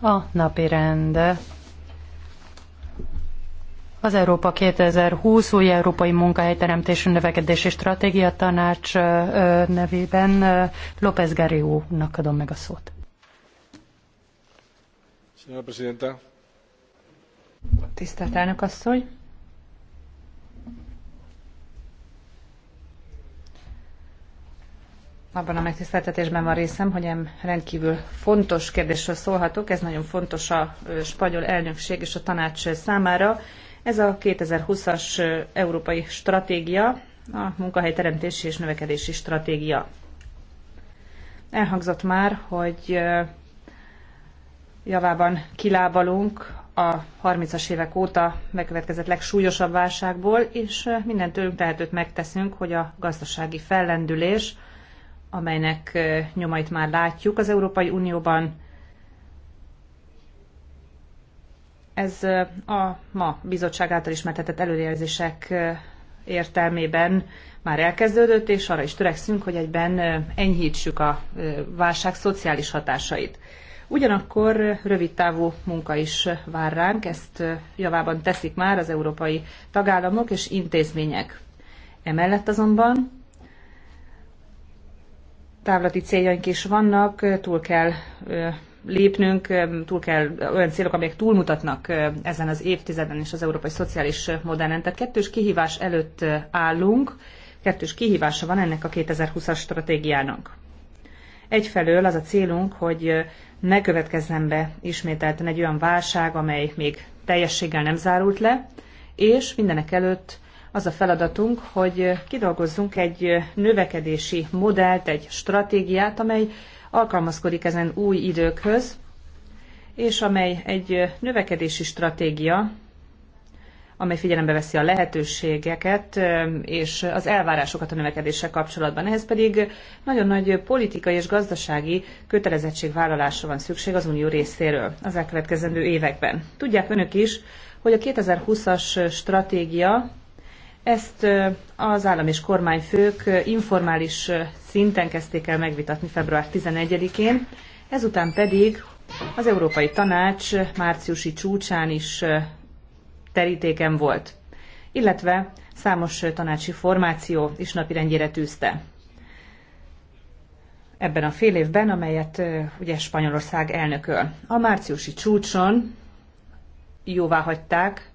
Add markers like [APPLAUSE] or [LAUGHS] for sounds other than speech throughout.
A napirend az Európa 2020 új európai munkahelyteremtés növekedési stratégia tanács nevében López Garrió úrnak adom meg a szót. Tisztelt elnök asszony! abban a megtiszteltetésben van részem, hogy rendkívül fontos kérdésről szólhatok. Ez nagyon fontos a spanyol elnökség és a tanács számára. Ez a 2020-as európai stratégia, a munkahelyteremtési és növekedési stratégia. Elhangzott már, hogy javában kilábalunk a 30-as évek óta bekövetkezett legsúlyosabb válságból, és minden tőlünk tehetőt megteszünk, hogy a gazdasági fellendülés amelynek nyomait már látjuk az Európai Unióban. Ez a ma bizottság által ismertetett előrejelzések értelmében már elkezdődött, és arra is törekszünk, hogy egyben enyhítsük a válság szociális hatásait. Ugyanakkor rövidtávú munka is vár ránk, ezt javában teszik már az európai tagállamok és intézmények. Emellett azonban távlati céljaink is vannak, túl kell lépnünk, túl kell olyan célok, amelyek túlmutatnak ezen az évtizeden és az európai szociális modellen. Tehát kettős kihívás előtt állunk, kettős kihívása van ennek a 2020-as stratégiának. Egyfelől az a célunk, hogy ne következzen be ismételten egy olyan válság, amely még teljességgel nem zárult le, és mindenek előtt az a feladatunk, hogy kidolgozzunk egy növekedési modellt, egy stratégiát, amely alkalmazkodik ezen új időkhöz, és amely egy növekedési stratégia, amely figyelembe veszi a lehetőségeket és az elvárásokat a növekedéssel kapcsolatban. Ehhez pedig nagyon nagy politikai és gazdasági kötelezettségvállalásra van szükség az Unió részéről az elkövetkezendő években. Tudják önök is, hogy a 2020-as stratégia ezt az állam és kormányfők informális szinten kezdték el megvitatni február 11-én, ezután pedig az Európai Tanács márciusi csúcsán is terítéken volt, illetve számos tanácsi formáció is napirendjére tűzte. Ebben a fél évben, amelyet ugye Spanyolország elnököl. A márciusi csúcson jóvá hagyták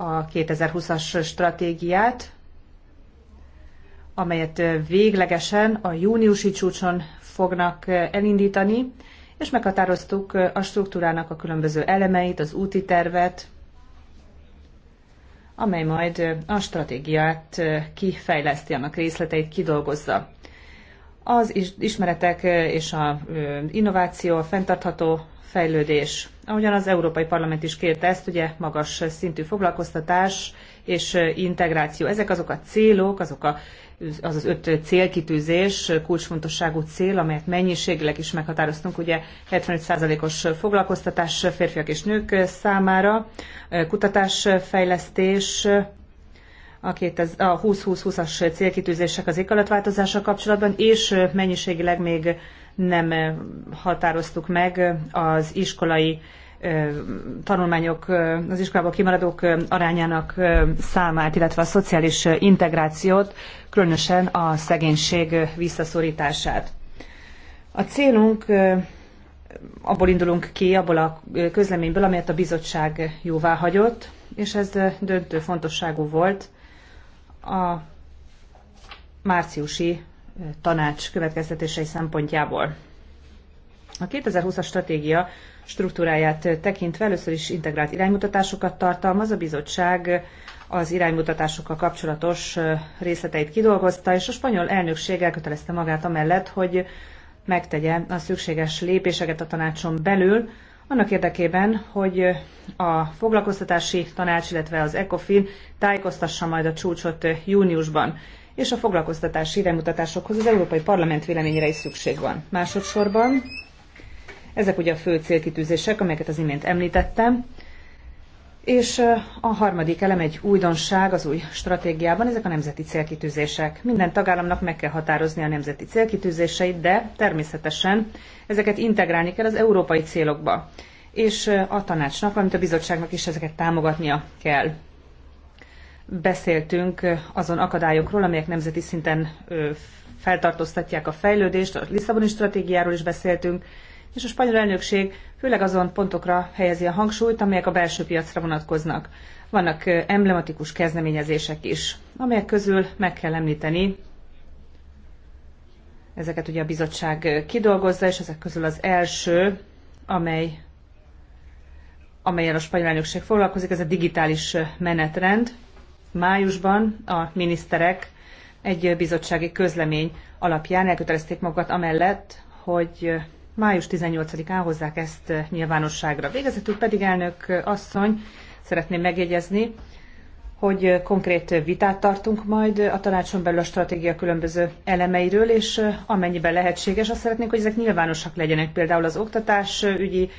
a 2020-as stratégiát, amelyet véglegesen a júniusi csúcson fognak elindítani, és meghatároztuk a struktúrának a különböző elemeit, az úti tervet, amely majd a stratégiát kifejleszti, annak részleteit kidolgozza. Az ismeretek és az innováció, a fenntartható fejlődés Ahogyan az Európai Parlament is kérte ezt, ugye magas szintű foglalkoztatás és integráció. Ezek azok a célok, azok a, az az öt célkitűzés, kulcsfontosságú cél, amelyet mennyiségileg is meghatároztunk, ugye 75%-os foglalkoztatás férfiak és nők számára, kutatásfejlesztés, a, a 20-20-20-as célkitűzések az éghajlatváltozással kapcsolatban, és mennyiségileg még nem határoztuk meg az iskolai tanulmányok, az iskolából kimaradók arányának számát, illetve a szociális integrációt, különösen a szegénység visszaszorítását. A célunk abból indulunk ki, abból a közleményből, amelyet a bizottság jóvá hagyott, és ez döntő fontosságú volt a márciusi eh, tanács következtetései szempontjából. A 2020-as stratégia struktúráját eh, tekintve először is integrált iránymutatásokat tartalmaz, a bizottság eh, az iránymutatásokkal kapcsolatos részleteit kidolgozta, és a spanyol elnökség elkötelezte magát amellett, hogy megtegye a szükséges lépéseket a tanácson belül, annak érdekében, hogy a foglalkoztatási tanács, illetve az ECOFIN tájékoztassa majd a csúcsot júniusban, és a foglalkoztatási iránymutatásokhoz az Európai Parlament véleményére is szükség van. Másodszorban ezek ugye a fő célkitűzések, amelyeket az imént említettem. És a harmadik elem egy újdonság az új stratégiában, ezek a nemzeti célkitűzések. Minden tagállamnak meg kell határozni a nemzeti célkitűzéseit, de természetesen ezeket integrálni kell az európai célokba. És a tanácsnak, valamint a bizottságnak is ezeket támogatnia kell. Beszéltünk azon akadályokról, amelyek nemzeti szinten feltartóztatják a fejlődést, a Lisszaboni stratégiáról is beszéltünk, és a spanyol elnökség főleg azon pontokra helyezi a hangsúlyt, amelyek a belső piacra vonatkoznak. Vannak emblematikus kezdeményezések is, amelyek közül meg kell említeni, ezeket ugye a bizottság kidolgozza, és ezek közül az első, amely amelyen a spanyol elnökség foglalkozik, ez a digitális menetrend. Májusban a miniszterek egy bizottsági közlemény alapján elkötelezték magukat amellett, hogy május 18-án hozzák ezt eh, nyilvánosságra. Végezetül pedig elnök eh, asszony, szeretném megjegyezni, hogy eh, konkrét vitát tartunk majd a tanácson belül a stratégia különböző elemeiről, és amennyiben lehetséges, azt szeretnénk, hogy ezek nyilvánosak legyenek, például az oktatásügyi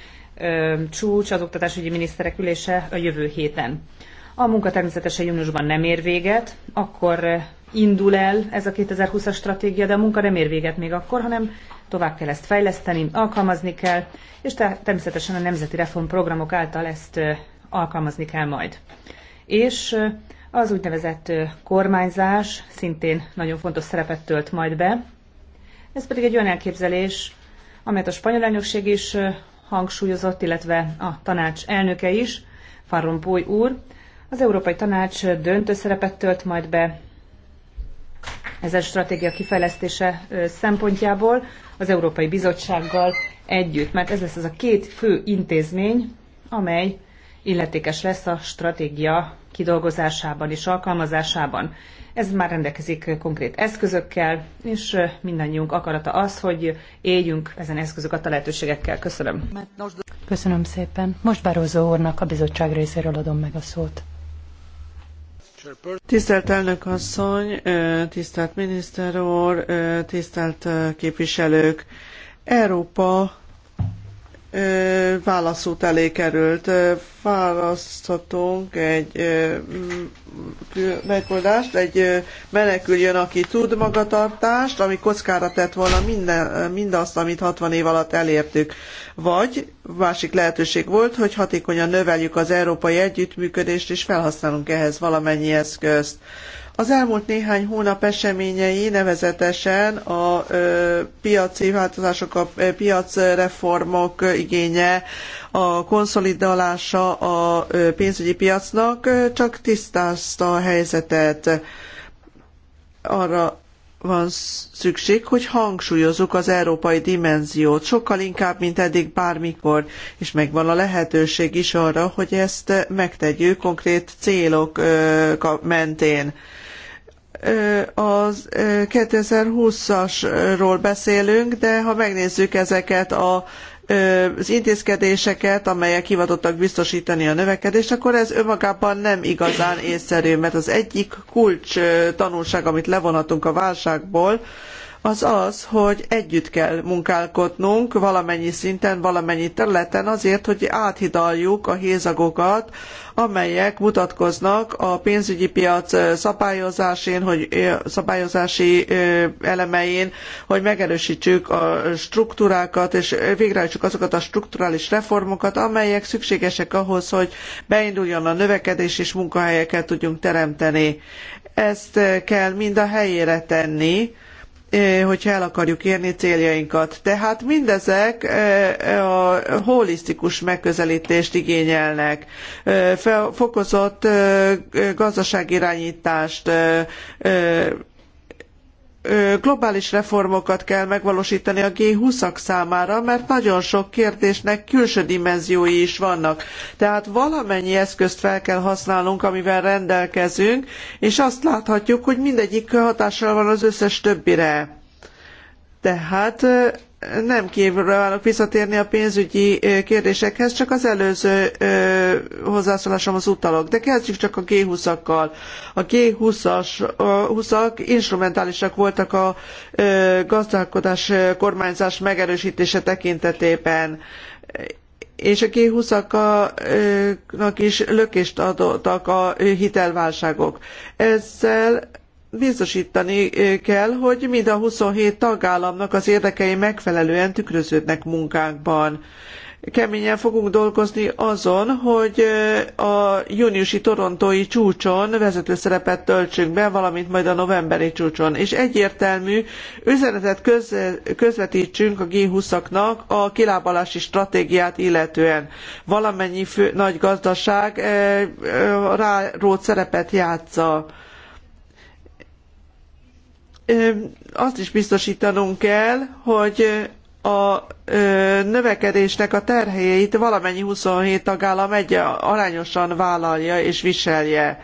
csúcs, az oktatásügyi miniszterek ülése a jövő héten. A munka természetesen júniusban nem ér véget, akkor indul el ez a 2020-as stratégia, de a munka nem ér véget még akkor, hanem tovább kell ezt fejleszteni, alkalmazni kell, és természetesen a nemzeti reformprogramok által ezt alkalmazni kell majd. És az úgynevezett kormányzás szintén nagyon fontos szerepet tölt majd be. Ez pedig egy olyan elképzelés, amelyet a spanyol elnökség is hangsúlyozott, illetve a tanács elnöke is, Farron Rompuy úr. Az Európai Tanács döntő szerepet tölt majd be a stratégia kifejlesztése szempontjából az Európai Bizottsággal együtt, mert ez lesz az a két fő intézmény, amely illetékes lesz a stratégia kidolgozásában és alkalmazásában. Ez már rendelkezik konkrét eszközökkel, és mindannyiunk akarata az, hogy éljünk ezen eszközöket a lehetőségekkel. Köszönöm. Köszönöm szépen. Most Bározó úrnak a bizottság részéről adom meg a szót. Tisztelt elnök asszony, tisztelt miniszter úr, tisztelt képviselők! Európa válaszút elé került. Választhatunk egy megoldást, egy meneküljön, aki tud magatartást, ami kockára tett volna minden, mindazt, amit 60 év alatt elértük. Vagy másik lehetőség volt, hogy hatékonyan növeljük az európai együttműködést, és felhasználunk ehhez valamennyi eszközt. Az elmúlt néhány hónap eseményei nevezetesen a piaci változások, a piacreformok igénye, a konszolidálása a pénzügyi piacnak csak tisztázta a helyzetet. Arra van szükség, hogy hangsúlyozzuk az európai dimenziót, sokkal inkább, mint eddig bármikor, és megvan a lehetőség is arra, hogy ezt megtegyük konkrét célok mentén az 2020-asról beszélünk, de ha megnézzük ezeket a az intézkedéseket, amelyek hivatottak biztosítani a növekedést, akkor ez önmagában nem igazán észszerű, mert az egyik kulcs tanulság, amit levonhatunk a válságból, az az, hogy együtt kell munkálkodnunk valamennyi szinten, valamennyi területen azért, hogy áthidaljuk a hézagokat, amelyek mutatkoznak a pénzügyi piac szabályozásén, hogy szabályozási elemein, hogy megerősítsük a struktúrákat, és végrehajtsuk azokat a strukturális reformokat, amelyek szükségesek ahhoz, hogy beinduljon a növekedés és munkahelyeket tudjunk teremteni. Ezt kell mind a helyére tenni, hogyha el akarjuk érni céljainkat. Tehát mindezek a holisztikus megközelítést igényelnek, fokozott gazdaságirányítást, globális reformokat kell megvalósítani a G20-ak számára, mert nagyon sok kérdésnek külső dimenziói is vannak. Tehát valamennyi eszközt fel kell használnunk, amivel rendelkezünk, és azt láthatjuk, hogy mindegyik hatással van az összes többire. Tehát nem kívülök visszatérni a pénzügyi kérdésekhez, csak az előző ö, hozzászólásomhoz utalok. De kezdjük csak a G20-akkal. A G20-ak instrumentálisak voltak a ö, gazdálkodás kormányzás megerősítése tekintetében és a G20-aknak is lökést adottak a hitelválságok. Ezzel biztosítani kell, hogy mind a 27 tagállamnak az érdekei megfelelően tükröződnek munkánkban. Keményen fogunk dolgozni azon, hogy a júniusi torontói csúcson vezető szerepet töltsünk be, valamint majd a novemberi csúcson, és egyértelmű üzenetet közvetítsünk a G20-aknak a kilábalási stratégiát illetően. Valamennyi fő, nagy gazdaság rárót szerepet játsza azt is biztosítanunk kell, hogy a növekedésnek a terhelyeit valamennyi 27 tagállam egy arányosan vállalja és viselje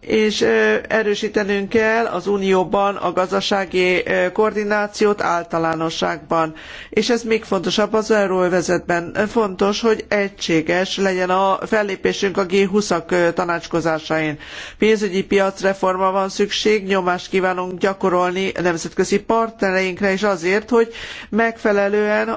és erősítenünk kell az Unióban a gazdasági koordinációt általánosságban. És ez még fontosabb az euróvezetben. Fontos, hogy egységes legyen a fellépésünk a G20-ak tanácskozásain. Pénzügyi piacreforma van szükség, nyomást kívánunk gyakorolni a nemzetközi partnereinkre is azért, hogy megfelelően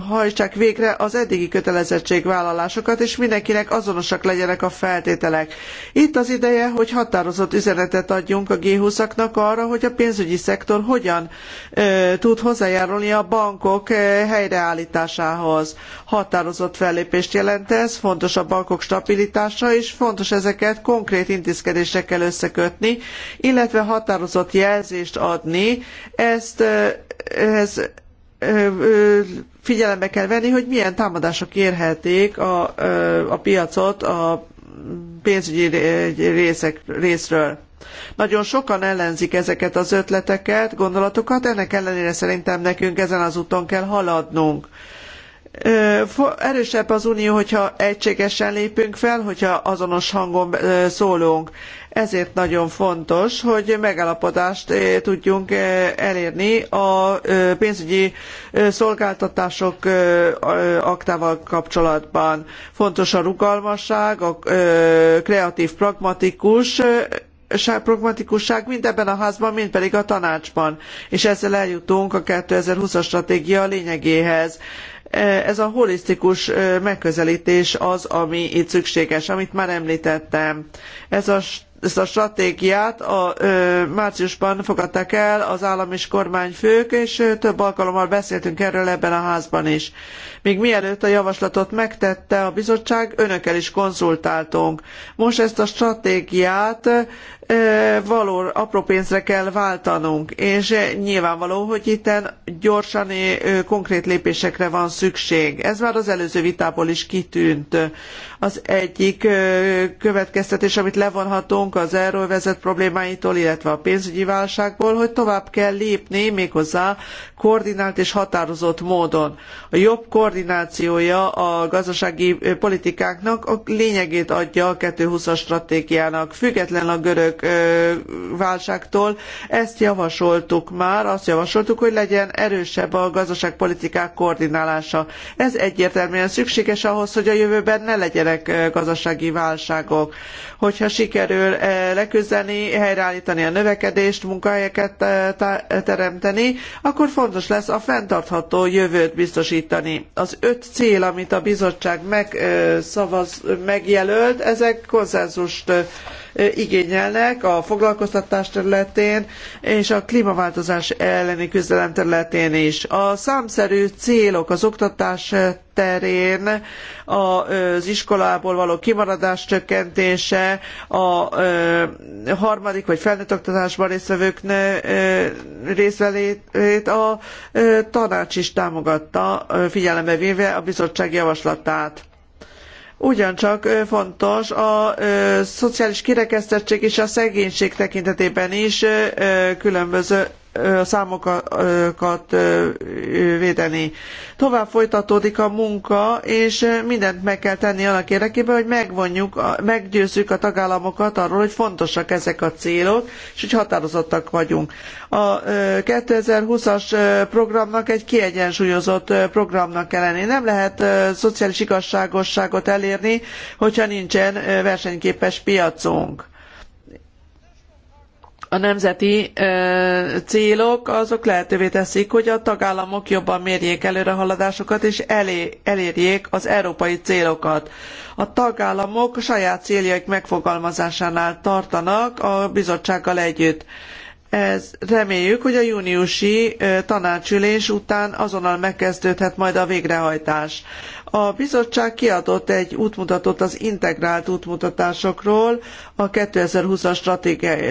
hajtsák végre az eddigi kötelezettségvállalásokat, és mindenkinek azonosak legyenek a feltételek. Itt az ideje ideje, hogy határozott üzenetet adjunk a G20-aknak arra, hogy a pénzügyi szektor hogyan e, tud hozzájárulni a bankok e, helyreállításához. Határozott fellépést jelent ez, fontos a bankok stabilitása, és fontos ezeket konkrét intézkedésekkel összekötni, illetve határozott jelzést adni. Ezt e, ez, figyelembe kell venni, hogy milyen támadások érhetik a, a piacot a pénzügyi részek, részről. Nagyon sokan ellenzik ezeket az ötleteket, gondolatokat, ennek ellenére szerintem nekünk ezen az úton kell haladnunk erősebb az unió, hogyha egységesen lépünk fel, hogyha azonos hangon szólunk. Ezért nagyon fontos, hogy megállapodást tudjunk elérni a pénzügyi szolgáltatások aktával kapcsolatban. Fontos a rugalmasság, a kreatív, pragmatikus pragmatikusság mind ebben a házban, mind pedig a tanácsban. És ezzel eljutunk a 2020-as stratégia lényegéhez e, ez a holisztikus e, megközelítés az, ami itt szükséges, amit már említettem. Ez a ezt a stratégiát a, ö, e, márciusban fogadták el az állam és kormányfők, és ö, több alkalommal beszéltünk erről ebben a házban is. Még mielőtt a javaslatot megtette a bizottság, önökkel is konzultáltunk. Most ezt a stratégiát Valóra apró pénzre kell váltanunk, és nyilvánvaló, hogy itten gyorsan konkrét lépésekre van szükség. Ez már az előző vitából is kitűnt. Az egyik következtetés, amit levonhatunk az euróvezet problémáitól, illetve a pénzügyi válságból, hogy tovább kell lépni méghozzá koordinált és határozott módon. A jobb koordinációja a gazdasági politikáknak a lényegét adja a 2020-as stratégiának, független a görög válságtól. Ezt javasoltuk már, azt javasoltuk, hogy legyen erősebb a gazdaságpolitikák koordinálása. Ez egyértelműen szükséges ahhoz, hogy a jövőben ne legyenek gazdasági válságok hogyha sikerül eh, leküzdeni, helyreállítani a növekedést, munkahelyeket eh, teremteni, akkor fontos lesz a fenntartható jövőt biztosítani. Az öt cél, amit a bizottság megszavaz, eh, megjelölt, ezek konszenzust igényelnek a foglalkoztatás területén és a klímaváltozás elleni küzdelem területén is. A számszerű célok az oktatás terén az iskolából való kimaradás csökkentése, a harmadik vagy felnőtt oktatásban résztvevők részvelét a tanács is támogatta, figyelembe véve a bizottság javaslatát. Ugyancsak fontos a szociális kirekesztettség és a szegénység tekintetében is különböző számokat védeni. Tovább folytatódik a munka, és mindent meg kell tenni annak érdekében, hogy megvonjuk, meggyőzzük a tagállamokat arról, hogy fontosak ezek a célok, és hogy határozottak vagyunk. A 2020-as programnak egy kiegyensúlyozott programnak kell lenni. Nem lehet szociális igazságosságot elérni, hogyha nincsen versenyképes piacunk a nemzeti ö, célok azok lehetővé teszik, hogy a tagállamok jobban mérjék haladásokat és elé, elérjék az európai célokat. A tagállamok saját céljaik megfogalmazásánál tartanak a bizottsággal együtt. Ez reméljük, hogy a júniusi tanácsülés után azonnal megkezdődhet majd a végrehajtás. A bizottság kiadott egy útmutatót az integrált útmutatásokról, a 2020-as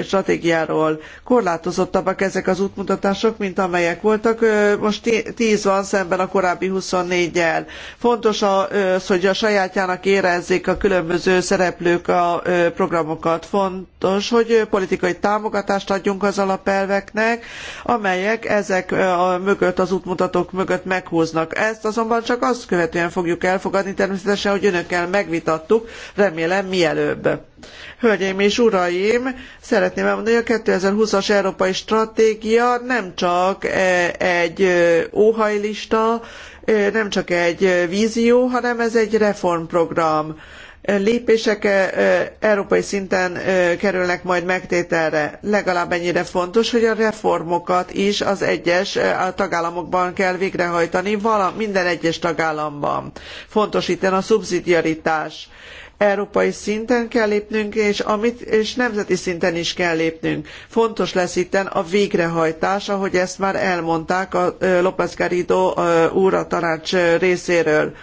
stratégiáról. Korlátozottabbak ezek az útmutatások, mint amelyek voltak. Most 10 van szemben a korábbi 24-jel. Fontos az, hogy a sajátjának érezzék a különböző szereplők a programokat. Fontos, hogy politikai támogatást adjunk az alapelveknek, amelyek ezek a mögött, az útmutatók mögött meghúznak. Ezt azonban csak azt követően fogjuk elfogadni, természetesen, hogy önökkel megvitattuk, remélem mielőbb. Hölgyeim és uraim, szeretném elmondani, hogy a 2020-as Európai Stratégia nem csak eh, egy eh, óhajlista, eh, nem csak egy vízió, hanem ez egy reformprogram lépések európai szinten kerülnek majd megtételre. Legalább ennyire fontos, hogy a reformokat is az egyes tagállamokban kell végrehajtani, minden egyes tagállamban. Fontos itt a szubszidiaritás európai szinten kell lépnünk, és, amit, és nemzeti szinten is kell lépnünk. Fontos lesz itten a végrehajtás, ahogy ezt már elmondták a López Garrido úr a tanács részéről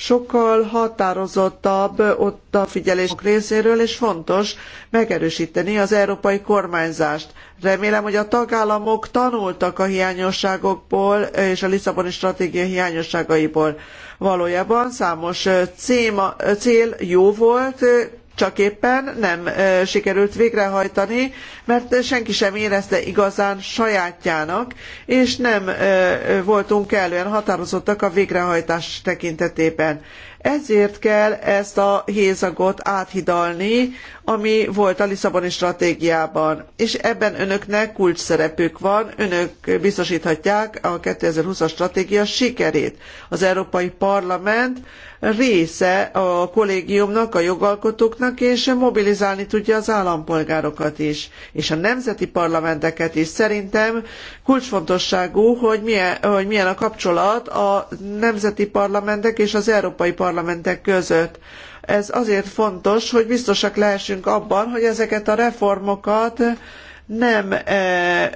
sokkal határozottabb ott a figyelésünk részéről, és fontos megerősíteni az európai kormányzást. Remélem, hogy a tagállamok tanultak a hiányosságokból és a Lisszaboni stratégia hiányosságaiból. Valójában számos cél jó volt, csak éppen nem sikerült végrehajtani, mert senki sem érezte igazán sajátjának, és nem voltunk kellően határozottak a végrehajtás tekintetében. Ezért kell ezt a hézagot áthidalni ami volt a Lisszaboni stratégiában, és ebben önöknek kulcs szerepük van, önök biztosíthatják a 2020-as stratégia sikerét. Az Európai Parlament része a kollégiumnak, a jogalkotóknak, és mobilizálni tudja az állampolgárokat is, és a nemzeti parlamenteket is. Szerintem kulcsfontosságú, hogy milyen, hogy milyen a kapcsolat a nemzeti parlamentek és az Európai Parlamentek között ez azért fontos, hogy biztosak lehessünk abban, hogy ezeket a reformokat nem eh,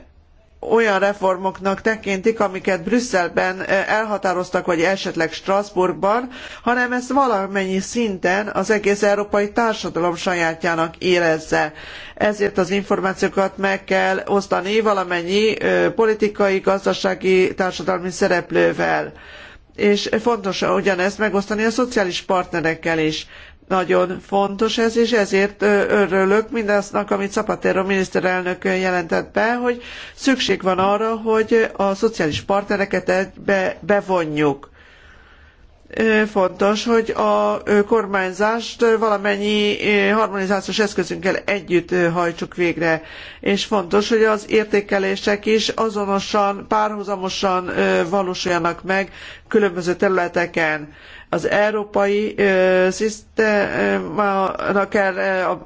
olyan reformoknak tekintik, amiket Brüsszelben eh, elhatároztak, vagy esetleg Strasbourgban, hanem ezt valamennyi szinten az egész európai társadalom sajátjának érezze. Ezért az információkat meg kell osztani valamennyi eh, politikai, gazdasági, társadalmi szereplővel és fontos ugyanezt megosztani a szociális partnerekkel is. Nagyon fontos ez, és ezért örülök mindaznak, amit Zapatero miniszterelnök jelentett be, hogy szükség van arra, hogy a szociális partnereket be, bevonjuk fontos, hogy a kormányzást valamennyi harmonizációs eszközünkkel együtt hajtsuk végre. És fontos, hogy az értékelések is azonosan, párhuzamosan valósuljanak meg különböző területeken az európai szisztémának kell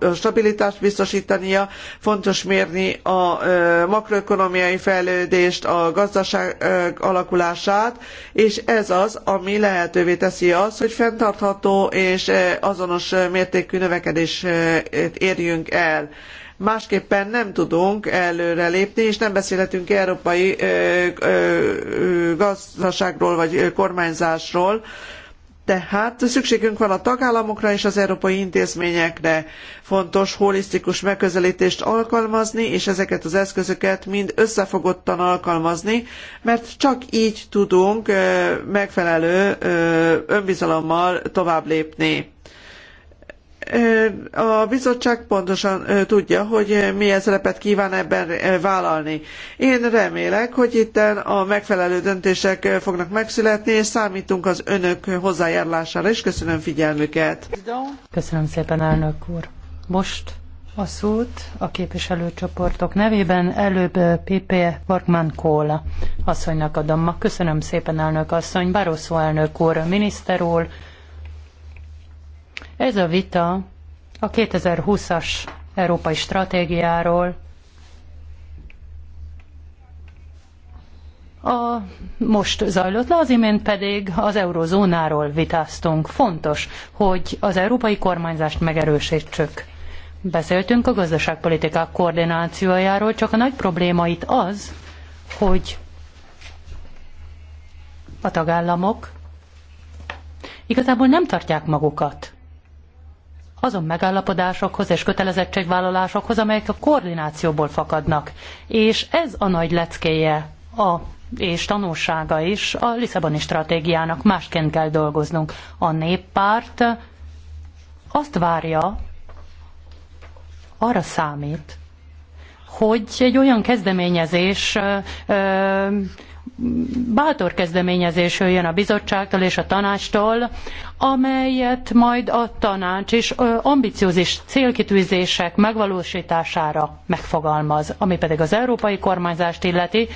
a stabilitást biztosítania, fontos mérni a makroökonomiai fejlődést, a gazdaság alakulását, és ez az, ami lehetővé teszi azt, hogy fenntartható és azonos mértékű növekedést érjünk el másképpen nem tudunk előrelépni, és nem beszélhetünk európai ö, ö, gazdaságról vagy kormányzásról, tehát szükségünk van a tagállamokra és az európai intézményekre. Fontos holisztikus megközelítést alkalmazni, és ezeket az eszközöket mind összefogottan alkalmazni, mert csak így tudunk megfelelő önbizalommal tovább lépni a bizottság pontosan tudja, hogy milyen szerepet kíván ebben vállalni. Én remélek, hogy itten a megfelelő döntések fognak megszületni, és számítunk az önök hozzájárulására, és köszönöm figyelmüket. Köszönöm szépen, elnök úr. Most a szót a képviselőcsoportok nevében előbb PP Workman Kóla asszonynak adom ma. Köszönöm szépen, elnök asszony, Barroso elnök úr, miniszter úr, ez a vita a 2020-as európai stratégiáról A most zajlott le, az imént pedig az eurozónáról vitáztunk. Fontos, hogy az európai kormányzást megerősítsük. Beszéltünk a gazdaságpolitikák koordinációjáról, csak a nagy probléma itt az, hogy a tagállamok igazából nem tartják magukat azon megállapodásokhoz és kötelezettségvállalásokhoz, amelyek a koordinációból fakadnak. És ez a nagy leckéje a és tanulsága is a Lisszaboni stratégiának másként kell dolgoznunk. A néppárt azt várja, arra számít, hogy egy olyan kezdeményezés ö, ö, bátor kezdeményezés jön a bizottságtól és a tanástól, amelyet majd a tanács is ambiciózis célkitűzések megvalósítására megfogalmaz, ami pedig az európai kormányzást illeti.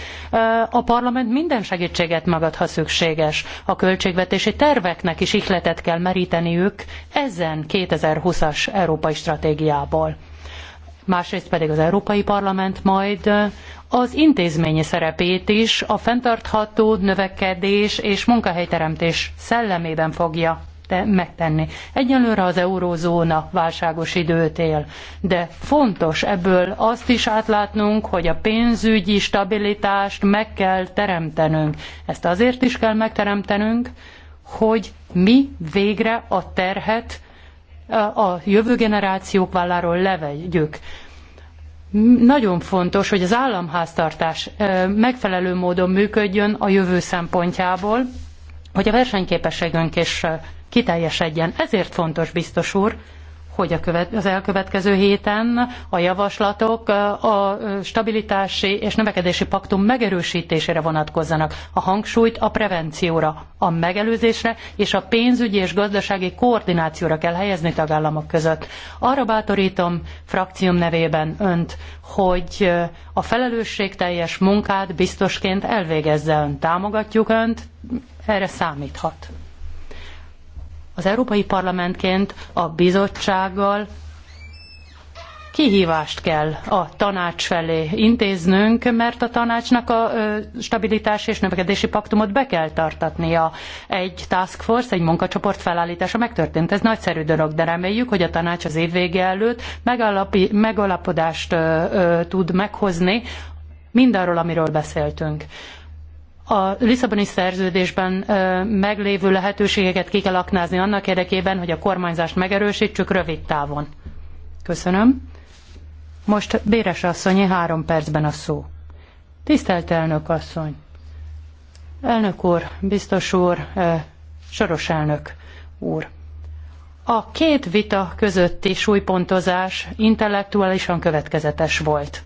A parlament minden segítséget magad, ha szükséges. A költségvetési terveknek is ihletet kell meríteniük ezen 2020-as európai stratégiából másrészt pedig az Európai Parlament majd az intézményi szerepét is a fenntartható növekedés és munkahelyteremtés szellemében fogja megtenni. Egyelőre az eurózóna válságos időt él, de fontos ebből azt is átlátnunk, hogy a pénzügyi stabilitást meg kell teremtenünk. Ezt azért is kell megteremtenünk, hogy mi végre a terhet a jövő generációk válláról levegyük nagyon fontos, hogy az államháztartás megfelelő módon működjön a jövő szempontjából, hogy a versenyképességünk is kiteljesedjen. Ezért fontos, biztos úr, hogy a követ, az elkövetkező héten a javaslatok a stabilitási és növekedési paktum megerősítésére vonatkozzanak. A hangsúlyt a prevencióra, a megelőzésre és a pénzügyi és gazdasági koordinációra kell helyezni tagállamok között. Arra bátorítom frakcióm nevében önt, hogy a felelősségteljes munkát biztosként elvégezze ön. Támogatjuk önt, erre számíthat az Európai Parlamentként a bizottsággal kihívást kell a tanács felé intéznünk, mert a tanácsnak a stabilitás és növekedési paktumot be kell tartatnia. Egy task force, egy munkacsoport felállítása megtörtént, ez nagyszerű dolog, de reméljük, hogy a tanács az év vége előtt megalapi, megalapodást ö, ö, tud meghozni mindarról, amiről beszéltünk a Lisszaboni szerződésben meglévő lehetőségeket ki kell aknázni annak érdekében, hogy a kormányzást megerősítsük rövid távon. Köszönöm. Most Béres asszonyi három percben a szó. Tisztelt elnök asszony! Elnök úr, biztos úr, soros elnök úr. A két vita közötti súlypontozás intellektuálisan következetes volt.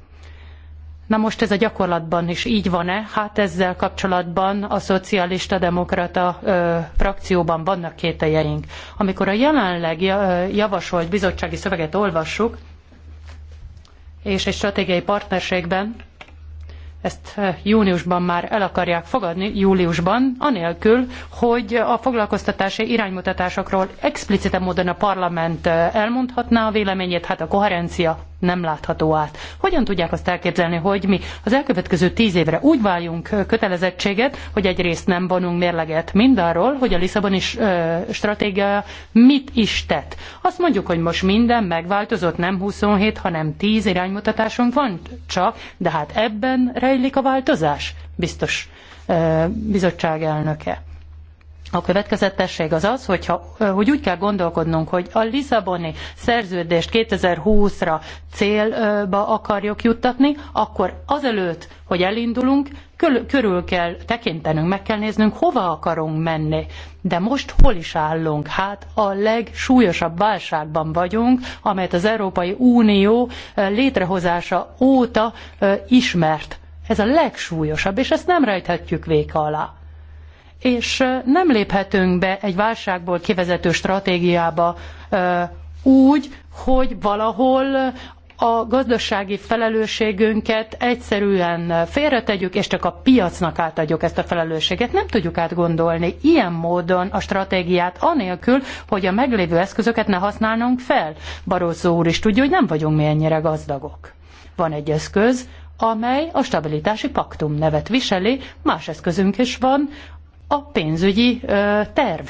Na most ez a gyakorlatban is így van-e? Hát ezzel kapcsolatban a szocialista-demokrata frakcióban vannak kételjeink. Amikor a jelenleg javasolt bizottsági szöveget olvassuk, és egy stratégiai partnerségben ezt júniusban már el akarják fogadni, júliusban, anélkül, hogy a foglalkoztatási iránymutatásokról explicite módon a parlament elmondhatná a véleményét, hát a koherencia nem látható át. Hogyan tudják azt elképzelni, hogy mi az elkövetkező tíz évre úgy váljunk kötelezettséget, hogy egyrészt nem vonunk mérleget mindarról, hogy a Lisszaboni stratégia mit is tett. Azt mondjuk, hogy most minden megváltozott, nem 27, hanem 10 iránymutatásunk van csak, de hát ebben rejlik a változás, biztos bizottság elnöke. A következetesség az az, hogyha, hogy úgy kell gondolkodnunk, hogy a Lisszaboni szerződést 2020-ra célba akarjuk juttatni, akkor azelőtt, hogy elindulunk, körül kell tekintenünk, meg kell néznünk, hova akarunk menni. De most hol is állunk? Hát a legsúlyosabb válságban vagyunk, amelyet az Európai Unió létrehozása óta ismert. Ez a legsúlyosabb, és ezt nem rejthetjük véka alá és nem léphetünk be egy válságból kivezető stratégiába úgy, hogy valahol a gazdasági felelősségünket egyszerűen félretegyük, és csak a piacnak átadjuk ezt a felelősséget. Nem tudjuk átgondolni ilyen módon a stratégiát, anélkül, hogy a meglévő eszközöket ne használnunk fel. Barózó úr is tudja, hogy nem vagyunk mi ennyire gazdagok. Van egy eszköz, amely a stabilitási paktum nevet viseli, más eszközünk is van, a pénzügyi terv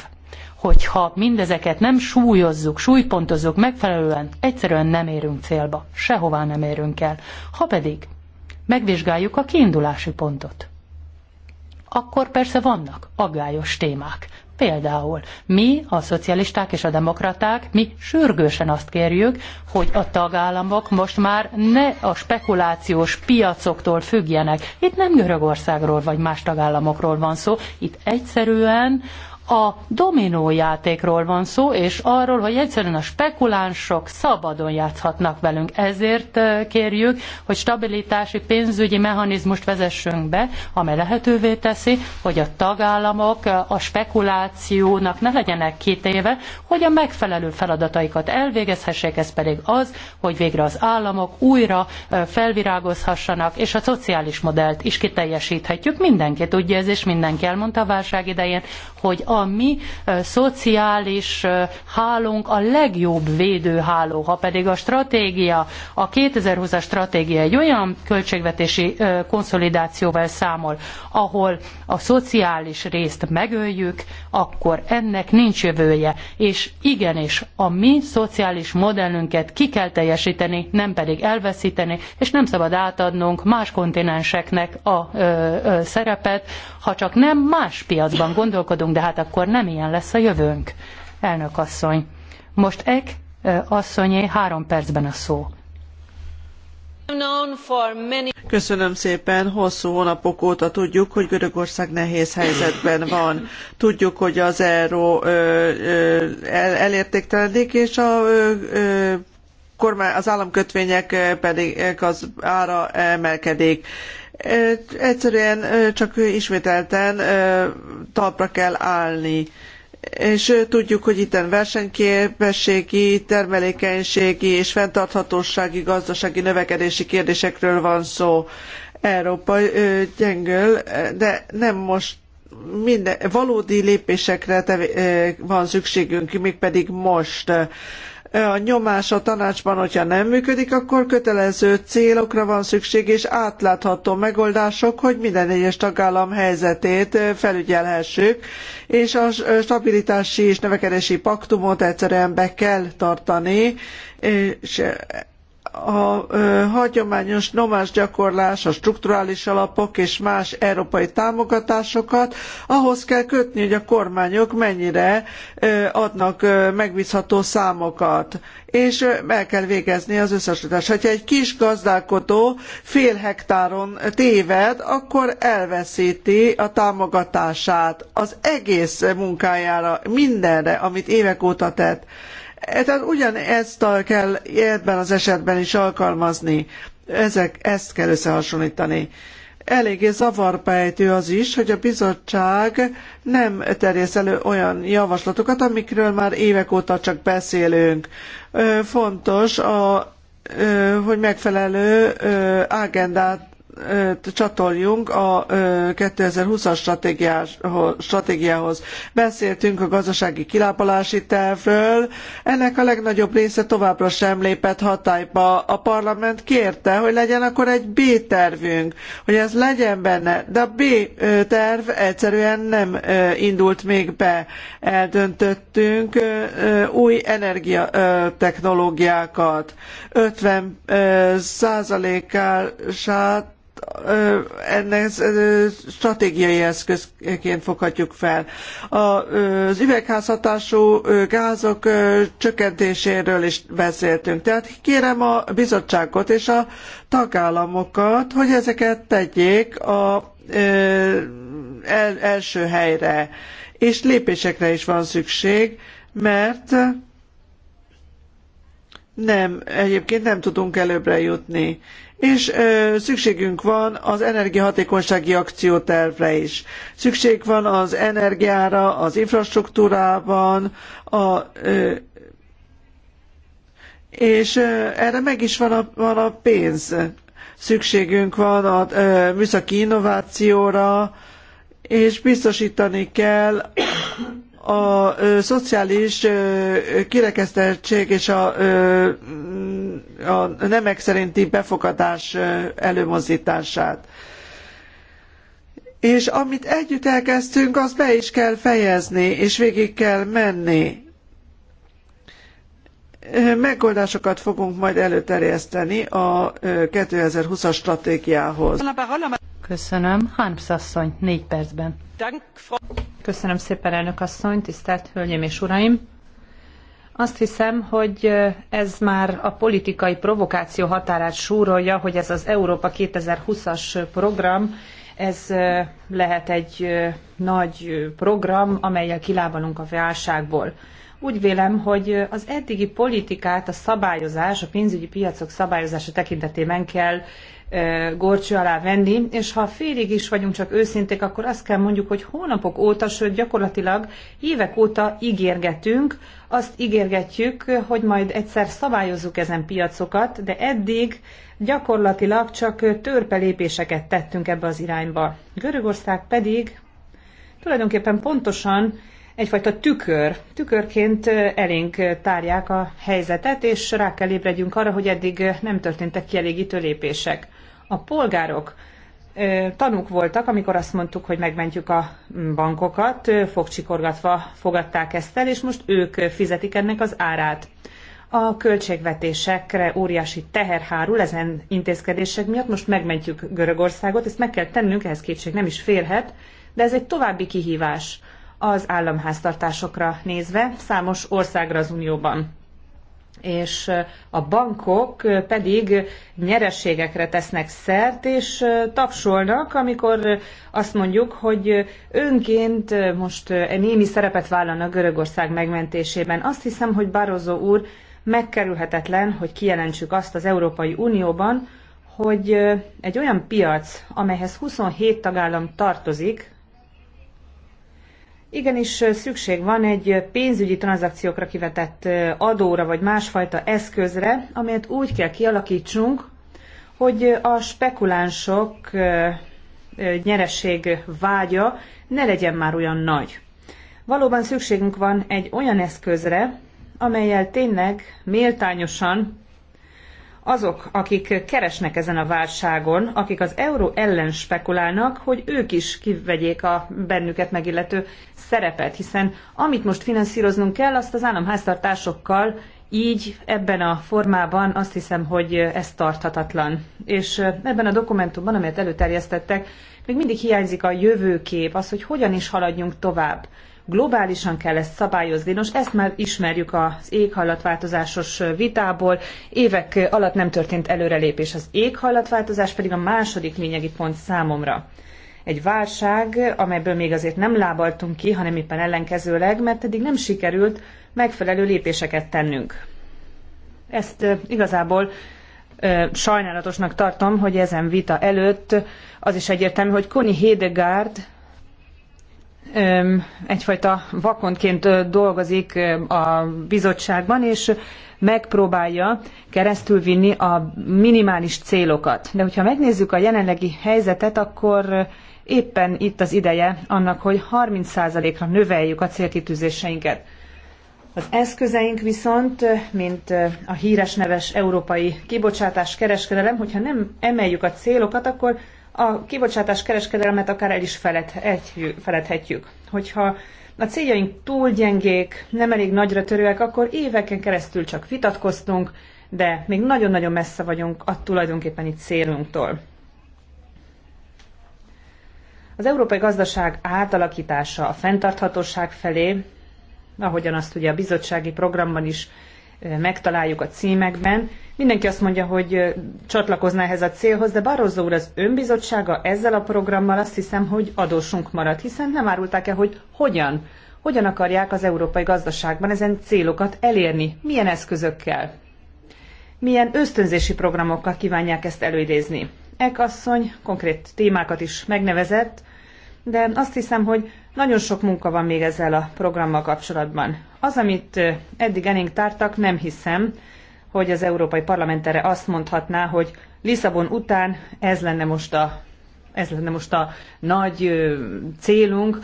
hogyha mindezeket nem súlyozzuk, súlypontozzuk megfelelően, egyszerűen nem érünk célba, sehová nem érünk el. Ha pedig megvizsgáljuk a kiindulási pontot, akkor persze vannak aggályos témák. Például mi, a szocialisták és a demokraták, mi sürgősen azt kérjük, hogy a tagállamok most már ne a spekulációs piacoktól függjenek. Itt nem Görögországról vagy más tagállamokról van szó, itt egyszerűen a dominójátékról van szó, és arról, hogy egyszerűen a spekulánsok szabadon játszhatnak velünk. Ezért kérjük, hogy stabilitási pénzügyi mechanizmust vezessünk be, amely lehetővé teszi, hogy a tagállamok a spekulációnak ne legyenek kitéve, hogy a megfelelő feladataikat elvégezhessék, ez pedig az, hogy végre az államok újra felvirágozhassanak, és a szociális modellt is kiteljesíthetjük. Mindenki tudja ez, és mindenki elmondta a válság idején, hogy a mi szociális hálónk a legjobb védőháló. Ha pedig a stratégia, a 2020-as stratégia egy olyan költségvetési konszolidációval számol, ahol a szociális részt megöljük, akkor ennek nincs jövője. És igenis, a mi szociális modellünket ki kell teljesíteni, nem pedig elveszíteni, és nem szabad átadnunk más kontinenseknek a ö, ö, szerepet, ha csak nem más piacban gondolkodunk, de hát a akkor nem ilyen lesz a jövőnk. Elnök asszony, most Ek asszonyé három percben a szó. Köszönöm szépen, hosszú hónapok óta tudjuk, hogy Görögország nehéz helyzetben van. Tudjuk, hogy az euró el, elértéktelenik, és a ö, az államkötvények pedig az ára emelkedik Egyszerűen csak ismételten talpra kell állni és tudjuk, hogy itten versenyképességi, termelékenységi és fenntarthatósági, gazdasági növekedési kérdésekről van szó. Európa gyengül, de nem most minden, valódi lépésekre van szükségünk, mégpedig most a nyomás a tanácsban, hogyha nem működik, akkor kötelező célokra van szükség, és átlátható megoldások, hogy minden egyes tagállam helyzetét felügyelhessük, és a stabilitási és növekedési paktumot egyszerűen be kell tartani, és a hagyományos nomás gyakorlás, a strukturális alapok és más európai támogatásokat ahhoz kell kötni, hogy a kormányok mennyire adnak megbízható számokat és el kell végezni az összesítást. Ha egy kis gazdálkodó fél hektáron téved, akkor elveszíti a támogatását az egész munkájára, mindenre, amit évek óta tett. Tehát ugyanezt kell ebben az esetben is alkalmazni. Ezek, ezt kell összehasonlítani. Eléggé zavarbejtő az is, hogy a bizottság nem terjesz elő olyan javaslatokat, amikről már évek óta csak beszélünk. Fontos a hogy megfelelő agendát csatoljunk a 2020-as stratégiához. Beszéltünk a gazdasági kilápalási tervről. Ennek a legnagyobb része továbbra sem lépett hatályba. A parlament kérte, hogy legyen akkor egy B-tervünk, hogy ez legyen benne, de a B-terv egyszerűen nem indult még be. Eldöntöttünk új energiatechnológiákat. 50 százalékását ennek stratégiai eszközként foghatjuk fel. Az üvegházhatású gázok csökkentéséről is beszéltünk. Tehát kérem a bizottságot és a tagállamokat, hogy ezeket tegyék a első helyre. És lépésekre is van szükség, mert nem, egyébként nem tudunk előbbre jutni és szükségünk van az energiahatékonysági akciótervre is. Szükség van az energiára, az infrastruktúrában, a és erre meg is van a, van a pénz. Szükségünk van a műszaki innovációra, és biztosítani kell a szociális kirekesztettség és a, a nemek szerinti befogadás előmozdítását. És amit együtt elkezdtünk, azt be is kell fejezni, és végig kell menni. Megoldásokat fogunk majd előterjeszteni a 2020-as stratégiához. Köszönöm. Harms négy percben. Köszönöm szépen, elnök asszony, tisztelt hölgyeim és uraim! Azt hiszem, hogy ez már a politikai provokáció határát súrolja, hogy ez az Európa 2020-as program, ez lehet egy nagy program, amelyel kilábalunk a válságból. Úgy vélem, hogy az eddigi politikát a szabályozás, a pénzügyi piacok szabályozása tekintetében kell gorcső alá venni, és ha félig is vagyunk csak őszinték, akkor azt kell mondjuk, hogy hónapok óta, sőt gyakorlatilag évek óta ígérgetünk, azt ígérgetjük, hogy majd egyszer szabályozzuk ezen piacokat, de eddig gyakorlatilag csak törpelépéseket tettünk ebbe az irányba. Görögország pedig tulajdonképpen pontosan egyfajta tükör. Tükörként elénk tárják a helyzetet, és rá kell ébredjünk arra, hogy eddig nem történtek kielégítő lépések. A polgárok tanúk voltak, amikor azt mondtuk, hogy megmentjük a bankokat, fogcsikorgatva fogadták ezt el, és most ők fizetik ennek az árát. A költségvetésekre óriási teher hárul ezen intézkedések miatt, most megmentjük Görögországot, ezt meg kell tennünk, ehhez kétség nem is férhet, de ez egy további kihívás az államháztartásokra nézve számos országra az Unióban és a bankok pedig nyereségekre tesznek szert, és tapsolnak, amikor azt mondjuk, hogy önként most e némi szerepet vállalnak Görögország megmentésében. Azt hiszem, hogy Barozó úr megkerülhetetlen, hogy kijelentsük azt az Európai Unióban, hogy egy olyan piac, amelyhez 27 tagállam tartozik, Igenis szükség van egy pénzügyi tranzakciókra kivetett adóra vagy másfajta eszközre, amelyet úgy kell kialakítsunk, hogy a spekulánsok nyereség vágya ne legyen már olyan nagy. Valóban szükségünk van egy olyan eszközre, amelyel tényleg méltányosan azok, akik keresnek ezen a válságon, akik az euró ellen spekulálnak, hogy ők is kivegyék a bennüket megillető szerepet, hiszen amit most finanszíroznunk kell, azt az államháztartásokkal így ebben a formában azt hiszem, hogy ez tarthatatlan. És ebben a dokumentumban, amelyet előterjesztettek, még mindig hiányzik a jövőkép, az, hogy hogyan is haladjunk tovább globálisan kell ezt szabályozni. Nos, ezt már ismerjük az éghajlatváltozásos vitából. Évek alatt nem történt előrelépés. Az éghajlatváltozás pedig a második lényegi pont számomra egy válság, amelyből még azért nem lábaltunk ki, hanem éppen ellenkezőleg, mert eddig nem sikerült megfelelő lépéseket tennünk. Ezt igazából sajnálatosnak tartom, hogy ezen vita előtt az is egyértelmű, hogy Koni Hedegaard egyfajta vakontként dolgozik a bizottságban, és megpróbálja keresztülvinni a minimális célokat. De hogyha megnézzük a jelenlegi helyzetet, akkor éppen itt az ideje annak, hogy 30%-ra növeljük a célkitűzéseinket. Az eszközeink viszont, mint a híres neves európai kibocsátás kereskedelem, hogyha nem emeljük a célokat, akkor a kibocsátás kereskedelmet akár el is feledhetjük. Hogyha a céljaink túl gyengék, nem elég nagyra törőek, akkor éveken keresztül csak vitatkoztunk, de még nagyon-nagyon messze vagyunk a tulajdonképpeni célunktól. Az európai gazdaság átalakítása a fenntarthatóság felé, ahogyan azt ugye a bizottsági programban is megtaláljuk a címekben. Mindenki azt mondja, hogy csatlakozna ehhez a célhoz, de Barroso úr az önbizottsága ezzel a programmal azt hiszem, hogy adósunk marad, hiszen nem árulták el, hogy hogyan, hogyan akarják az európai gazdaságban ezen célokat elérni, milyen eszközökkel, milyen ösztönzési programokkal kívánják ezt előidézni. Ek asszony konkrét témákat is megnevezett, de azt hiszem, hogy nagyon sok munka van még ezzel a programmal kapcsolatban. Az, amit eddig elénk tártak, nem hiszem, hogy az Európai Parlament erre azt mondhatná, hogy Lisszabon után ez lenne most a, ez lenne most a nagy célunk.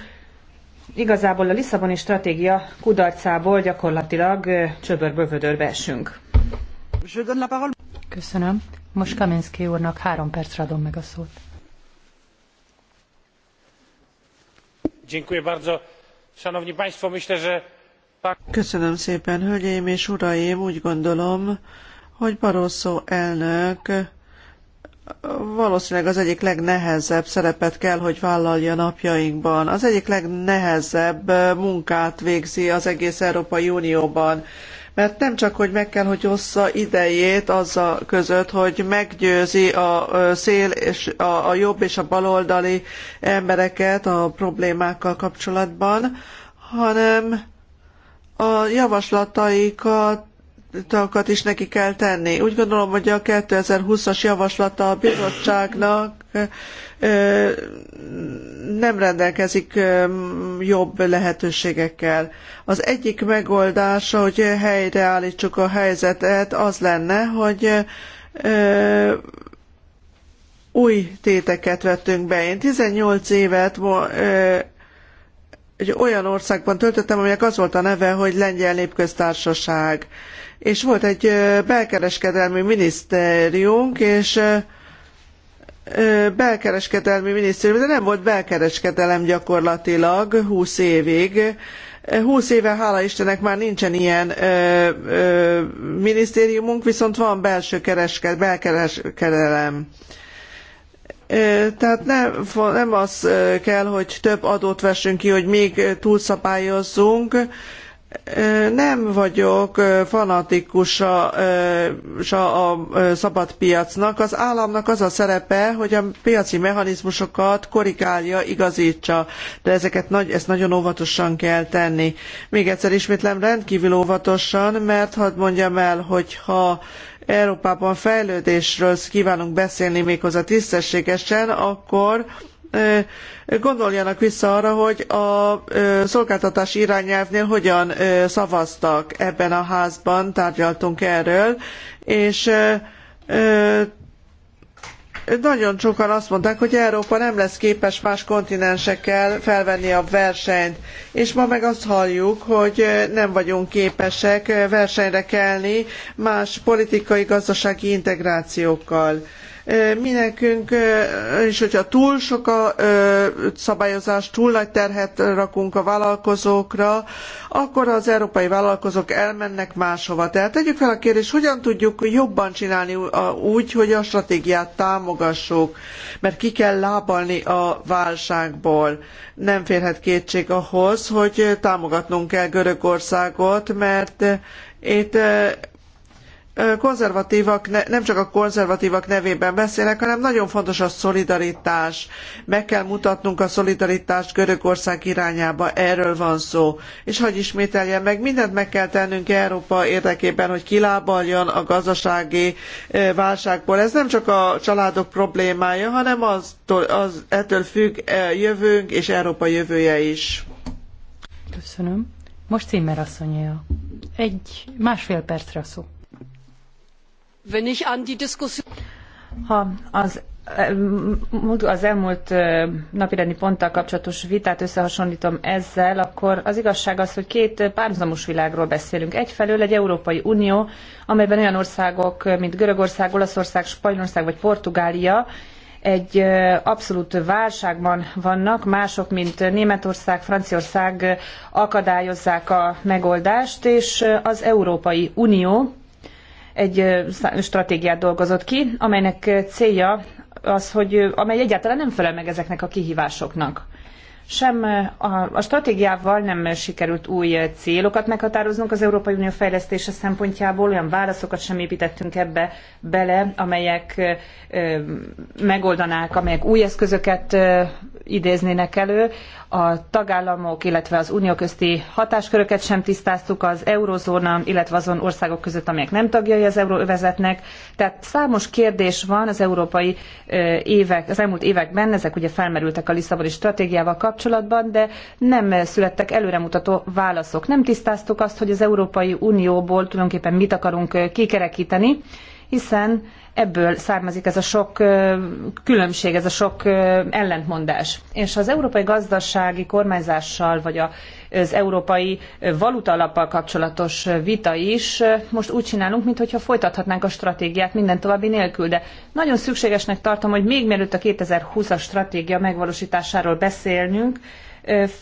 Igazából a Lisszaboni stratégia kudarcából gyakorlatilag csöbörből vödörbe esünk. Köszönöm. Most Kaminski úrnak három percre adom meg a szót. Köszönöm szépen, hölgyeim és uraim, úgy gondolom, hogy Barroso elnök valószínűleg az egyik legnehezebb szerepet kell, hogy vállalja napjainkban. Az egyik legnehezebb munkát végzi az egész Európai Unióban mert nem csak, hogy meg kell, hogy ossza idejét azzal között, hogy meggyőzi a szél és a, a jobb és a baloldali embereket a problémákkal kapcsolatban, hanem a javaslataikat javaslatokat is neki kell tenni. Úgy gondolom, hogy a 2020-as javaslata a bizottságnak nem rendelkezik jobb lehetőségekkel. Az egyik megoldása, hogy helyreállítsuk a helyzetet, az lenne, hogy új téteket vettünk be. Én 18 évet egy olyan országban töltöttem, aminek az volt a neve, hogy Lengyel Népköztársaság. És volt egy belkereskedelmi minisztériunk, és belkereskedelmi minisztérium, de nem volt belkereskedelem gyakorlatilag 20 évig. 20 éve, hála Istennek már nincsen ilyen ö, ö, minisztériumunk, viszont van belső kereskedelem. belkereskedelem. Tehát nem, nem az kell, hogy több adót vessünk ki, hogy még túlszabályozzunk. Nem vagyok fanatikusa a szabad piacnak. Az államnak az a szerepe, hogy a piaci mechanizmusokat korrigálja, igazítsa, de ezeket nagy, ezt nagyon óvatosan kell tenni. Még egyszer ismétlem rendkívül óvatosan, mert hadd mondjam el, hogy ha Európában fejlődésről kívánunk beszélni méghozzá tisztességesen, akkor gondoljanak vissza arra, hogy a szolgáltatás irányelvnél hogyan szavaztak ebben a házban, tárgyaltunk erről, és nagyon sokan azt mondták, hogy Európa nem lesz képes más kontinensekkel felvenni a versenyt, és ma meg azt halljuk, hogy nem vagyunk képesek versenyre kelni más politikai, gazdasági integrációkkal. Mindenkünk, és hogyha túl sok a szabályozás, túl nagy terhet rakunk a vállalkozókra, akkor az európai vállalkozók elmennek máshova. Tehát tegyük fel a kérdést, hogyan tudjuk jobban csinálni úgy, hogy a stratégiát támogassuk, mert ki kell lábalni a válságból. Nem férhet kétség ahhoz, hogy támogatnunk kell Görögországot, mert itt konzervatívak, nem csak a konzervatívak nevében beszélek, hanem nagyon fontos a szolidaritás. Meg kell mutatnunk a szolidaritást Görögország irányába, erről van szó. És hogy ismételjem meg, mindent meg kell tennünk Európa érdekében, hogy kilábaljon a gazdasági válságból. Ez nem csak a családok problémája, hanem aztól, az, ettől függ jövőnk és Európa jövője is. Köszönöm. Most Cimmer asszonyja. Egy másfél percre a szó. Ha az az elmúlt napirendi ponttal kapcsolatos vitát összehasonlítom ezzel, akkor az igazság az, hogy két párhuzamos világról beszélünk. Egyfelől egy Európai Unió, amelyben olyan országok, mint Görögország, Olaszország, Spanyolország vagy Portugália egy abszolút válságban vannak, mások, mint Németország, Franciaország akadályozzák a megoldást, és az Európai Unió egy stratégiát dolgozott ki, amelynek célja az, hogy amely egyáltalán nem felel meg ezeknek a kihívásoknak. Sem a, a stratégiával nem sikerült új célokat meghatároznunk az Európai Unió fejlesztése szempontjából, olyan válaszokat sem építettünk ebbe bele, amelyek ö, megoldanák, amelyek új eszközöket ö, idéznének elő, a tagállamok, illetve az unió közti hatásköröket sem tisztáztuk, az eurozóna, illetve azon országok között, amelyek nem tagjai az euróövezetnek. Tehát számos kérdés van az európai évek, az elmúlt években, ezek ugye felmerültek a Lisszaboni stratégiával kapcsolatban, de nem születtek előremutató válaszok. Nem tisztáztuk azt, hogy az Európai Unióból tulajdonképpen mit akarunk kikerekíteni, hiszen ebből származik ez a sok különbség, ez a sok ellentmondás. És az európai gazdasági kormányzással, vagy az európai valutalappal kapcsolatos vita is most úgy csinálunk, mintha folytathatnánk a stratégiát minden további nélkül, de nagyon szükségesnek tartom, hogy még mielőtt a 2020-as stratégia megvalósításáról beszélnünk,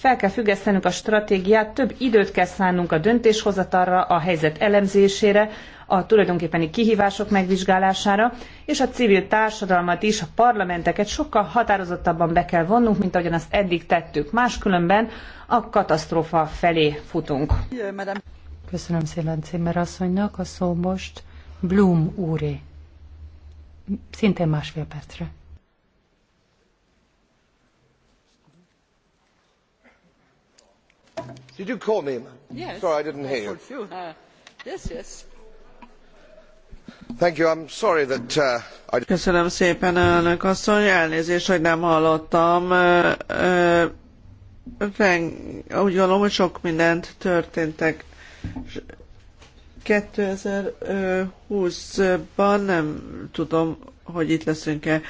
fel kell függesztenünk a stratégiát, több időt kell szánnunk a döntéshozatalra, a helyzet elemzésére, a tulajdonképpeni kihívások megvizsgálására, és a civil társadalmat is, a parlamenteket sokkal határozottabban be kell vonnunk, mint ahogyan azt eddig tettük. Máskülönben a katasztrófa felé futunk. Köszönöm szépen Cimmer asszonynak, a szó most Bloom úré. Szintén másfél percre. Did you call me? Yes. Sorry, I didn't hear you. Uh, yes, yes. Uh, Köszönöm szépen, elnök asszony, elnézést, hogy nem hallottam. úgy gondolom, hogy sok mindent történtek. 2020-ban nem tudom, hogy itt leszünk-e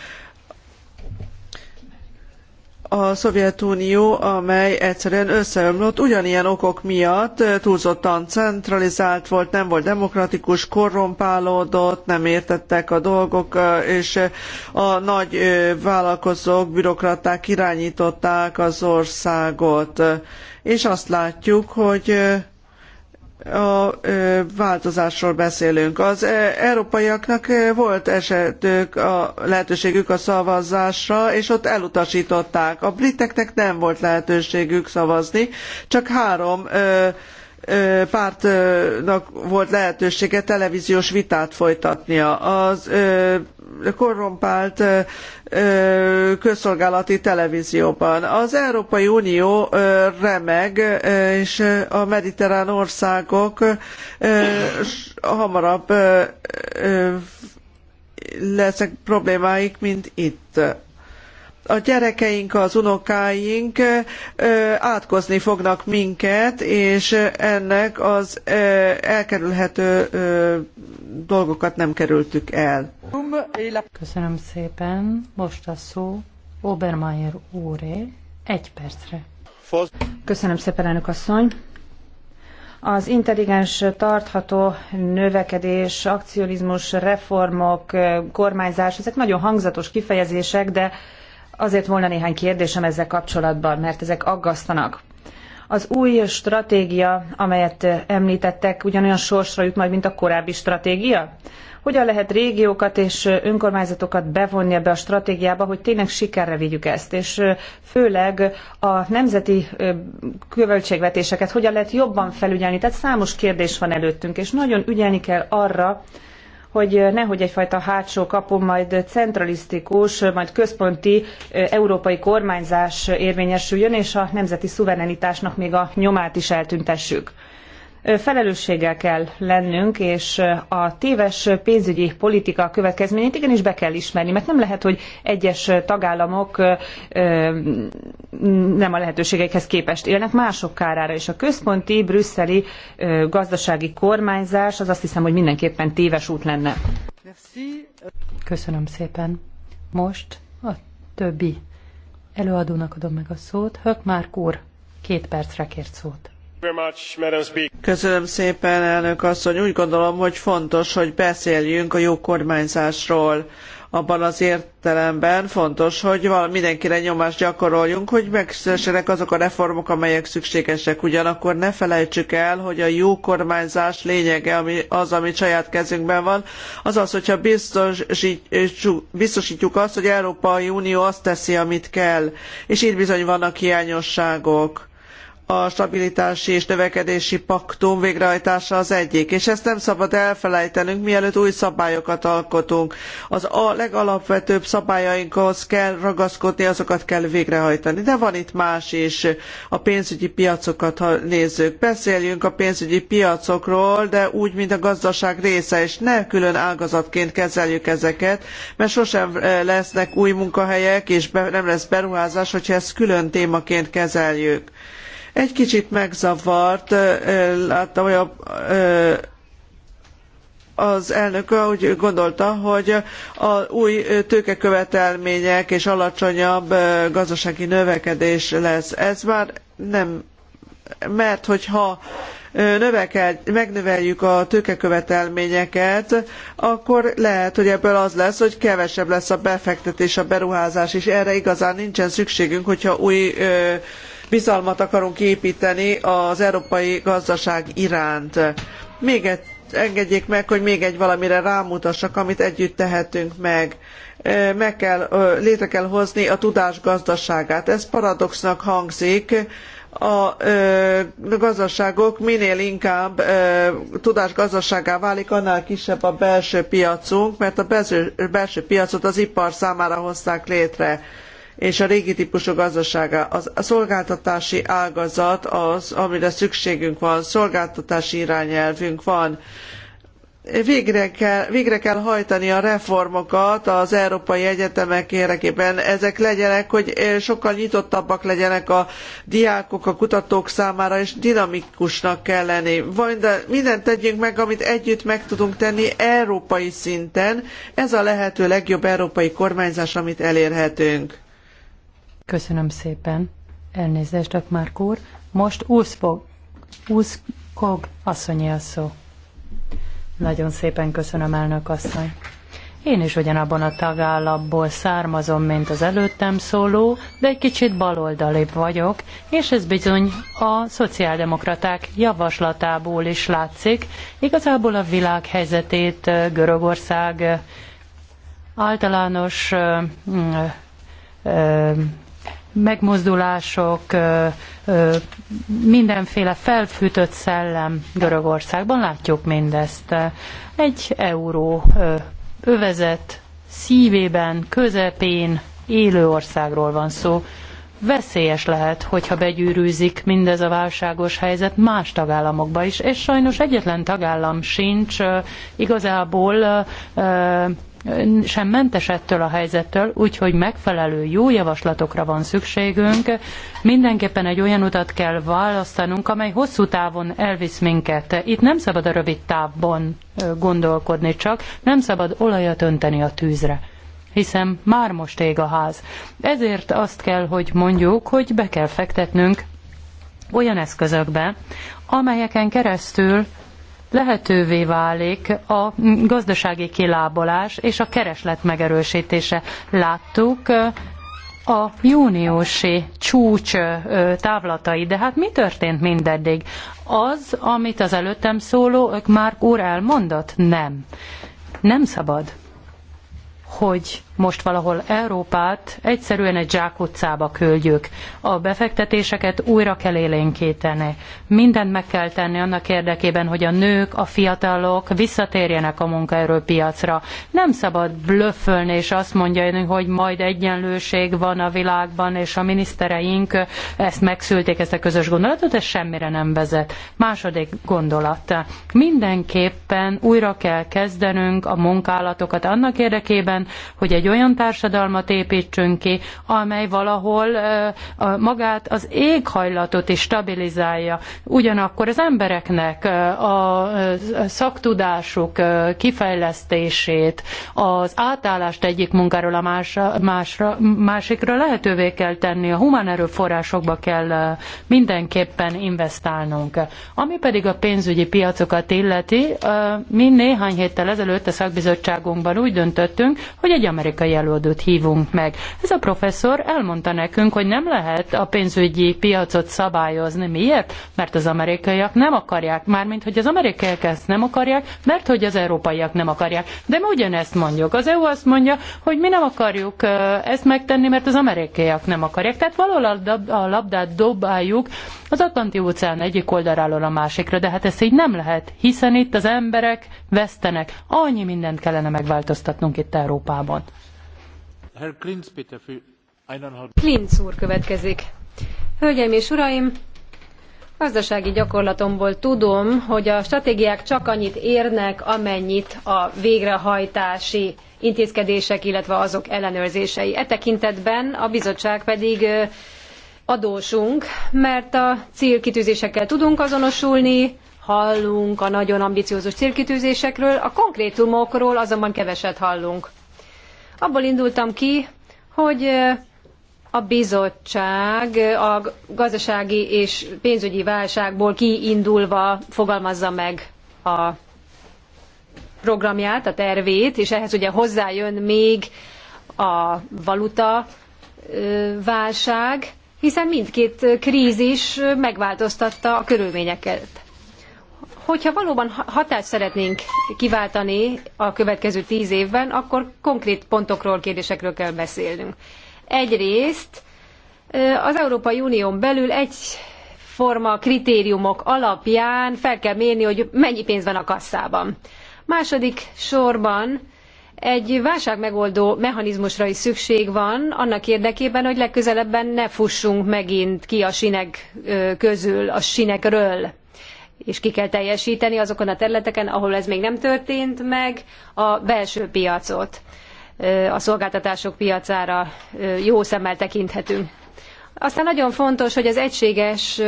a Szovjetunió, amely egyszerűen összeomlott ugyanilyen okok miatt, túlzottan centralizált volt, nem volt demokratikus, korrumpálódott, nem értettek a dolgok, és a nagy vállalkozók, bürokraták irányították az országot. És azt látjuk, hogy a változásról beszélünk. Az európaiaknak volt esetük a lehetőségük a szavazásra, és ott elutasították. A briteknek nem volt lehetőségük szavazni, csak három pártnak volt lehetősége televíziós vitát folytatnia. Az korrumpált közszolgálati televízióban. Az Európai Unió remeg, és a mediterrán országok hamarabb lesznek problémáik, mint itt a gyerekeink, az unokáink átkozni fognak minket, és ennek az elkerülhető dolgokat nem kerültük el. Köszönöm szépen. Most a szó Obermeier úré. Egy percre. Köszönöm szépen, elnök asszony. Az intelligens, tartható növekedés, akcionizmus, reformok, kormányzás, ezek nagyon hangzatos kifejezések, de Azért volna néhány kérdésem ezzel kapcsolatban, mert ezek aggasztanak. Az új stratégia, amelyet említettek, ugyanolyan sorsra jut majd, mint a korábbi stratégia? Hogyan lehet régiókat és önkormányzatokat bevonni ebbe a stratégiába, hogy tényleg sikerre vigyük ezt? És főleg a nemzeti költségvetéseket hogyan lehet jobban felügyelni? Tehát számos kérdés van előttünk, és nagyon ügyelni kell arra, hogy nehogy egyfajta hátsó kapun majd centralisztikus, majd központi európai kormányzás érvényesüljön, és a nemzeti szuverenitásnak még a nyomát is eltüntessük felelősséggel kell lennünk, és a téves pénzügyi politika következményeit igenis be kell ismerni, mert nem lehet, hogy egyes tagállamok nem a lehetőségeikhez képest élnek mások kárára, és a központi, brüsszeli gazdasági kormányzás az azt hiszem, hogy mindenképpen téves út lenne. Köszönöm szépen. Most a többi előadónak adom meg a szót. Hökmárk úr, két percre kért szót. Köszönöm szépen, elnök asszony. Úgy gondolom, hogy fontos, hogy beszéljünk a jó kormányzásról. Abban az értelemben fontos, hogy mindenkire nyomást gyakoroljunk, hogy megszülessenek azok a reformok, amelyek szükségesek. Ugyanakkor ne felejtsük el, hogy a jó kormányzás lényege, ami az, ami saját kezünkben van, az az, hogyha biztosítjuk, biztosítjuk azt, hogy Európai Unió azt teszi, amit kell. És itt bizony vannak hiányosságok a stabilitási és növekedési paktum végrehajtása az egyik, és ezt nem szabad elfelejtenünk, mielőtt új szabályokat alkotunk. Az a legalapvetőbb szabályainkhoz kell ragaszkodni, azokat kell végrehajtani. De van itt más is, a pénzügyi piacokat ha nézzük. Beszéljünk a pénzügyi piacokról, de úgy, mint a gazdaság része, és ne külön ágazatként kezeljük ezeket, mert sosem eh, lesznek új munkahelyek, és nem lesz beruházás, hogyha ezt külön témaként kezeljük. Egy kicsit megzavart, láttam, hogy a, az elnök úgy gondolta, hogy a új tőkekövetelmények és alacsonyabb gazdasági növekedés lesz. Ez már nem, mert hogyha növeked, megnöveljük a tőkekövetelményeket, akkor lehet, hogy ebből az lesz, hogy kevesebb lesz a befektetés, a beruházás, és erre igazán nincsen szükségünk, hogyha új bizalmat akarunk építeni az európai gazdaság iránt. Még egy, engedjék meg, hogy még egy valamire rámutassak, amit együtt tehetünk meg meg kell, létre kell hozni a tudás gazdaságát. Ez paradoxnak hangzik, a gazdaságok minél inkább tudás tudásgazdaságá válik, annál kisebb a belső piacunk, mert a belső, belső piacot az ipar számára hozták létre és a régi típusú gazdasága. Az, a szolgáltatási ágazat az, amire szükségünk van, szolgáltatási irányelvünk van. Végre kell, végre kell hajtani a reformokat az európai egyetemek érdekében. Ezek legyenek, hogy eh, sokkal nyitottabbak legyenek a diákok, a kutatók számára, és dinamikusnak kell lenni. Vagy de mindent tegyünk meg, amit együtt meg tudunk tenni európai szinten. Ez a lehető legjobb európai kormányzás, amit elérhetünk. Köszönöm szépen. Elnézést, már úr. Most úszfog, úszkog asszonyi a szó. Nagyon szépen köszönöm, elnök asszony. Én is ugyanabban a tagállapból származom, mint az előttem szóló, de egy kicsit baloldalibb vagyok, és ez bizony a szociáldemokraták javaslatából is látszik. Igazából a világ helyzetét Görögország általános megmozdulások, mindenféle felfűtött szellem Görögországban, látjuk mindezt. Egy euró övezet szívében, közepén élő országról van szó. Veszélyes lehet, hogyha begyűrűzik mindez a válságos helyzet más tagállamokba is, és sajnos egyetlen tagállam sincs igazából sem mentes ettől a helyzettől, úgyhogy megfelelő jó javaslatokra van szükségünk. Mindenképpen egy olyan utat kell választanunk, amely hosszú távon elvisz minket. Itt nem szabad a rövid távban gondolkodni csak, nem szabad olajat önteni a tűzre hiszen már most ég a ház. Ezért azt kell, hogy mondjuk, hogy be kell fektetnünk olyan eszközökbe, amelyeken keresztül lehetővé válik a gazdasági kilábalás és a kereslet megerősítése. Láttuk a júniusi csúcs távlatai, de hát mi történt mindeddig? Az, amit az előttem szóló Márk úr elmondott? Nem. Nem szabad hogy most valahol Európát egyszerűen egy zsákutcába küldjük. A befektetéseket újra kell élénkíteni. Mindent meg kell tenni annak érdekében, hogy a nők, a fiatalok visszatérjenek a munkaerőpiacra. Nem szabad blöffölni és azt mondjani, hogy majd egyenlőség van a világban, és a minisztereink ezt megszülték, ezt a közös gondolatot, ez semmire nem vezet. Második gondolat. Mindenképpen újra kell kezdenünk a munkálatokat annak érdekében, kapcsán, hogy egy olyan társadalmat építsünk ki, amely valahol magát az éghajlatot is stabilizálja. Ugyanakkor az embereknek a szaktudásuk kifejlesztését, az átállást egyik munkáról a másra, másra, másikra lehetővé kell tenni, a humán erőforrásokba kell mindenképpen investálnunk. Ami pedig a pénzügyi piacokat illeti, mi néhány héttel ezelőtt a szakbizottságunkban úgy döntöttünk, hogy egy amerikai előadót hívunk meg. Ez a professzor elmondta nekünk, hogy nem lehet a pénzügyi piacot szabályozni. Miért? Mert az amerikaiak nem akarják. Mármint, hogy az amerikaiak ezt nem akarják, mert hogy az európaiak nem akarják. De mi ugyanezt mondjuk. Az EU azt mondja, hogy mi nem akarjuk ezt megtenni, mert az amerikaiak nem akarják. Tehát valahol a labdát dobáljuk az Atlanti óceán egyik oldaláról a másikra, de hát ezt így nem lehet, hiszen itt az emberek vesztenek. Annyi mindent kellene megváltoztatnunk itt Európában. Európában. Klinz úr következik. Hölgyeim és uraim, gazdasági gyakorlatomból tudom, hogy a stratégiák csak annyit érnek, amennyit a végrehajtási intézkedések, illetve azok ellenőrzései. E tekintetben a bizottság pedig adósunk, mert a célkitűzésekkel tudunk azonosulni, hallunk a nagyon ambiciózus célkitűzésekről, a konkrétumokról azonban keveset hallunk. Abból indultam ki, hogy a bizottság a gazdasági és pénzügyi válságból kiindulva fogalmazza meg a programját, a tervét, és ehhez ugye hozzájön még a valuta válság, hiszen mindkét krízis megváltoztatta a körülményeket. Hogyha valóban hatást szeretnénk kiváltani a következő tíz évben, akkor konkrét pontokról, kérdésekről kell beszélnünk. Egyrészt az Európai Unión belül egy forma kritériumok alapján fel kell mérni, hogy mennyi pénz van a kasszában. Második sorban egy válságmegoldó mechanizmusra is szükség van, annak érdekében, hogy legközelebben ne fussunk megint ki a sinek közül, a sinekről és ki kell teljesíteni azokon a területeken, ahol ez még nem történt meg, a belső piacot, a szolgáltatások piacára jó szemmel tekinthetünk. Aztán nagyon fontos, hogy az egységes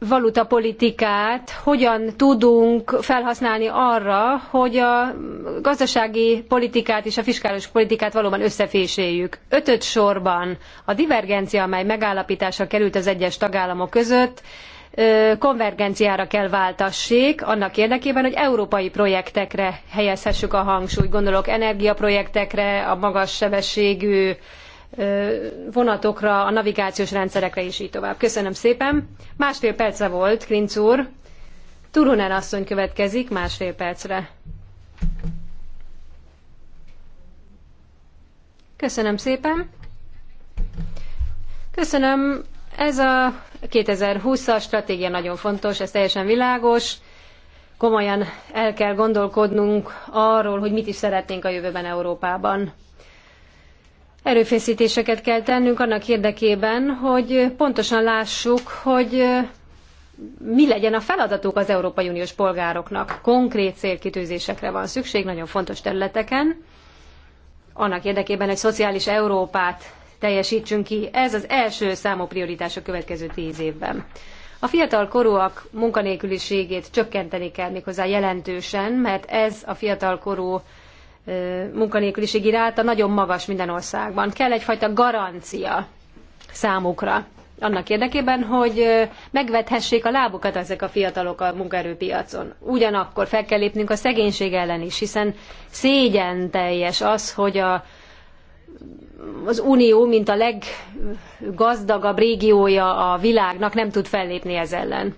valutapolitikát hogyan tudunk felhasználni arra, hogy a gazdasági politikát és a fiskális politikát valóban összeféséljük. ötödsorban sorban a divergencia, amely megállapításra került az egyes tagállamok között, konvergenciára kell váltassék, annak érdekében, hogy európai projektekre helyezhessük a hangsúlyt. Gondolok energiaprojektekre, a magas sebességű vonatokra, a navigációs rendszerekre és így tovább. Köszönöm szépen. Másfél perce volt, Klinc úr. Turunen asszony következik másfél percre. Köszönöm szépen. Köszönöm. Ez a 2020-as stratégia nagyon fontos, ez teljesen világos. Komolyan el kell gondolkodnunk arról, hogy mit is szeretnénk a jövőben Európában erőfeszítéseket kell tennünk annak érdekében, hogy pontosan lássuk, hogy mi legyen a feladatuk az Európai Uniós polgároknak. Konkrét célkitűzésekre van szükség nagyon fontos területeken, annak érdekében, hogy szociális Európát teljesítsünk ki. Ez az első számú prioritás a következő tíz évben. A fiatal korúak munkanélküliségét csökkenteni kell méghozzá jelentősen, mert ez a fiatal korú munkanélküliségi ráta nagyon magas minden országban. Kell egyfajta garancia számukra annak érdekében, hogy megvethessék a lábukat ezek a fiatalok a munkaerőpiacon. Ugyanakkor fel kell lépnünk a szegénység ellen is, hiszen szégyen teljes az, hogy a, az Unió, mint a leggazdagabb régiója a világnak nem tud fellépni ez ellen.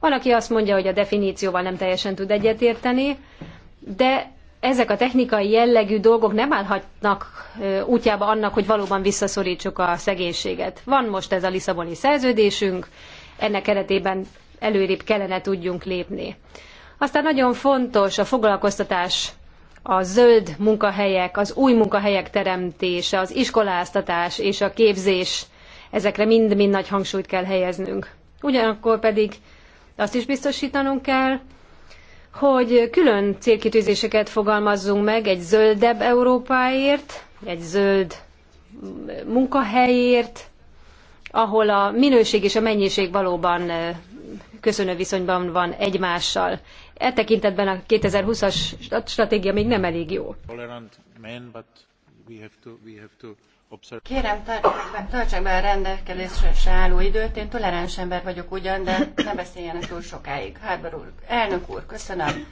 Van, aki azt mondja, hogy a definícióval nem teljesen tud egyetérteni, de ezek a technikai jellegű dolgok nem állhatnak útjába annak, hogy valóban visszaszorítsuk a szegénységet. Van most ez a Lisszaboni szerződésünk, ennek keretében előrébb kellene tudjunk lépni. Aztán nagyon fontos a foglalkoztatás, a zöld munkahelyek, az új munkahelyek teremtése, az iskoláztatás és a képzés, ezekre mind-mind nagy hangsúlyt kell helyeznünk. Ugyanakkor pedig azt is biztosítanunk kell, hogy külön célkitűzéseket fogalmazzunk meg egy zöldebb Európáért, egy zöld munkahelyért, ahol a minőség és a mennyiség valóban köszönő viszonyban van egymással. E tekintetben a 2020-as stratégia még nem elég jó. Kérem, tartsák be a rendelkezésre álló időt. Én toleráns ember vagyok ugyan, de ne beszéljenek túl sokáig. Hárbar elnök úr, köszönöm.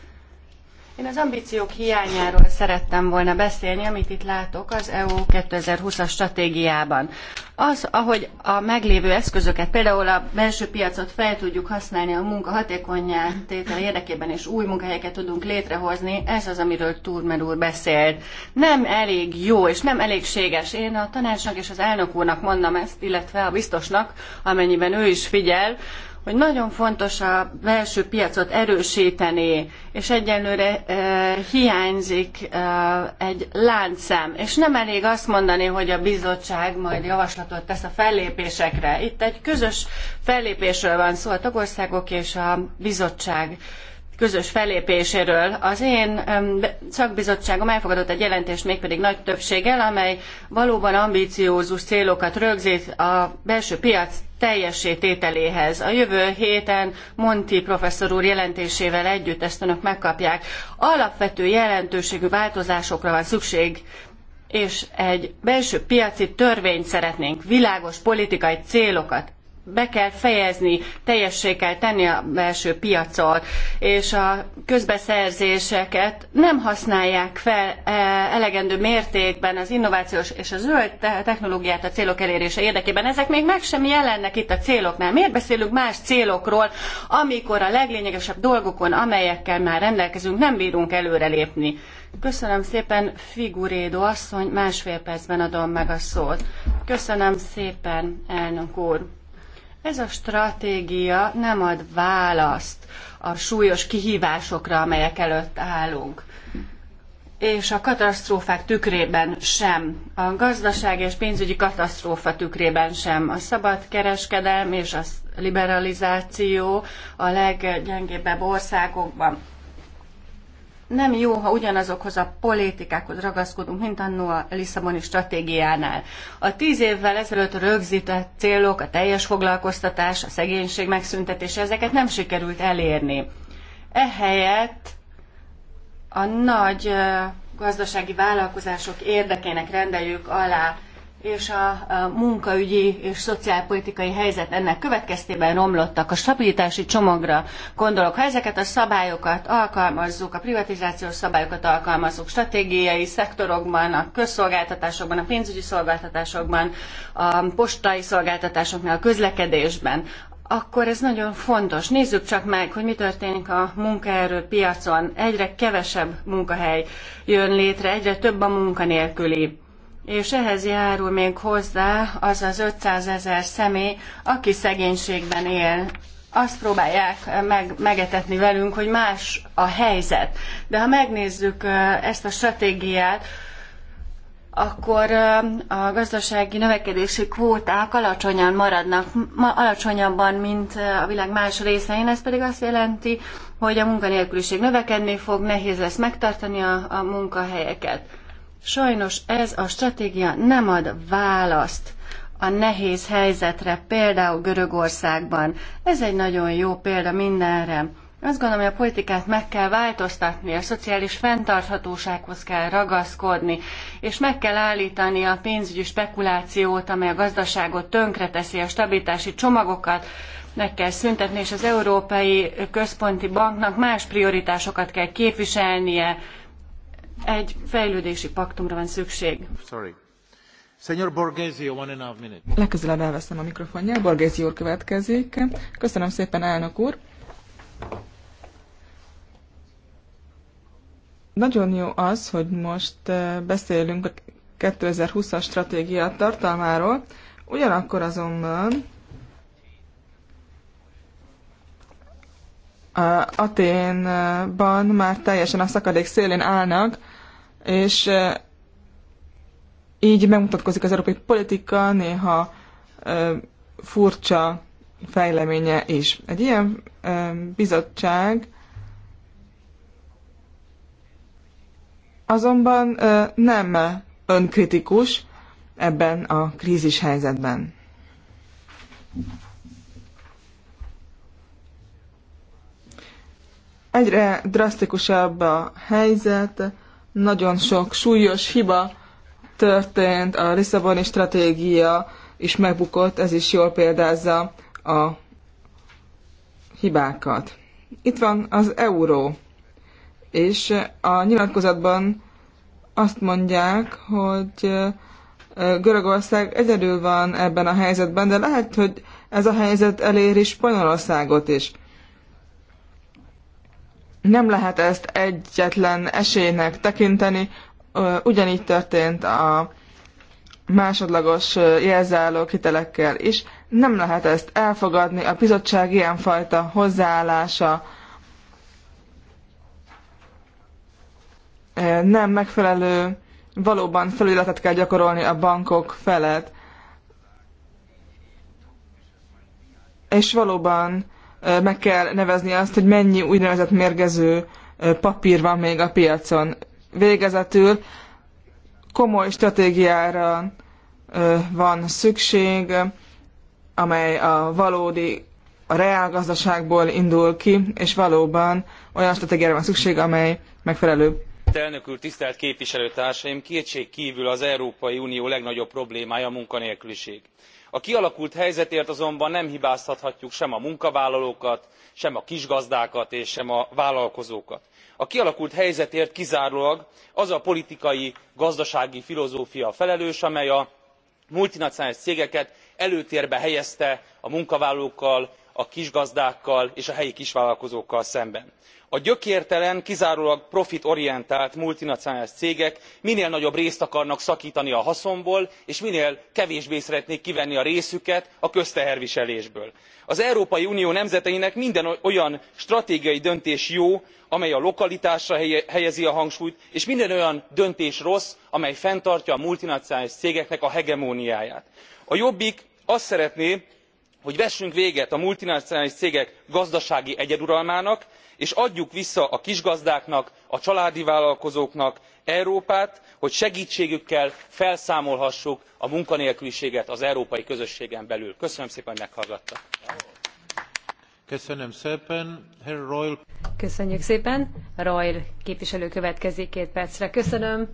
Én az ambíciók hiányáról szerettem volna beszélni, amit itt látok az EU 2020-as stratégiában. Az, ahogy a meglévő eszközöket, például a belső piacot fel tudjuk használni a munka hatékonyá tétele érdekében, és új munkahelyeket tudunk létrehozni, ez az, amiről Turmer úr beszélt. Nem elég jó és nem elégséges. Én a tanácsnak és az elnök úrnak mondom ezt, illetve a biztosnak, amennyiben ő is figyel, hogy nagyon fontos a belső piacot erősíteni, és egyenlőre e, eh, hiányzik e, egy láncszem. És nem elég azt mondani, hogy a bizottság majd javaslatot tesz a fellépésekre. Itt egy közös fellépésről van szó a tagországok és a bizottság közös fellépéséről. Az én szakbizottságom elfogadott egy jelentést mégpedig nagy többséggel, amely valóban ambiciózus célokat rögzít a belső piac teljessé tételéhez. A jövő héten Monti professzor úr jelentésével együtt ezt önök megkapják. Alapvető jelentőségű változásokra van szükség és egy belső piaci törvényt szeretnénk, világos politikai célokat, be kell fejezni, teljessé kell tenni a belső piacot, és a közbeszerzéseket nem használják fel e, elegendő mértékben az innovációs és a zöld technológiát a célok elérése érdekében. Ezek még meg sem jelennek itt a céloknál. Miért beszélünk más célokról, amikor a leglényegesebb dolgokon, amelyekkel már rendelkezünk, nem bírunk előrelépni? Köszönöm szépen, Figurédo asszony, másfél percben adom meg a szót. Köszönöm szépen, elnök úr. Ez a stratégia nem ad választ a súlyos kihívásokra, amelyek előtt állunk. És a katasztrófák tükrében sem, a gazdaság és pénzügyi katasztrófa tükrében sem. A szabad kereskedelm és a liberalizáció a leggyengébb országokban nem jó, ha ugyanazokhoz a politikákhoz ragaszkodunk, mint annó a Lisszaboni stratégiánál. A tíz évvel ezelőtt rögzített célok, a teljes foglalkoztatás, a szegénység megszüntetése, ezeket nem sikerült elérni. Ehelyett a nagy gazdasági vállalkozások érdekének rendeljük alá és a munkaügyi és szociálpolitikai helyzet ennek következtében romlottak. A stabilitási csomagra gondolok. Ha ezeket a szabályokat alkalmazzuk, a privatizációs szabályokat alkalmazzuk stratégiai szektorokban, a közszolgáltatásokban, a pénzügyi szolgáltatásokban, a postai szolgáltatásoknál, a közlekedésben, akkor ez nagyon fontos. Nézzük csak meg, hogy mi történik a munkaerőpiacon. Egyre kevesebb munkahely jön létre, egyre több a munkanélküli és ehhez járul még hozzá az az 500 ezer személy, aki szegénységben él. Azt próbálják meg, megetetni velünk, hogy más a helyzet. De ha megnézzük ezt a stratégiát, akkor a gazdasági növekedési kvóták alacsonyan maradnak, alacsonyabban, mint a világ más részein. Ez pedig azt jelenti, hogy a munkanélküliség növekedni fog, nehéz lesz megtartani a, a munkahelyeket. Sajnos ez a stratégia nem ad választ a nehéz helyzetre, például Görögországban. Ez egy nagyon jó példa mindenre. Azt gondolom, hogy a politikát meg kell változtatni, a szociális fenntarthatósághoz kell ragaszkodni, és meg kell állítani a pénzügyi spekulációt, amely a gazdaságot tönkreteszi, a stabilitási csomagokat meg kell szüntetni, és az Európai Központi Banknak más prioritásokat kell képviselnie, egy fejlődési paktumra van szükség. Sorry. Señor Borghezio, one and a half minute. Legközelebb elveszem a mikrofonját. Borghezio úr következik. Köszönöm szépen, elnök úr. Nagyon jó az, hogy most eh, beszélünk a 2020-as stratégia tartalmáról, ugyanakkor azonban eh, Aténban már teljesen a szakadék szélén állnak és így megmutatkozik az európai politika néha furcsa fejleménye is. Egy ilyen bizottság azonban nem önkritikus ebben a krízis helyzetben. Egyre drasztikusabb a helyzet, nagyon sok súlyos hiba történt, a Lisszaboni stratégia is megbukott, ez is jól példázza a hibákat. Itt van az euró, és a nyilatkozatban azt mondják, hogy Görögország egyedül van ebben a helyzetben, de lehet, hogy ez a helyzet eléri Spanyolországot is. Nem lehet ezt egyetlen esélynek tekinteni, ugyanígy történt a másodlagos jelzáló hitelekkel is. Nem lehet ezt elfogadni, a bizottság ilyenfajta hozzáállása nem megfelelő, valóban felületet kell gyakorolni a bankok felett. És valóban meg kell nevezni azt, hogy mennyi úgynevezett mérgező papír van még a piacon. Végezetül komoly stratégiára van szükség, amely a valódi, a reálgazdaságból indul ki, és valóban olyan stratégiára van szükség, amely megfelelő. Elnök úr, tisztelt képviselőtársaim! Kétség kívül az Európai Unió legnagyobb problémája a munkanélküliség a kialakult helyzetért azonban nem hibáztathatjuk sem a munkavállalókat sem a kisgazdákat és sem a vállalkozókat. a kialakult helyzetért kizárólag az a politikai gazdasági filozófia felelős amely a multinacionális cégeket előtérbe helyezte a munkavállalókkal a kisgazdákkal és a helyi kisvállalkozókkal szemben a gyökértelen kizárólag profitorientált multinacionális cégek minél nagyobb részt akarnak szaktani a haszonból és minél kevésbé szeretnék kivenni a részüket a közteherviselésből. az európai unió nemzeteinek minden olyan stratégiai döntés jó amely a lokalitásra helyezi a hangsúlyt és minden olyan döntés rossz amely fenntartja a multinacionális cégeknek a hegemóniáját. a jobbik azt szeretné hogy vessünk véget a multinacionális cégek gazdasági egyeduralmának és adjuk vissza a kisgazdáknak a családi vállalkozóknak európát hogy segtségükkel felszámolhassuk a munkanélküliséget az európai közösségen belül. köszönöm szépen hogy meghallgattak. Köszönjük szépen. Royal percre. Köszönöm.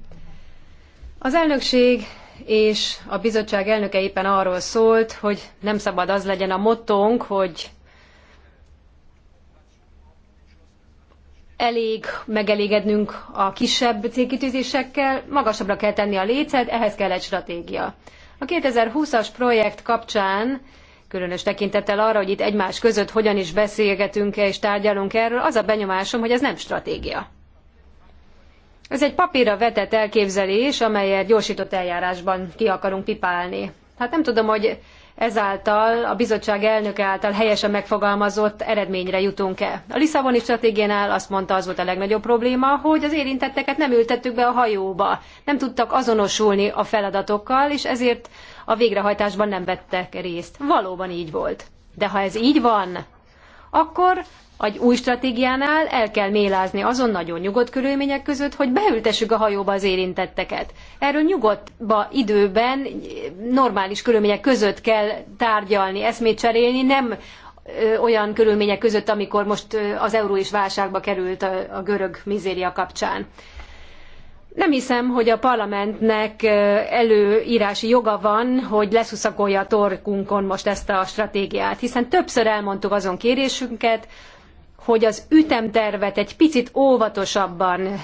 Az elnökség és a bizottság elnöke éppen arról szólt, hogy nem szabad az legyen a mottónk, hogy elég megelégednünk a kisebb célkitűzésekkel, magasabbra kell tenni a lécet, ehhez kell egy stratégia. A 2020-as projekt kapcsán különös tekintettel arra, hogy itt egymás között hogyan is beszélgetünk -e és tárgyalunk erről, az a benyomásom, hogy ez nem stratégia. Ez egy papírra vetett elképzelés, amelyet gyorsított eljárásban ki akarunk pipálni. Hát nem tudom, hogy ezáltal a bizottság elnöke által helyesen megfogalmazott eredményre jutunk-e. A Lisszaboni stratégiánál azt mondta, az volt a legnagyobb probléma, hogy az érintetteket nem ültettük be a hajóba, nem tudtak azonosulni a feladatokkal, és ezért a végrehajtásban nem vettek részt. Valóban így volt. De ha ez így van, akkor egy új stratégiánál el kell mélázni azon nagyon nyugodt körülmények között, hogy beültessük a hajóba az érintetteket. Erről nyugodtba időben, normális körülmények között kell tárgyalni, eszmét cserélni, nem olyan körülmények között, amikor most az euró is válságba került a, görög mizéria kapcsán. Nem hiszem, hogy a parlamentnek előírási joga van, hogy leszuszakolja a torkunkon most ezt a stratégiát, hiszen többször elmondtuk azon kérésünket, hogy az ütemtervet egy picit óvatosabban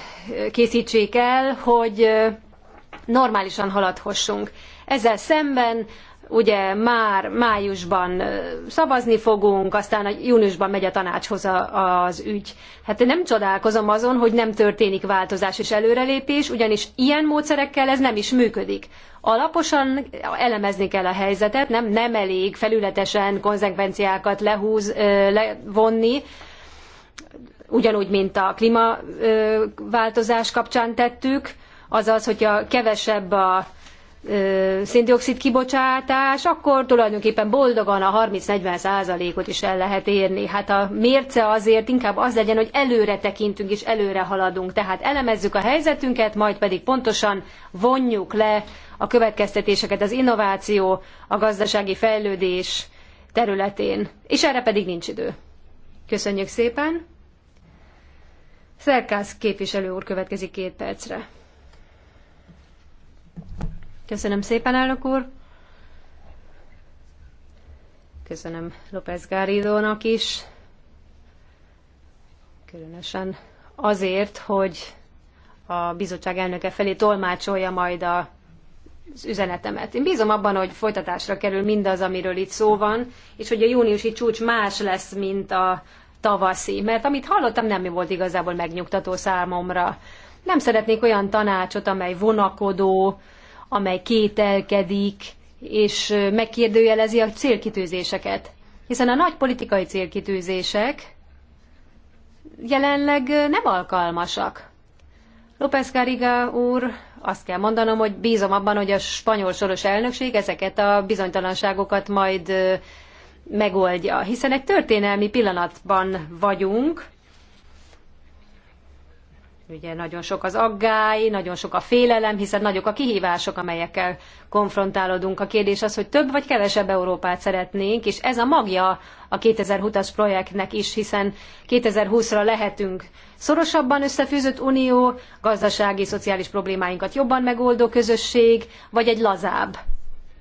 készítsék el, hogy normálisan haladhassunk. Ezzel szemben ugye már májusban szavazni fogunk, aztán a júniusban megy a tanácshoz a, az ügy. Hát én nem csodálkozom azon, hogy nem történik változás és előrelépés, ugyanis ilyen módszerekkel ez nem is működik. Alaposan elemezni kell a helyzetet, nem, nem elég felületesen konzekvenciákat lehúz, levonni, ugyanúgy, mint a klímaváltozás kapcsán tettük, azaz, hogyha kevesebb a széndiokszid kibocsátás, akkor tulajdonképpen boldogan a 30-40 százalékot is el lehet érni. Hát a mérce azért inkább az legyen, hogy előre tekintünk és előre haladunk. Tehát elemezzük a helyzetünket, majd pedig pontosan vonjuk le a következtetéseket az innováció, a gazdasági fejlődés területén. És erre pedig nincs idő. Köszönjük szépen! Szerkász képviselő úr következik két percre. Köszönöm szépen, elnök úr. Köszönöm López Gáridónak is, különösen azért, hogy a bizottság elnöke felé tolmácsolja majd a az üzenetemet. Én bízom abban, hogy folytatásra kerül mindaz, amiről itt szó van, és hogy a júniusi csúcs más lesz, mint a tavaszi, mert amit hallottam, nem volt igazából megnyugtató számomra. Nem szeretnék olyan tanácsot, amely vonakodó, amely kételkedik és megkérdőjelezi a célkitűzéseket. Hiszen a nagy politikai célkitűzések jelenleg nem alkalmasak. López Garriga úr, azt kell mondanom, hogy bízom abban, hogy a spanyol soros elnökség ezeket a bizonytalanságokat majd megoldja, hiszen egy történelmi pillanatban vagyunk, Ugye nagyon sok az aggály, nagyon sok a félelem, hiszen nagyok a kihívások, amelyekkel konfrontálódunk. A kérdés az, hogy több vagy kevesebb Európát szeretnénk, és ez a magja a 2020-as projektnek is, hiszen 2020-ra lehetünk szorosabban összefűzött unió, gazdasági, szociális problémáinkat jobban megoldó közösség, vagy egy lazább,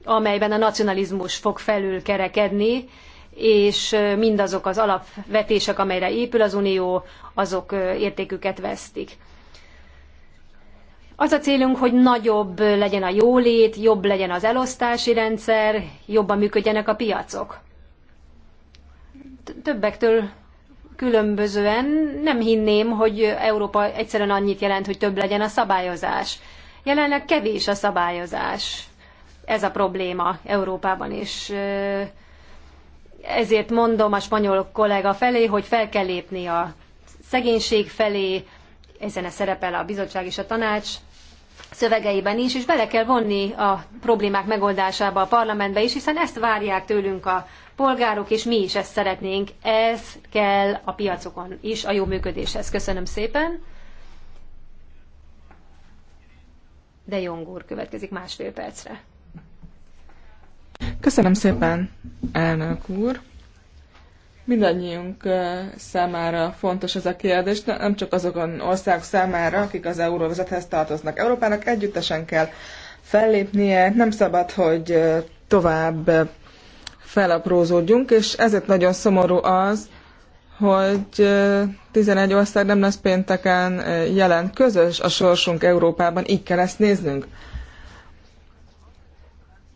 amelyben a nacionalizmus fog felülkerekedni, és mindazok az alapvetések, amelyre épül az Unió, azok értéküket vesztik. Az a célunk, hogy nagyobb legyen a jólét, jobb legyen az elosztási rendszer, jobban működjenek a piacok. Többektől különbözően nem hinném, hogy Európa egyszerűen annyit jelent, hogy több legyen a szabályozás. Jelenleg kevés a szabályozás. Ez a probléma Európában is ezért mondom a spanyol kollega felé, hogy fel kell lépni a szegénység felé, ezen a szerepel a bizottság és a tanács szövegeiben is, és bele kell vonni a problémák megoldásába a parlamentbe is, hiszen ezt várják tőlünk a polgárok, és mi is ezt szeretnénk. Ez kell a piacokon is a jó működéshez. Köszönöm szépen. De Jong úr következik másfél percre. Köszönöm szépen, elnök úr. Mindannyiunk eh, számára fontos ez a kérdés, nem csak azokon országok számára, akik az euróvezethez tartoznak. Európának együttesen kell fellépnie, nem szabad, hogy eh, tovább eh, felaprózódjunk, és ezért nagyon szomorú az, hogy 11 ország nem lesz pénteken jelen közös a sorsunk Európában, így kell ezt néznünk.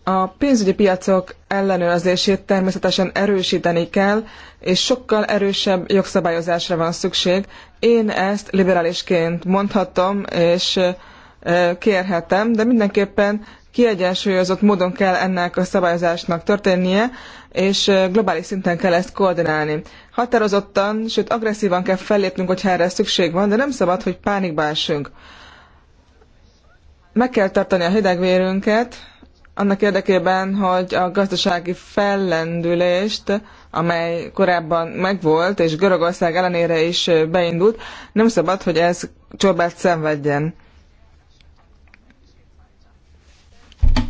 A pénzügyi piacok ellenőrzését természetesen erősíteni kell, és sokkal erősebb jogszabályozásra van szükség. Én ezt liberálisként mondhatom, és kérhetem, de mindenképpen kiegyensúlyozott módon kell ennek a szabályozásnak történnie, és globális szinten kell ezt koordinálni. Határozottan, sőt agresszívan kell fellépnünk, hogyha erre szükség van, de nem szabad, hogy pánikba essünk. Meg kell tartani a hidegvérünket, annak érdekében, hogy a gazdasági fellendülést, amely korábban megvolt, és Görögország ellenére is beindult, nem szabad, hogy ez csorbát szenvedjen.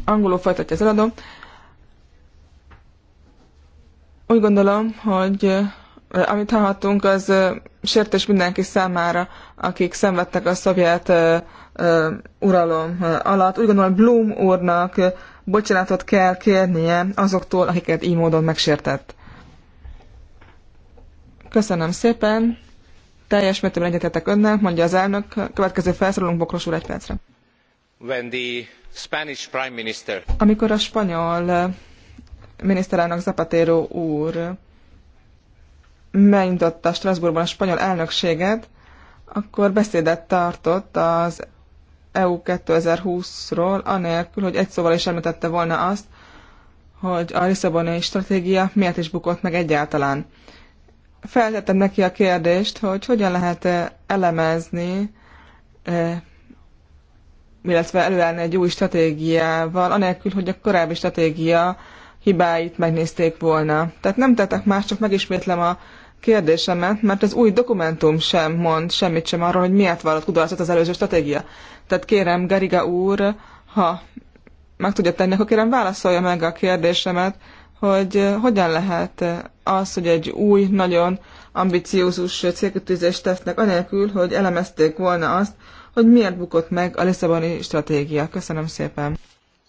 Angolul folytatja az eladó. Úgy gondolom, hogy eh, amit hallhattunk, az eh, sértés mindenki számára, akik szenvedtek a szovjet eh, uralom alatt. Úgy gondolom, Bloom úrnak bocsánatot kell kérnie azoktól, akiket így módon megsértett. Köszönöm szépen. Teljes mértékben egyetetek önnek, mondja az elnök. Következő felszólalunk Bokros úr egy percre. When the Spanish Prime Minister... Amikor a spanyol eh, miniszterelnök Zapatero úr megnyitotta Strasbourgban a spanyol elnökséget, akkor beszédet tartott az EU 2020-ról, anélkül, hogy egy szóval is említette volna azt, hogy a Lisszaboni stratégia miért is bukott meg egyáltalán. Feltettem neki a kérdést, hogy hogyan lehet e, elemezni, e, illetve előállni egy új stratégiával, anélkül, hogy a korábbi stratégia hibáit megnézték volna. Tehát nem tettek más, csak megismétlem a kérdésemet, mert az új dokumentum sem mond semmit sem arról, hogy miért vallott kudarcot az előző stratégia. Tehát kérem, Gariga úr, ha meg tudja tenni, akkor kérem válaszolja meg a kérdésemet, hogy hogyan lehet az, hogy egy új, nagyon ambiciózus célkitűzést tesznek, anélkül, hogy elemezték volna azt, hogy miért bukott meg a Lisszaboni stratégia. Köszönöm szépen.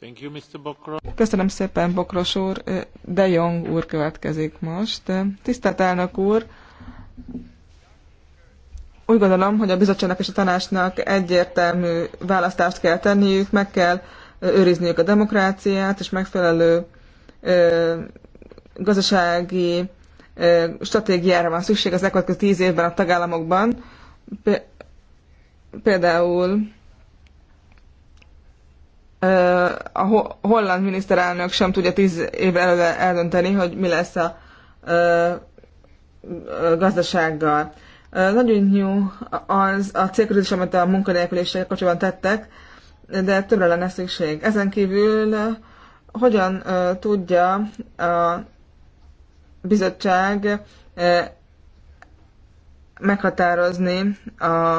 Thank you, Mr. Bokros. Köszönöm szépen, Bokros úr. De Jong úr következik most. Tisztelt elnök úr, úgy gondolom, hogy a bizottságnak és a tanácsnak egyértelmű választást kell tenniük, meg kell őrizniük a demokráciát, és megfelelő ö, gazdasági ö, stratégiára van szükség az elkövetkező tíz évben a tagállamokban. Például a holland miniszterelnök sem tudja tíz évvel előre eldönteni, hogy mi lesz a gazdasággal. Nagyon jó az a célközés, amit a munkanélküliséggel kapcsolatban tettek, de többre lenne szükség. Ezen kívül hogyan tudja a bizottság meghatározni a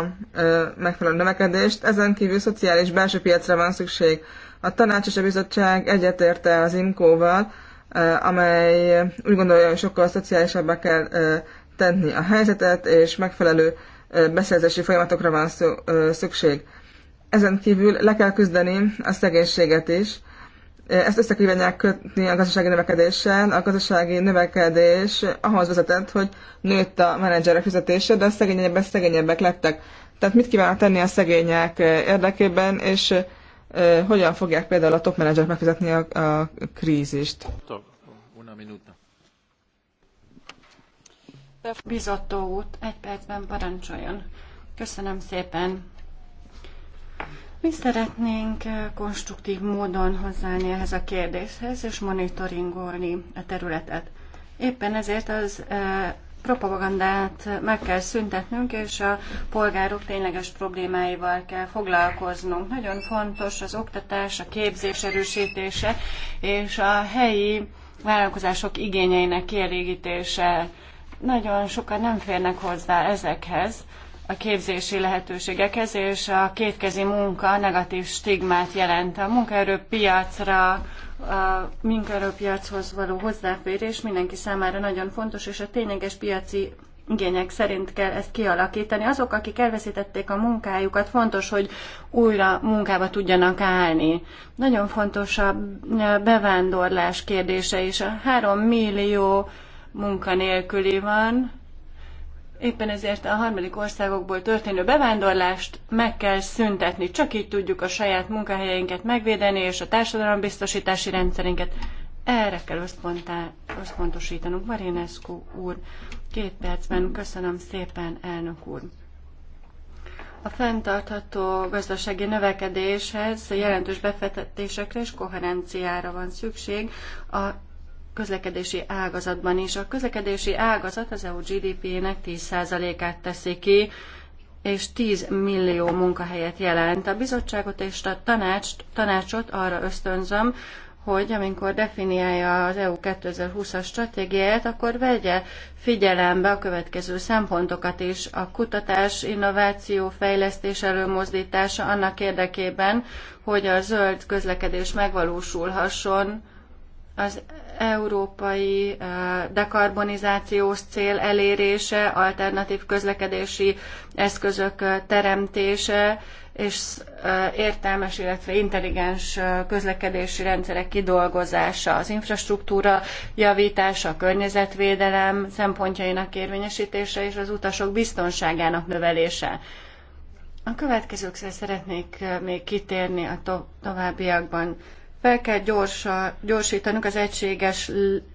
megfelelő növekedést, ezen kívül szociális belső piacra van szükség. A tanács és a bizottság egyetérte az imkóval, amely úgy gondolja, hogy sokkal szociálisabbá kell tenni a helyzetet, és megfelelő beszerzési folyamatokra van szükség. Ezen kívül le kell küzdeni a szegénységet is. Ezt össze kívánják kötni a gazdasági növekedéssel. A gazdasági növekedés ahhoz vezetett, hogy nőtt a menedzserek fizetése, de a szegényebbek szegényebbek lettek. Tehát mit kíván tenni a szegények érdekében, és hogyan fogják például a top menedzserek megfizetni a, a krízist? Una minuta. Bizottó út, egy percben parancsoljon. Köszönöm szépen. Mi szeretnénk eh, konstruktív módon hozzáállni ehhez a kérdéshez, és monitoringolni a területet. Éppen ezért az eh, propagandát meg kell szüntetnünk, és a polgárok tényleges problémáival kell foglalkoznunk. Nagyon fontos az oktatás, a képzés erősítése és a helyi vállalkozások igényeinek kielégítése. Nagyon sokan nem férnek hozzá ezekhez a képzési lehetőségekhez, és a kétkezi munka negatív stigmát jelent. A munkaerőpiacra, a munkaerőpiachoz való hozzáférés mindenki számára nagyon fontos, és a tényleges piaci igények szerint kell ezt kialakítani. Azok, akik elveszítették a munkájukat, fontos, hogy újra munkába tudjanak állni. Nagyon fontos a bevándorlás kérdése is. A három millió munkanélküli van. Éppen ezért a harmadik országokból történő bevándorlást meg kell szüntetni. Csak így tudjuk a saját munkahelyeinket megvédeni, és a társadalombiztosítási rendszerünket erre kell összpontosítanunk. Marinescu úr, két percben köszönöm szépen, elnök úr. A fenntartható gazdasági növekedéshez jelentős befektetésekre és koherenciára van szükség a közlekedési ágazatban is. A közlekedési ágazat az EU GDP-nek 10%-át teszi ki, és 10 millió munkahelyet jelent. A bizottságot és a tanács, tanácsot arra ösztönzöm, hogy amikor definiálja az EU 2020-as stratégiáját, akkor vegye figyelembe a következő szempontokat is. A kutatás, innováció, fejlesztés előmozdítása annak érdekében, hogy a zöld közlekedés megvalósulhasson, az európai dekarbonizációs cél elérése, alternatív közlekedési eszközök teremtése és értelmes, illetve intelligens közlekedési rendszerek kidolgozása, az infrastruktúra javítása, a környezetvédelem szempontjainak érvényesítése és az utasok biztonságának növelése. A következőkre szeretnék még kitérni a továbbiakban. Fel kell gyorsa, gyorsítanunk az egységes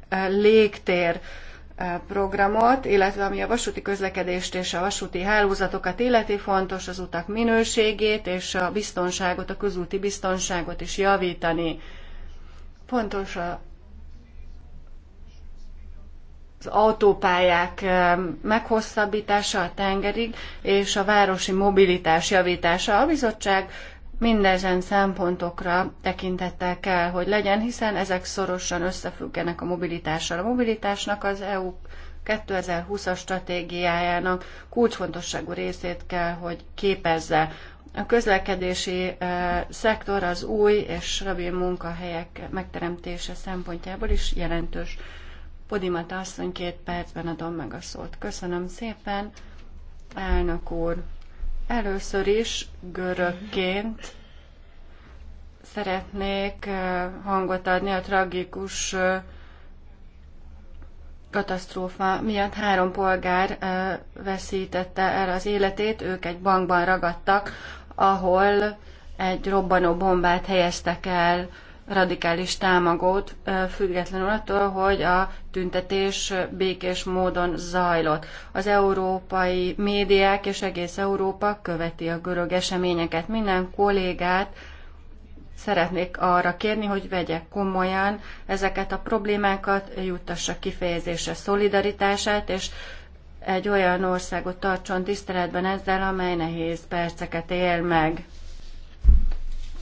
e, légtér e, programot, illetve ami a vasúti közlekedést és a vasúti hálózatokat illeti, fontos az utak minőségét és a biztonságot, a közúti biztonságot is javítani. Fontos a az autópályák e, meghosszabbítása a tengerig, és a városi mobilitás javítása. A bizottság mindezen szempontokra tekintettel kell, hogy legyen, hiszen ezek szorosan összefüggenek a mobilitással. A mobilitásnak az EU 2020-as stratégiájának kulcsfontosságú részét kell, hogy képezze. A közlekedési e, szektor az új és stabil munkahelyek megteremtése szempontjából is jelentős. Podimata asszony két percben adom meg a szót. Köszönöm szépen, elnök úr! Először is görögként szeretnék hangot adni a tragikus katasztrófa miatt három polgár veszítette el az életét, ők egy bankban ragadtak, ahol egy robbanó bombát helyeztek el radikális támogót, függetlenül attól, hogy a tüntetés békés módon zajlott. Az európai médiák és egész Európa követi a görög eseményeket. Minden kollégát szeretnék arra kérni, hogy vegye komolyan ezeket a problémákat, juttassa kifejezésre szolidaritását, és egy olyan országot tartson tiszteletben ezzel, amely nehéz perceket él meg.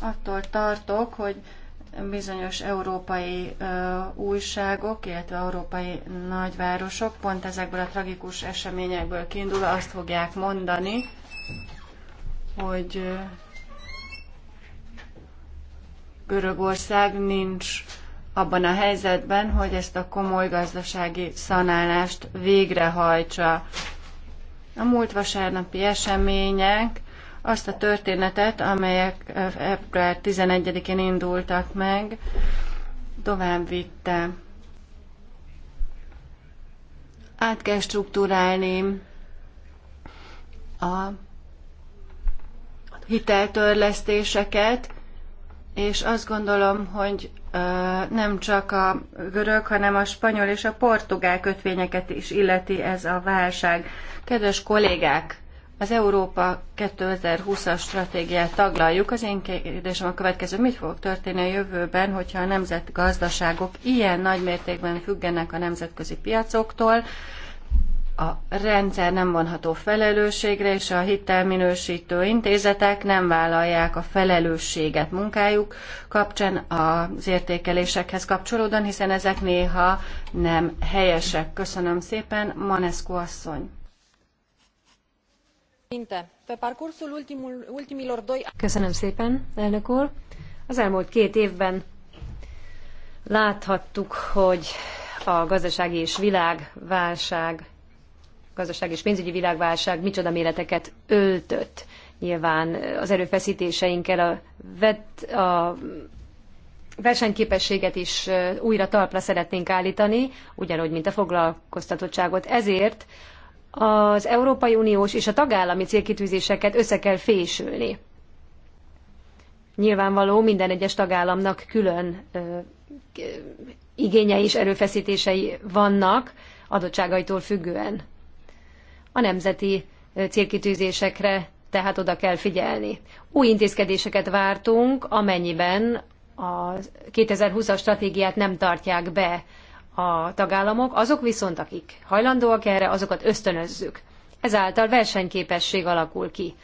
Attól tartok, hogy bizonyos európai ö, újságok, illetve európai nagyvárosok pont ezekből a tragikus eseményekből kiindulva azt fogják mondani, hogy ö, Görögország nincs abban a helyzetben, hogy ezt a komoly gazdasági szanálást végrehajtsa. A múlt vasárnapi események azt a történetet, amelyek február 11-én indultak meg, tovább vitte. Át kell struktúrálni a hiteltörlesztéseket, és azt gondolom, hogy nem csak a görög, hanem a spanyol és a portugál kötvényeket is illeti ez a válság. Kedves kollégák, az Európa 2020-as stratégiát taglaljuk. Az én kérdésem a következő, mit fog történni a jövőben, hogyha a nemzetgazdaságok ilyen nagy mértékben függenek a nemzetközi piacoktól, a rendszer nem vonható felelősségre, és a hitelminősítő intézetek nem vállalják a felelősséget munkájuk kapcsán az értékelésekhez kapcsolódóan, hiszen ezek néha nem helyesek. Köszönöm szépen, Manescu asszony! Köszönöm szépen, elnök úr. Az elmúlt két évben láthattuk, hogy a gazdasági és világválság, gazdasági és pénzügyi világválság micsoda méreteket öltött. Nyilván az erőfeszítéseinkkel a, vet, a versenyképességet is újra talpra szeretnénk állítani, ugyanúgy, mint a foglalkoztatottságot. Ezért az Európai Uniós és a tagállami célkitűzéseket össze kell fésülni. Nyilvánvaló minden egyes tagállamnak külön ö, ö, igényei és erőfeszítései vannak, adottságaitól függően. A nemzeti célkitűzésekre tehát oda kell figyelni. Új intézkedéseket vártunk, amennyiben a 2020-as stratégiát nem tartják be a tagállamok, azok viszont, akik hajlandóak erre, azokat ösztönözzük. Ezáltal versenyképesség alakul ki,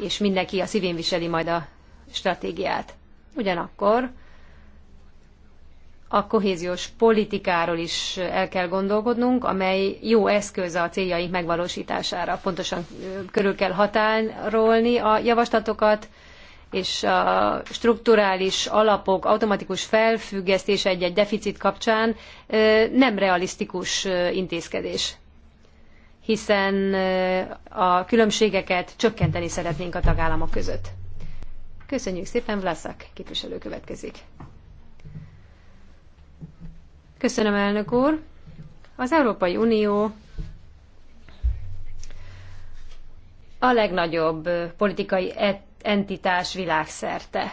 és mindenki a szívén viseli majd a stratégiát. Ugyanakkor a kohéziós politikáról is el kell gondolkodnunk, amely jó eszköz a céljaink megvalósítására. Pontosan körül kell határolni a javaslatokat, és a strukturális alapok automatikus felfüggesztése egy-egy deficit kapcsán nem realisztikus intézkedés, hiszen a különbségeket csökkenteni szeretnénk a tagállamok között. Köszönjük szépen, Vlaszak képviselő következik. Köszönöm, elnök úr. Az Európai Unió a legnagyobb politikai et entitás világszerte.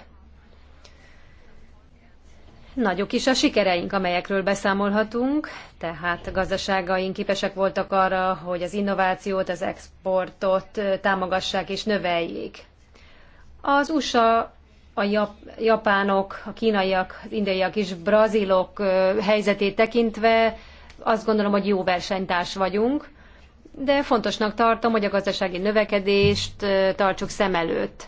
Nagyok is a sikereink, amelyekről beszámolhatunk, tehát a gazdaságaink képesek voltak arra, hogy az innovációt, az exportot támogassák és növeljék. Az USA, a japánok, a kínaiak, az indiaiak és brazilok helyzetét tekintve azt gondolom, hogy jó versenytárs vagyunk, de fontosnak tartom, hogy a gazdasági növekedést tartsuk szem előtt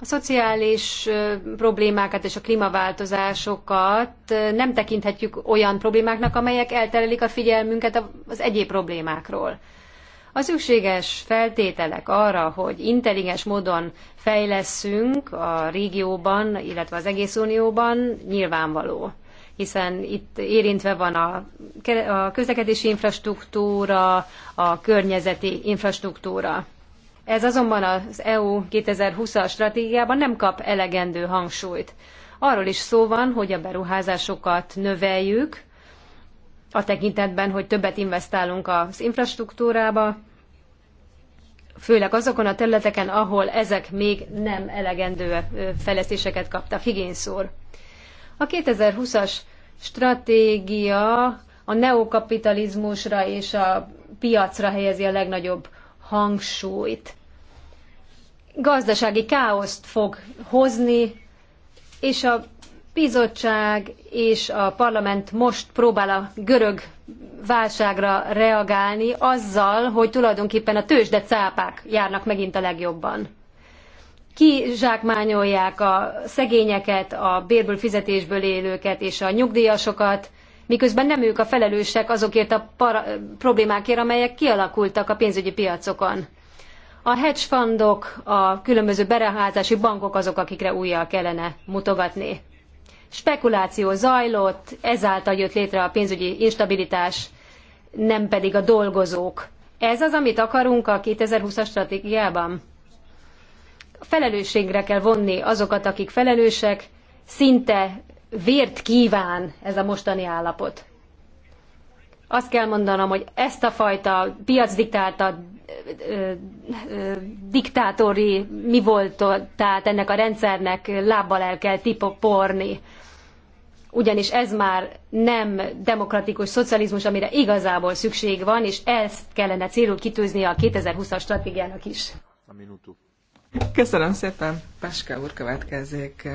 a szociális problémákat és a klímaváltozásokat nem tekinthetjük olyan problémáknak, amelyek elterelik a figyelmünket az egyéb problémákról. A szükséges feltételek arra, hogy intelligens módon fejleszünk a régióban, illetve az egész unióban nyilvánvaló hiszen itt érintve van a, a közlekedési infrastruktúra, a környezeti infrastruktúra. Ez azonban az EU 2020-as stratégiában nem kap elegendő hangsúlyt. Arról is szó van, hogy a beruházásokat növeljük, a tekintetben, hogy többet investálunk az infrastruktúrába, főleg azokon a területeken, ahol ezek még nem elegendő fejlesztéseket kaptak. Higiénszór. A 2020-as stratégia a neokapitalizmusra és a piacra helyezi a legnagyobb hangsúlyt. Gazdasági káoszt fog hozni, és a bizottság és a parlament most próbál a görög válságra reagálni azzal, hogy tulajdonképpen a tőzsde cápák járnak megint a legjobban. zsákmányolják a szegényeket, a bérből fizetésből élőket és a nyugdíjasokat, miközben nem ők a felelősek azokért a problémákért, amelyek kialakultak a pénzügyi piacokon. A hedge fundok, a különböző beruházási bankok azok, akikre újjal kellene mutogatni. Spekuláció zajlott, ezáltal jött létre a pénzügyi instabilitás, nem pedig a dolgozók. Ez az, amit akarunk a 2020-as stratégiában? Felelősségre kell vonni azokat, akik felelősek, szinte vért kíván ez a mostani állapot. Azt kell mondanom, hogy ezt a fajta diktálta diktátori mi volt, tehát ennek a rendszernek lábbal el kell tipoporni. Ugyanis ez már nem demokratikus szocializmus, amire igazából szükség van, és ezt kellene célul kitűzni a 2020-as stratégiának is. A Köszönöm szépen, Peska úr következik.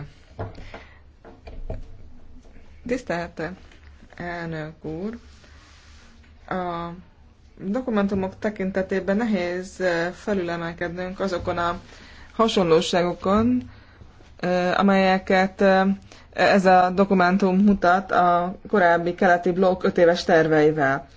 Tisztelt elnök úr, a dokumentumok tekintetében nehéz felülemelkednünk azokon a hasonlóságokon, amelyeket ez a dokumentum mutat a korábbi keleti blokk öt éves terveivel.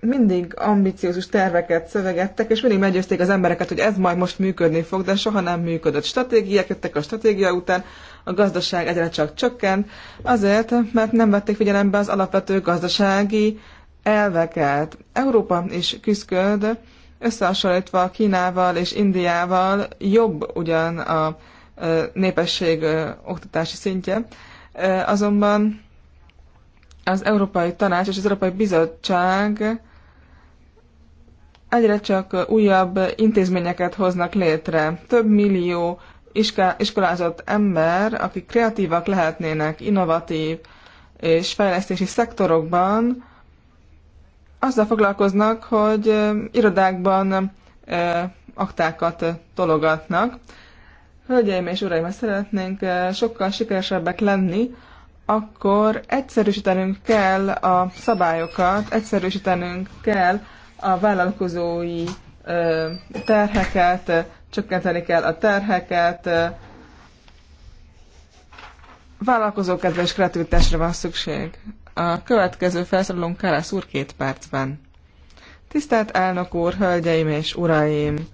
Mindig ambiciózus terveket szövegettek, és mindig meggyőzték az embereket, hogy ez majd most működni fog, de soha nem működött. Stratégiák jöttek a stratégia után, a gazdaság egyre csak csökkent, azért, mert nem vették figyelembe az alapvető gazdasági elveket. Európa is küzdköd, összehasonlítva Kínával és Indiával jobb ugyan a népesség oktatási szintje, azonban az Európai Tanács és az Európai Bizottság egyre csak újabb intézményeket hoznak létre. Több millió iskolázott ember, akik kreatívak lehetnének, innovatív és fejlesztési szektorokban, azzal foglalkoznak, hogy irodákban aktákat tologatnak. Hölgyeim és uraim, ha szeretnénk sokkal sikeresebbek lenni, akkor egyszerűsítenünk kell a szabályokat, egyszerűsítenünk kell a vállalkozói terheket, csökkenteni kell a terheket, vállalkozókedve és kreativitásra van szükség. A következő kell Kárász úr két percben. Tisztelt elnök úr, hölgyeim és uraim!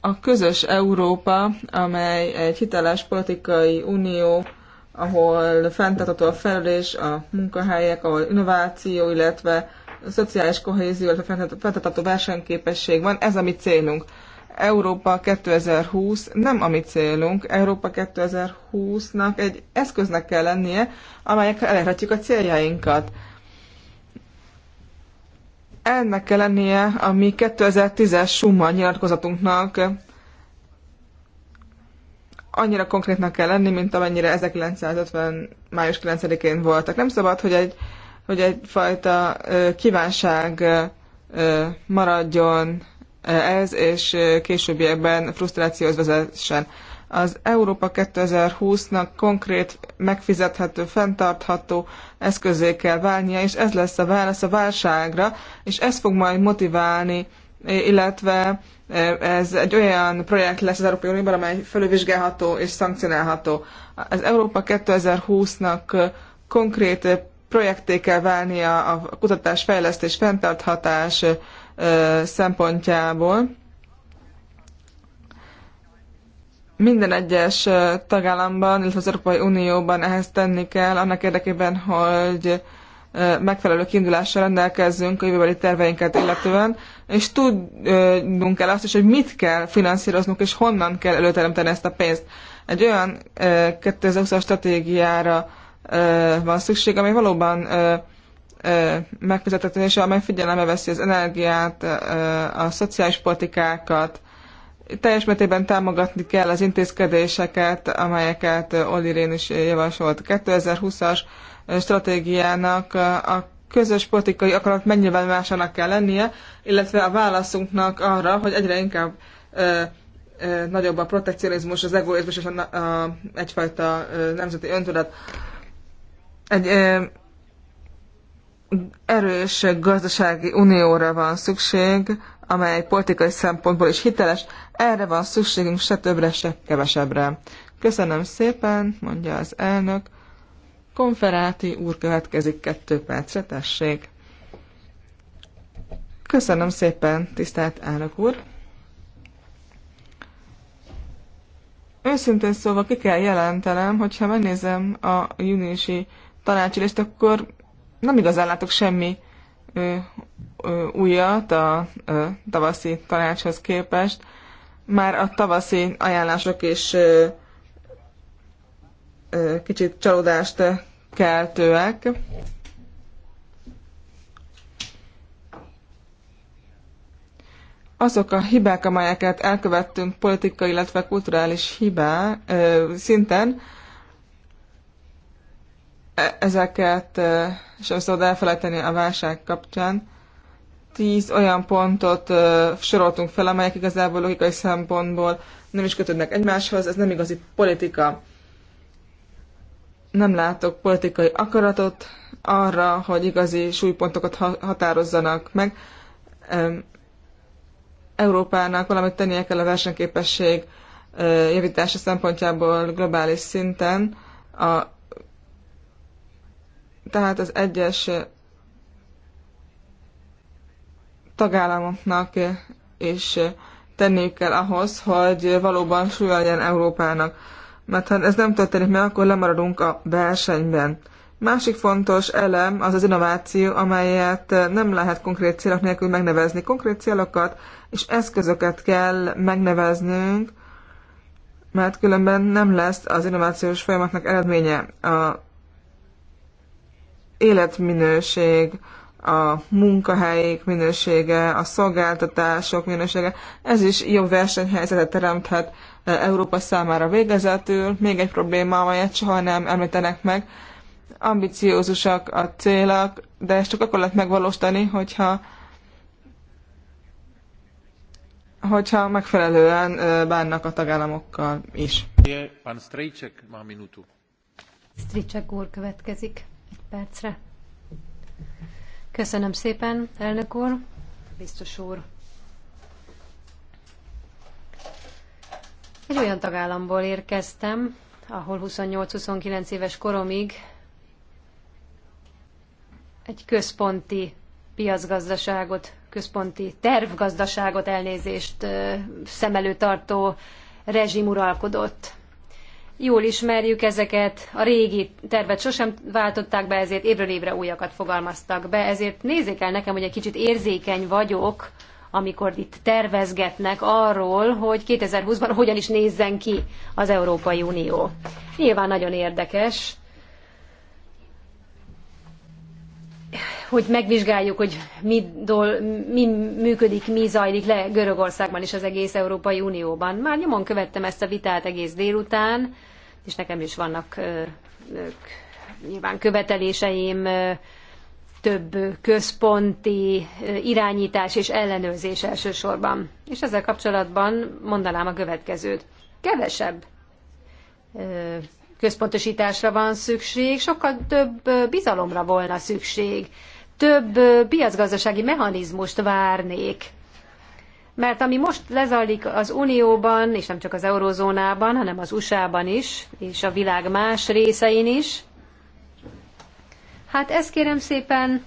A közös Európa, amely egy hiteles politikai unió, ahol fenntartható a felelés, a munkahelyek, ahol innováció, illetve a szociális kohézió, illetve fenntartható versenyképesség van, ez a mi célunk. Európa 2020 nem a mi célunk, Európa 2020-nak egy eszköznek kell lennie, amelyekkel elérhetjük a céljainkat. Ennek kell lennie a mi 2010-es Schumann nyilatkozatunknak annyira konkrétnak kell lenni, mint amennyire 1950. május 9-én voltak. Nem szabad, hogy, egy, hogy egyfajta kívánság maradjon ez, és későbbiekben frusztrációhoz vezessen. Az Európa 2020-nak konkrét, megfizethető, fenntartható eszközé kell válnia, és ez lesz a válasz a válságra, és ez fog majd motiválni, illetve ez egy olyan projekt lesz az Európai Unióban, amely felülvizsgálható és szankcionálható. Az Európa 2020-nak konkrét projekté kell válnia a kutatás, fejlesztés, fenntarthatás, szempontjából. Minden egyes tagállamban, illetve az Európai Unióban ehhez tenni kell, annak érdekében, hogy megfelelő kiindulással rendelkezzünk a jövőbeli terveinket illetően, és tudnunk kell azt is, hogy mit kell finanszíroznunk, és honnan kell előteremteni ezt a pénzt. Egy olyan 2020-as stratégiára van szükség, ami valóban és amely figyelembe veszi az energiát, a szociális politikákat. Teljes mértékben támogatni kell az intézkedéseket, amelyeket Olli Rén is javasolt. 2020-as stratégiának a közös politikai akarat megnyilvánulásának kell lennie, illetve a válaszunknak arra, hogy egyre inkább ö, ö, nagyobb a protekcionizmus, az egoizmus és a, a, egyfajta ö, nemzeti öntudat. Egy ö, erős gazdasági unióra van szükség, amely politikai szempontból is hiteles. Erre van szükségünk se többre, se kevesebbre. Köszönöm szépen, mondja az elnök. Konferáti úr következik kettő percre, tessék. Köszönöm szépen, tisztelt elnök úr. Őszintén szóval ki kell jelentenem, hogyha megnézem a júniusi tanácsülést, akkor nem igazán látok semmi ö, ö, újat a ö, tavaszi tanácshoz képest. Már a tavaszi ajánlások is ö, ö, kicsit csalódást keltőek. azok a hibák, amelyeket elkövettünk politikai, illetve kulturális hibá ö, szinten, E, ezeket e, sem szabad elfelejteni a válság kapcsán. Tíz olyan pontot e, soroltunk fel, amelyek igazából logikai szempontból nem is kötődnek egymáshoz, ez nem igazi politika. Nem látok politikai akaratot arra, hogy igazi súlypontokat határozzanak meg. Európának valamit tennie kell a versenyképesség javítása szempontjából globális szinten. A tehát az egyes tagállamoknak és tenniük kell ahhoz, hogy valóban súlya legyen Európának. Mert ha ez nem történik meg, akkor lemaradunk a versenyben. Másik fontos elem az az innováció, amelyet nem lehet konkrét célok nélkül megnevezni. Konkrét célokat és eszközöket kell megneveznünk, mert különben nem lesz az innovációs folyamatnak eredménye. A életminőség, a munkahelyek minősége, a szolgáltatások minősége, ez is jobb versenyhelyzetet teremthet e, Európa számára végezetül. Még egy probléma, amelyet soha nem említenek meg, ambiciózusak a célak, de ezt csak akkor lehet megvalósítani, hogyha hogyha megfelelően e, bánnak a tagállamokkal is. Pan minutu. úr következik percre. Köszönöm szépen, elnök úr, biztos úr. Egy olyan tagállamból érkeztem, ahol 28-29 éves koromig egy központi piacgazdaságot, központi tervgazdaságot elnézést szem előtt tartó rezsim uralkodott. Jól ismerjük ezeket, a régi tervet sosem váltották be, ezért évről évre újakat fogalmaztak be, ezért nézzék el nekem, hogy egy kicsit érzékeny vagyok, amikor itt tervezgetnek arról, hogy 2020-ban hogyan is nézzen ki az Európai Unió. Nyilván nagyon érdekes, hogy megvizsgáljuk, hogy mi, dol, mi működik, mi zajlik le Görögországban és az egész Európai Unióban. Már nyomon követtem ezt a vitát egész délután, és nekem is vannak nyilván követeléseim több központi irányítás és ellenőrzés elsősorban. És ezzel kapcsolatban mondanám a következőt. Kevesebb központosításra van szükség, sokkal több bizalomra volna szükség. Több piacgazdasági mechanizmust várnék mert ami most lezajlik az Unióban, és nem csak az Eurózónában, hanem az USA-ban is, és a világ más részein is, hát ez kérem szépen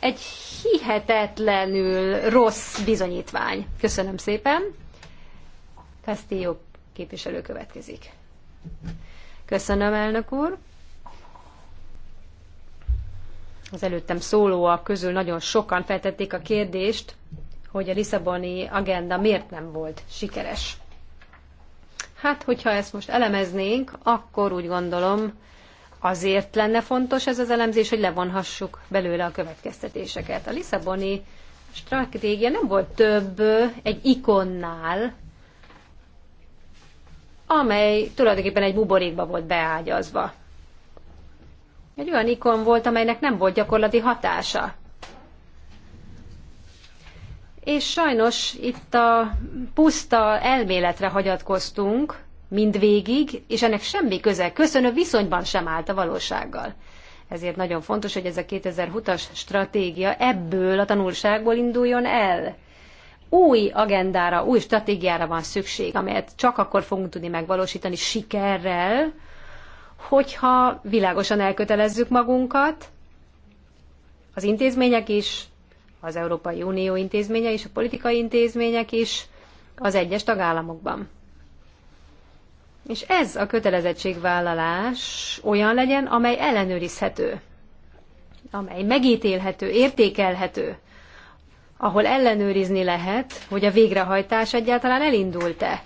egy hihetetlenül rossz bizonyítvány. Köszönöm szépen. Castillo képviselő következik. Köszönöm, elnök úr az előttem szólóak közül nagyon sokan feltették a kérdést, hogy a Lisszaboni agenda miért nem volt sikeres. Hát, hogyha ezt most elemeznénk, akkor úgy gondolom, azért lenne fontos ez az elemzés, hogy levonhassuk belőle a következtetéseket. A Lisszaboni stratégia nem volt több egy ikonnál, amely tulajdonképpen egy buborékba volt beágyazva. Egy olyan ikon volt, amelynek nem volt gyakorlati hatása. És sajnos itt a puszta elméletre hagyatkoztunk mindvégig, és ennek semmi köze köszönő viszonyban sem állt a valósággal. Ezért nagyon fontos, hogy ez a 2020-as stratégia ebből a tanulságból induljon el. Új agendára, új stratégiára van szükség, amelyet csak akkor fogunk tudni megvalósítani sikerrel, hogyha világosan elkötelezzük magunkat, az intézmények is, az Európai Unió intézménye is, a politikai intézmények is, az egyes tagállamokban. És ez a kötelezettségvállalás olyan legyen, amely ellenőrizhető, amely megítélhető, értékelhető, ahol ellenőrizni lehet, hogy a végrehajtás egyáltalán elindult-e,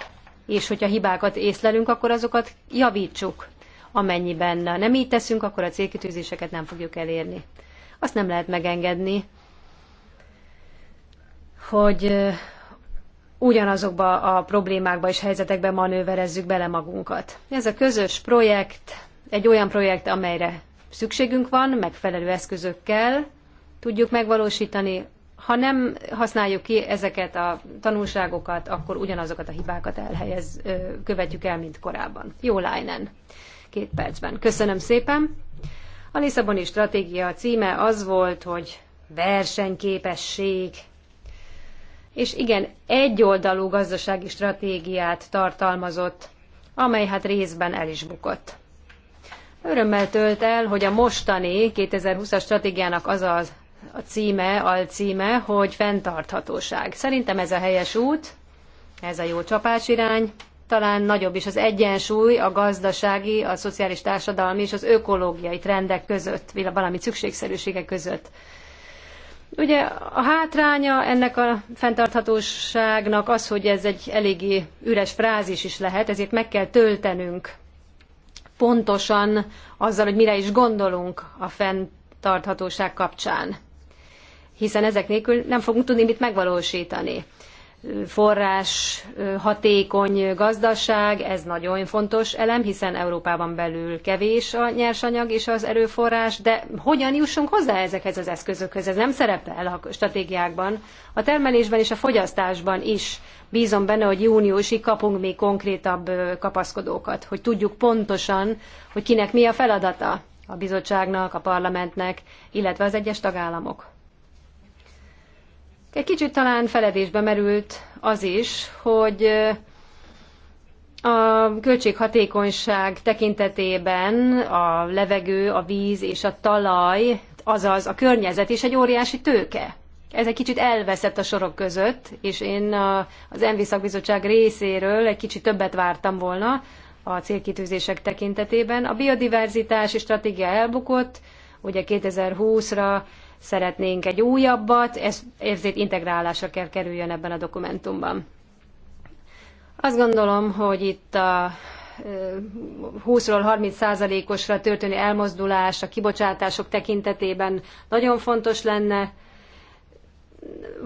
és hogyha hibákat észlelünk, akkor azokat javítsuk. Amennyiben nem így teszünk, akkor a célkitűzéseket nem fogjuk elérni. Azt nem lehet megengedni, hogy ugyanazokba a problémákba és helyzetekbe manőverezzük bele magunkat. Ez a közös projekt egy olyan projekt, amelyre szükségünk van, megfelelő eszközökkel tudjuk megvalósítani. Ha nem használjuk ki ezeket a tanulságokat, akkor ugyanazokat a hibákat elhelyez, követjük el, mint korábban. Jó Lájnen! két percben. Köszönöm szépen. A Lisszaboni stratégia címe az volt, hogy versenyképesség. És igen, egyoldalú gazdasági stratégiát tartalmazott, amely hát részben el is bukott. Örömmel tölt el, hogy a mostani 2020-as stratégiának az a, a címe, alcíme, hogy fenntarthatóság. Szerintem ez a helyes út, ez a jó csapásirány. irány talán nagyobb is az egyensúly a gazdasági, a szociális társadalmi és az ökológiai trendek között, valami szükségszerűsége között. Ugye a hátránya ennek a fenntarthatóságnak az, hogy ez egy eléggé üres frázis is lehet, ezért meg kell töltenünk pontosan azzal, hogy mire is gondolunk a fenntarthatóság kapcsán. Hiszen ezek nélkül nem fogunk tudni mit megvalósítani forrás hatékony gazdaság, ez nagyon fontos elem, hiszen Európában belül kevés a nyersanyag és az erőforrás, de hogyan jussunk hozzá ezekhez az eszközökhöz? Ez nem szerepel a stratégiákban, a termelésben és a fogyasztásban is. Bízom benne, hogy júniusig kapunk még konkrétabb kapaszkodókat, hogy tudjuk pontosan, hogy kinek mi a feladata a bizottságnak, a parlamentnek, illetve az egyes tagállamok. Egy kicsit talán feledésbe merült az is, hogy a költséghatékonyság tekintetében a levegő, a víz és a talaj, azaz a környezet is egy óriási tőke. Ez egy kicsit elveszett a sorok között, és én az ENVI szakbizottság részéről egy kicsit többet vártam volna a célkitűzések tekintetében. A biodiverzitási stratégia elbukott, ugye 2020-ra szeretnénk egy újabbat, ez ezért integrálásra kell kerüljön ebben a dokumentumban. Azt gondolom, hogy itt a 20-ról 30 százalékosra történő elmozdulás a kibocsátások tekintetében nagyon fontos lenne.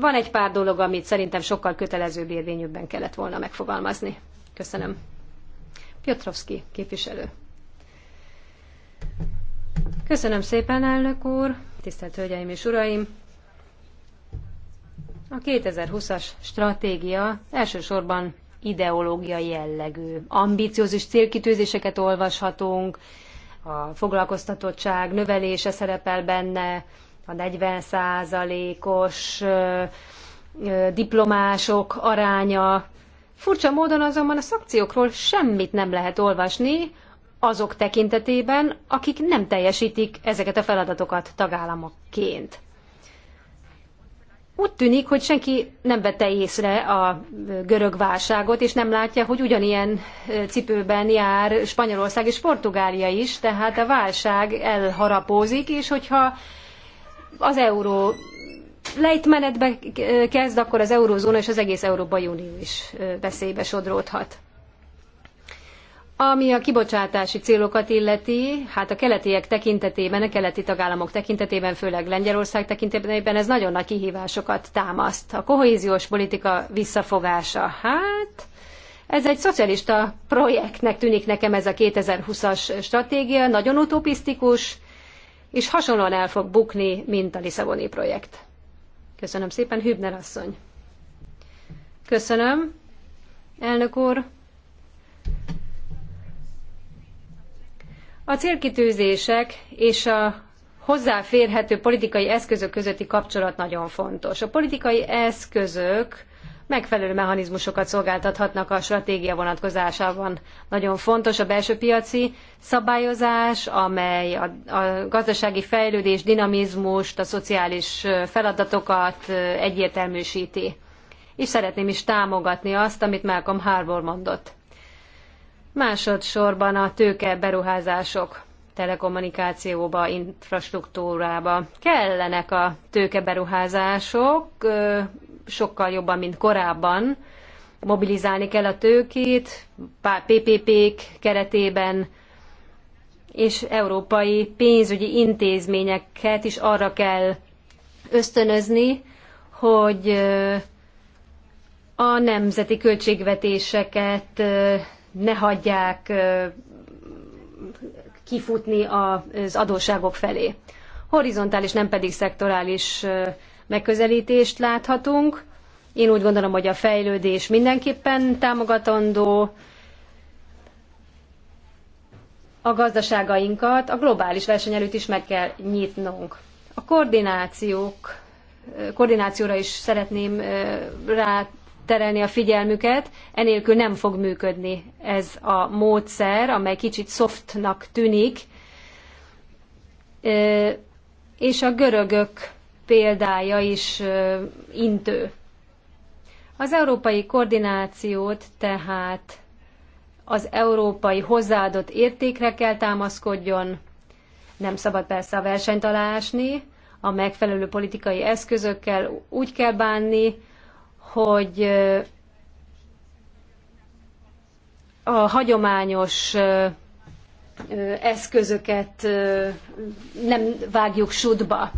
Van egy pár dolog, amit szerintem sokkal kötelezőbb érvényűbben kellett volna megfogalmazni. Köszönöm. Piotrowski képviselő. Köszönöm szépen, elnök úr tisztelt Hölgyeim és Uraim! A 2020-as stratégia elsősorban ideológiai jellegű. Ambiciózus célkitűzéseket olvashatunk, a foglalkoztatottság növelése szerepel benne, a 40 százalékos diplomások aránya. Furcsa módon azonban a szakciókról semmit nem lehet olvasni, azok tekintetében, akik nem teljesítik ezeket a feladatokat tagállamokként. Úgy tűnik, hogy senki nem vette észre a görög válságot, és nem látja, hogy ugyanilyen cipőben jár Spanyolország és Portugália is, tehát a válság elharapózik, és hogyha az euró lejtmenetbe kezd, akkor az eurózóna és az egész Európai Unió is veszélybe sodródhat. Ami a kibocsátási célokat illeti, hát a keletiek tekintetében, a keleti tagállamok tekintetében, főleg Lengyelország tekintetében ez nagyon nagy kihívásokat támaszt. A kohéziós politika visszafogása, hát ez egy szocialista projektnek tűnik nekem ez a 2020-as stratégia, nagyon utopisztikus, és hasonlóan el fog bukni, mint a Lisszaboni projekt. Köszönöm szépen, Hübner asszony. Köszönöm, elnök úr. A célkitűzések és a hozzáférhető politikai eszközök közötti kapcsolat nagyon fontos. A politikai eszközök megfelelő mechanizmusokat szolgáltathatnak a stratégia vonatkozásában. Nagyon fontos a belső piaci szabályozás, amely a, a gazdasági fejlődés, dinamizmust, a szociális feladatokat egyértelműsíti. És szeretném is támogatni azt, amit Malcolm Harbour mondott. Másodszorban a tőke beruházások telekommunikációba, infrastruktúrába. Kellenek a tőkeberuházások, sokkal jobban, mint korábban. Mobilizálni kell a tőkét, PPP-k keretében, és európai pénzügyi intézményeket is arra kell ösztönözni, hogy a nemzeti költségvetéseket ne hagyják kifutni az adósságok felé. Horizontális, nem pedig szektorális megközelítést láthatunk. Én úgy gondolom, hogy a fejlődés mindenképpen támogatandó, a gazdaságainkat a globális verseny előtt is meg kell nyitnunk. A koordinációk, koordinációra is szeretném rá terelni a figyelmüket, enélkül nem fog működni ez a módszer, amely kicsit softnak tűnik, és a görögök példája is intő. Az európai koordinációt tehát az európai hozzáadott értékre kell támaszkodjon, nem szabad persze a versenyt alásni, a megfelelő politikai eszközökkel úgy kell bánni, hogy a hagyományos eszközöket nem vágjuk sudba.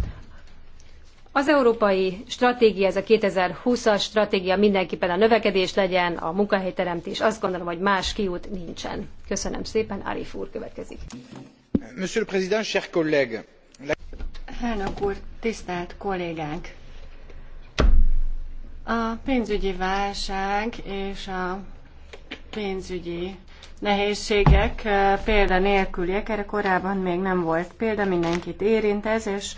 Az európai stratégia, ez a 2020-as stratégia mindenképpen a növekedés legyen, a munkahelyteremtés. Azt gondolom, hogy más kiút nincsen. Köszönöm szépen, Arif úr következik. Monsieur le Président, chers collègues. Elnök úr, tisztelt kollégánk! A pénzügyi válság és a pénzügyi nehézségek eh, példa nélküliek, erre korábban még nem volt példa, mindenkit érint ez, és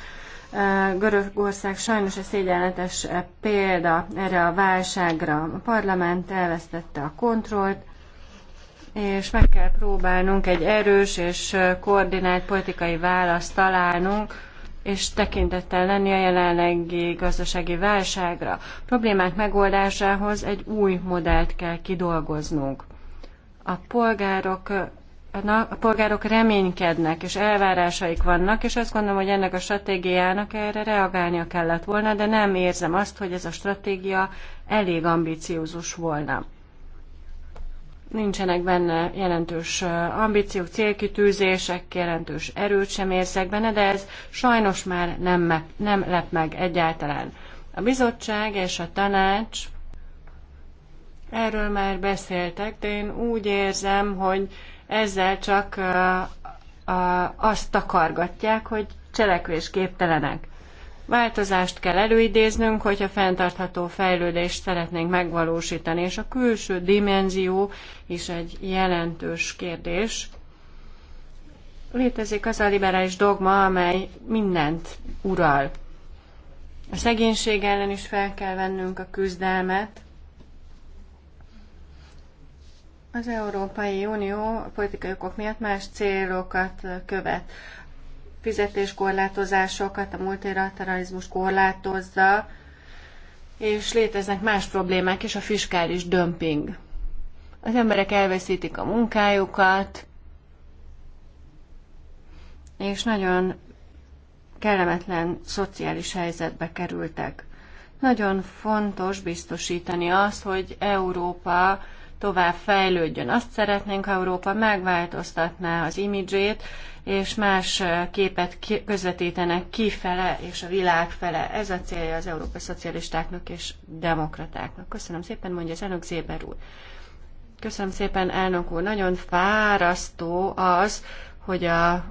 eh, Görögország sajnos egy szégyenletes eh, példa erre a válságra. A parlament elvesztette a kontrollt, és meg kell próbálnunk egy erős és koordinált politikai választ találnunk, és tekintettel lenni a jelenlegi gazdasági válságra. A problémák megoldásához egy új modellt kell kidolgoznunk. A polgárok a polgárok reménykednek, és elvárásaik vannak, és azt gondolom, hogy ennek a stratégiának erre reagálnia kellett volna, de nem érzem azt, hogy ez a stratégia elég ambiciózus volna nincsenek benne jelentős ambíciók, célkitűzések, jelentős erőt sem érzek benne, de ez sajnos már nem, nem lep meg egyáltalán. A bizottság és a tanács erről már beszéltek, de én úgy érzem, hogy ezzel csak azt takargatják, hogy cselekvésképtelenek. Változást kell előidéznünk, hogyha fenntartható fejlődést szeretnénk megvalósítani, és a külső dimenzió is egy jelentős kérdés. Létezik az a liberális dogma, amely mindent ural. A szegénység ellen is fel kell vennünk a küzdelmet. Az Európai Unió a politikai okok miatt más célokat követ fizetéskorlátozásokat, a multilateralizmus korlátozza, és léteznek más problémák is, a fiskális dömping. Az emberek elveszítik a munkájukat, és nagyon kellemetlen szociális helyzetbe kerültek. Nagyon fontos biztosítani azt, hogy Európa tovább fejlődjön. Azt szeretnénk, ha Európa megváltoztatná az imidzsét, és más képet közvetítenek kifele és a világ fele. Ez a célja az európai szocialistáknak és demokratáknak. Köszönöm szépen, mondja az elnök Zéber úr. Köszönöm szépen, elnök úr. Nagyon fárasztó az, hogy a, a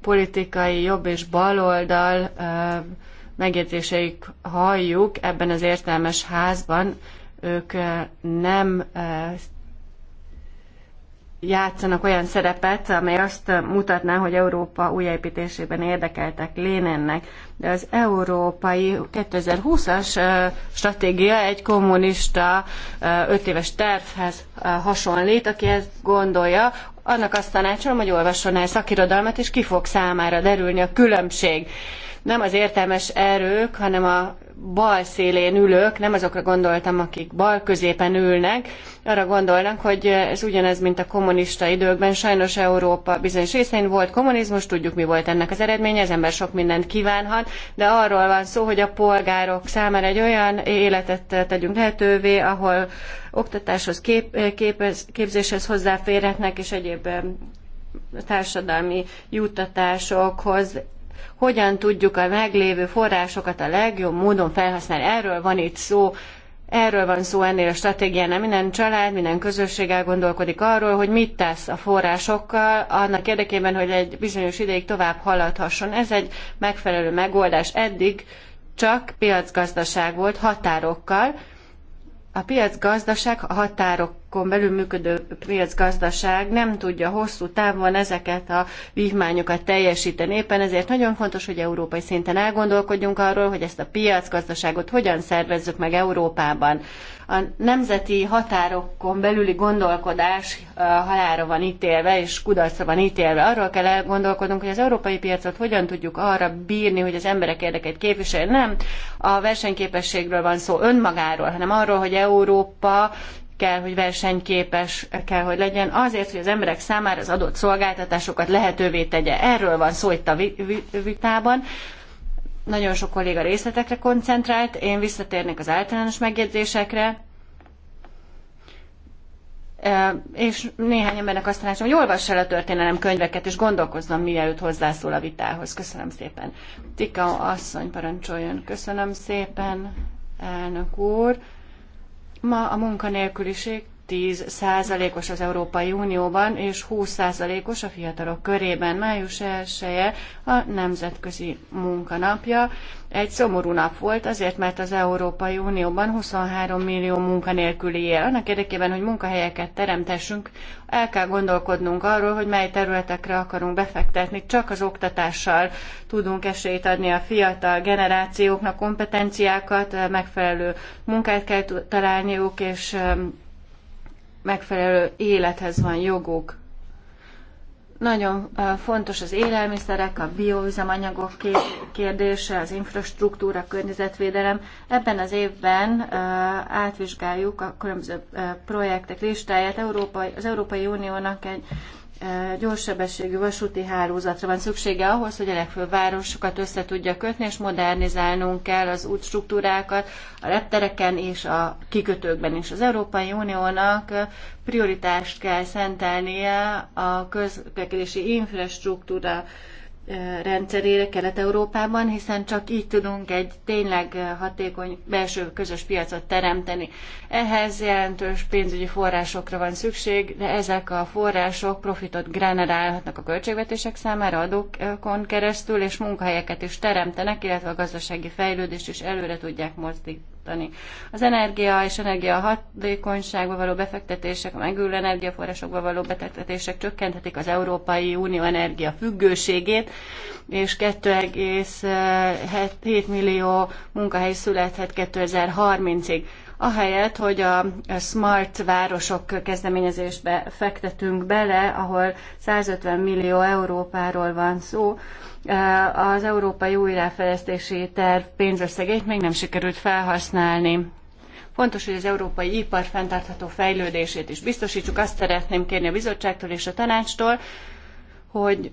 politikai jobb és baloldal a, megjegyzéseik halljuk ebben az értelmes házban, ők nem játszanak olyan szerepet, amely azt mutatná, hogy Európa újjáépítésében érdekeltek lénennek. De az európai 2020-as stratégia egy kommunista öt éves tervhez hasonlít, aki ezt gondolja, annak azt tanácsolom, hogy olvasson el szakirodalmat, és ki fog számára derülni a különbség nem az értelmes erők, hanem a bal szélén ülők, nem azokra gondoltam, akik bal középen ülnek, arra gondolnak, hogy ez ugyanez, mint a kommunista időkben. Sajnos Európa bizonyos részein volt kommunizmus, tudjuk mi volt ennek az eredménye, az ember sok mindent kívánhat, de arról van szó, hogy a polgárok számára egy olyan életet tegyünk lehetővé, ahol oktatáshoz, kép, képez, képzéshez hozzáférhetnek, és egyéb eh, társadalmi juttatásokhoz hogyan tudjuk a meglévő forrásokat a legjobb módon felhasználni. Erről van itt szó, erről van szó ennél a stratégiánál. Minden család, minden közösség elgondolkodik arról, hogy mit tesz a forrásokkal, annak érdekében, hogy egy bizonyos ideig tovább haladhasson. Ez egy megfelelő megoldás. Eddig csak piacgazdaság volt határokkal. A piacgazdaság a határok országokon belül működő piacgazdaság nem tudja hosszú távon ezeket a vívmányokat teljesíteni. Éppen ezért nagyon fontos, hogy európai szinten elgondolkodjunk arról, hogy ezt a piacgazdaságot hogyan szervezzük meg Európában. A nemzeti határokon belüli gondolkodás halára van ítélve, és kudarcra van ítélve. Arról kell elgondolkodnunk, hogy az európai piacot hogyan tudjuk arra bírni, hogy az emberek érdekeit képviselje. Nem a versenyképességről van szó önmagáról, hanem arról, hogy Európa kell, hogy versenyképes kell, hogy legyen, azért, hogy az emberek számára az adott szolgáltatásokat lehetővé tegye. Erről van szó itt a vitában. Nagyon sok kolléga részletekre koncentrált, én visszatérnék az általános megjegyzésekre, és néhány embernek azt tanácsom, hogy olvass el a történelem könyveket, és gondolkozzon, mielőtt hozzászól a vitához. Köszönöm szépen. Tika asszony parancsoljon. Köszönöm szépen, elnök úr. Ma a munkanélküliség 10%-os az Európai Unióban, és 20%-os a fiatalok körében. Május 1 -e a nemzetközi munkanapja egy szomorú nap volt, azért mert az Európai Unióban 23 millió munkanélküli él. Annak érdekében, hogy munkahelyeket teremtessünk, el kell gondolkodnunk arról, hogy mely területekre akarunk befektetni. Csak az oktatással tudunk esélyt adni a fiatal generációknak, kompetenciákat, megfelelő munkát kell találniuk, és megfelelő élethez van joguk. Nagyon fontos az élelmiszerek, a bioüzemanyagok kérdése, az infrastruktúra, környezetvédelem. Ebben az évben átvizsgáljuk a különböző projektek listáját. Európai, az Európai Uniónak egy gyorssebességű vasúti hálózatra van szüksége ahhoz, hogy a legfőbb városokat össze tudja kötni, és modernizálnunk kell az útstruktúrákat a reptereken és a kikötőkben is. Az Európai Uniónak prioritást kell szentelnie a közlekedési infrastruktúra rendszerére Kelet-Európában, hiszen csak így tudunk egy tényleg hatékony belső közös piacot teremteni. Ehhez jelentős pénzügyi forrásokra van szükség, de ezek a források profitot generálhatnak a költségvetések számára adókon keresztül, és munkahelyeket is teremtenek, illetve a gazdasági fejlődést is előre tudják biztosítani. Az energia és energia hatékonyságba való befektetések, a megülő energiaforrásokba való befektetések csökkenthetik az Európai Unió energia függőségét, és 2,7 eh, millió munkahely születhet 2030-ig ahelyett, hogy a smart városok kezdeményezésbe fektetünk bele, ahol 150 millió Európáról van szó, eh, az Európai Újráfejlesztési Terv pénzösszegét még nem sikerült felhasználni. Fontos, hogy az európai ipar fenntartható fejlődését is biztosítsuk. Azt szeretném kérni a bizottságtól és a tanácstól, hogy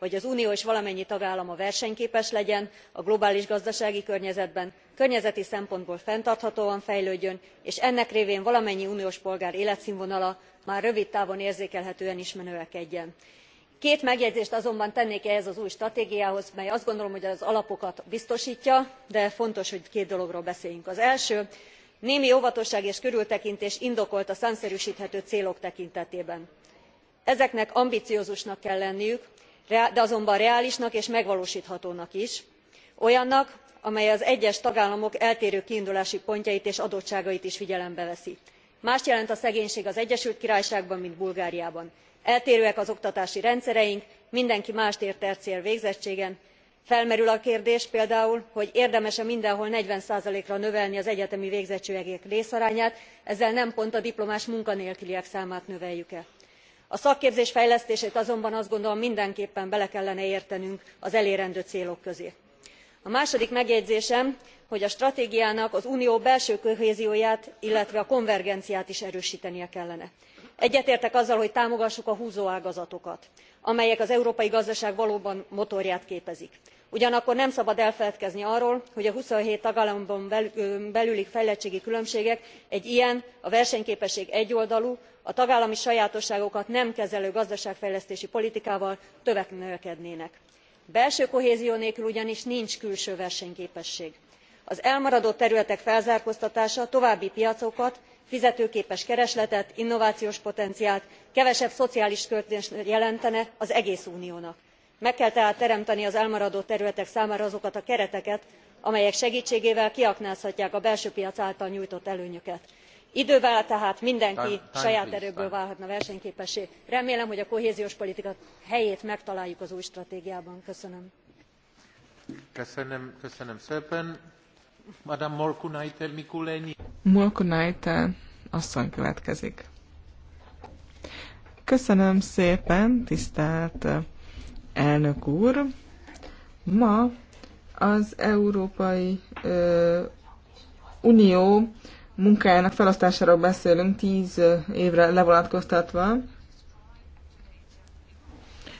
hogy az unió és valamennyi tagállama versenyképes legyen a globális gazdasági környezetben környezeti szempontból fenntarthatóan fejlődjön és ennek révén valamennyi uniós polgár életsznvonala már rövid távon érzékelhetően is növekedjen. két megjegyzést azonban tennék ehhez az új stratégiához mely azt gondolom hogy az alapokat biztostja de fontos hogy két dologról beszéljünk. az első némi óvatosság és körültekintés indokolt a számszerűsthető célok tekintetében. ezeknek ambiciózusnak kell lenniük de azonban reálisnak és megvalósthatónak is olyannak amely az egyes tagállamok eltérő kiindulási pontjait és adottságait is figyelembe veszi. mást jelent a szegénység az egyesült királyságban mint bulgáriában eltérőek az oktatási rendszereink mindenki mást ért el végzettségen felmerül a kérdés például hogy érdemes e mindenhol forty ra növelni az egyetemi végzettségűek részarányát ezzel nem pont a diplomás munkanélküliek számát növeljük e a szakképzés fejlesztését azonban azt gondolom mindenképpen bele kellene értenünk az elérendő célok közé. a második megjegyzésem hogy a stratégiának az unió belső kohézióját illetve a konvergenciát is erőstenie kellene. egyetértek azzal hogy támogassuk a húzóágazatokat amelyek az európai gazdaság valóban motorját képezik ugyanakkor nem szabad elfeledkezni arról hogy a twenty seven tagállamon belüli fejlettségi különbségek egy ilyen a versenyképesség egyoldalú a tagállami sajátosságokat nem kezelő gazdaságfejlesztési politikával tovább növekednének. belső kohézió nélkül ugyanis nincs külső versenyképesség. az elmaradó területek felzárkóztatása további piacokat fizetőképes keresletet innovációs potenciált kevesebb szociális költést jelentene az egész uniónak. meg kell tehát teremteni az elmaradó területek számára azokat a kereteket amelyek segtségével kiaknázhatják a belső piac által nyújtott előnyöket idővel tehát mindenki saját erőből válhatna versenyképessé. remélem hogy a kohéziós politika helyét megtaláljuk az új stratégiában. köszönöm. következik. Köszönöm szépen, tisztelt elnök úr! Ma az Európai Unió munkájának felosztásáról beszélünk, tíz évre levonatkoztatva.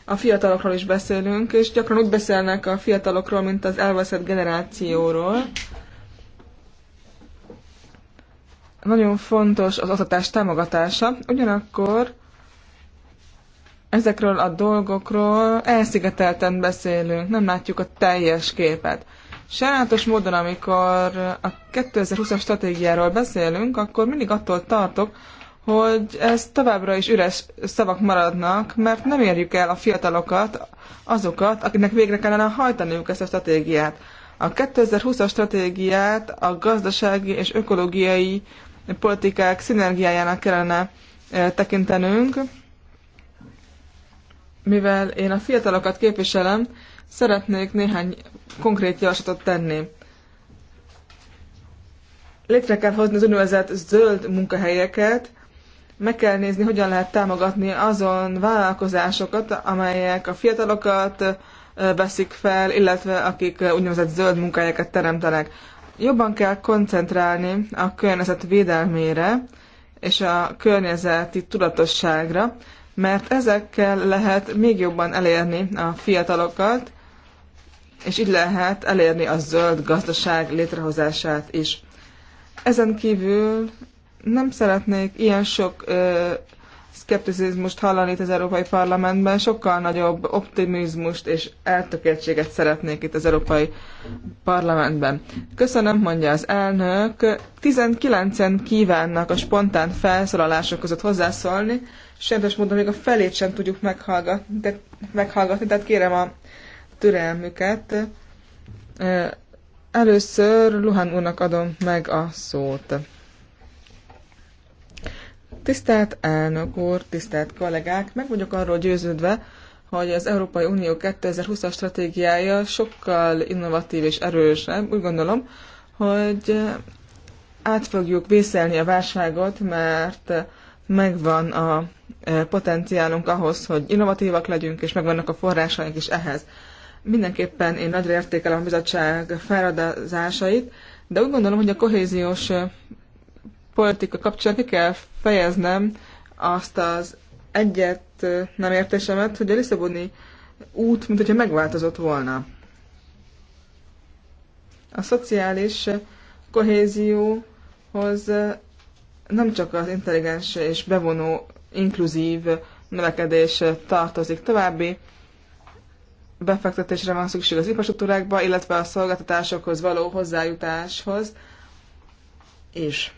A fiatalokról is beszélünk, és gyakran úgy beszélnek a fiatalokról, mint az elveszett generációról. Nagyon fontos az oktatás támogatása, ugyanakkor ezekről a dolgokról elszigetelten beszélünk, nem látjuk a teljes képet. Sajnálatos módon, amikor a 2020-as stratégiáról beszélünk, akkor mindig attól tartok, hogy ez továbbra is üres szavak maradnak, mert nem érjük el a fiatalokat, azokat, akiknek végre kellene hajtaniuk ezt a stratégiát. A 2020-as stratégiát a gazdasági és ökológiai politikák szinergiájának kellene eh, tekintenünk, mivel én a fiatalokat képviselem, szeretnék néhány konkrét javaslatot tenni. Létre kell hozni az úgynevezett zöld munkahelyeket, meg kell nézni, hogyan lehet támogatni azon vállalkozásokat, amelyek a fiatalokat veszik fel, illetve akik úgynevezett zöld munkahelyeket teremtenek. Jobban kell koncentrálni a környezet védelmére és a környezeti tudatosságra, mert ezekkel lehet még jobban elérni a fiatalokat, és így lehet elérni a zöld gazdaság létrehozását is. Ezen kívül nem szeretnék ilyen sok ö, szkepticizmust hallani itt az Európai Parlamentben, sokkal nagyobb optimizmust és eltökéltséget szeretnék itt az Európai Parlamentben. Köszönöm, mondja az elnök. 19-en kívánnak a spontán felszólalások között hozzászólni, sajnos módon még a felét sem tudjuk meghallgatni, tehát, meghallgatni, tehát kérem a türelmüket. Először Luhán úrnak adom meg a szót. Tisztelt elnök úr, tisztelt kollégák, meg vagyok arról győződve, hogy az Európai Unió 2020-as stratégiája sokkal innovatív és erősebb. Úgy gondolom, hogy át fogjuk vészelni a válságot, mert megvan a potenciálunk ahhoz, hogy innovatívak legyünk, és megvannak a forrásaink is ehhez. Mindenképpen én nagyra értékelem a bizottság feladatásait, de úgy gondolom, hogy a kohéziós politika kapcsán ki kell fejeznem azt az egyet nem értésemet, hogy a Lisszaboni út, mint hogyha megváltozott volna. A szociális kohézióhoz nem csak az intelligens és bevonó inkluzív növekedés tartozik. További befektetésre van szükség az infrastruktúrákba, illetve a szolgáltatásokhoz való hozzájutáshoz És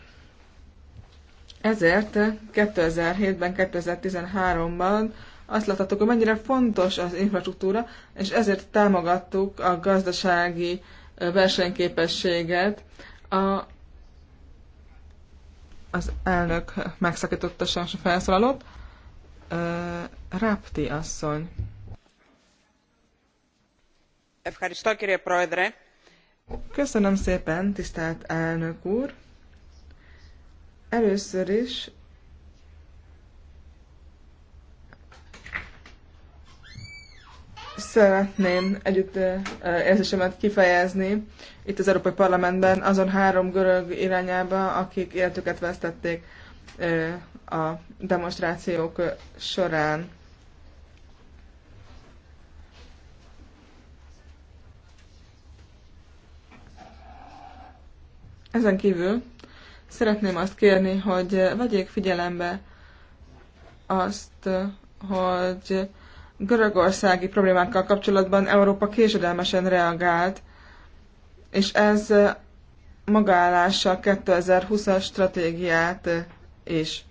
Ezért 2007-ben, 2013-ban azt láthattuk, hogy mennyire fontos az infrastruktúra, és ezért támogattuk a gazdasági versenyképességet a az elnök megszakította a felszólalót. Rápti asszony. Köszönöm szépen, tisztelt elnök úr! Először is Szeretném együtt érzésemet kifejezni itt az Európai Parlamentben azon három görög irányába, akik életüket vesztették a demonstrációk során. Ezen kívül szeretném azt kérni, hogy vegyék figyelembe azt, hogy görögországi problémákkal kapcsolatban Európa késedelmesen reagált, és ez magállása 2020-as stratégiát is.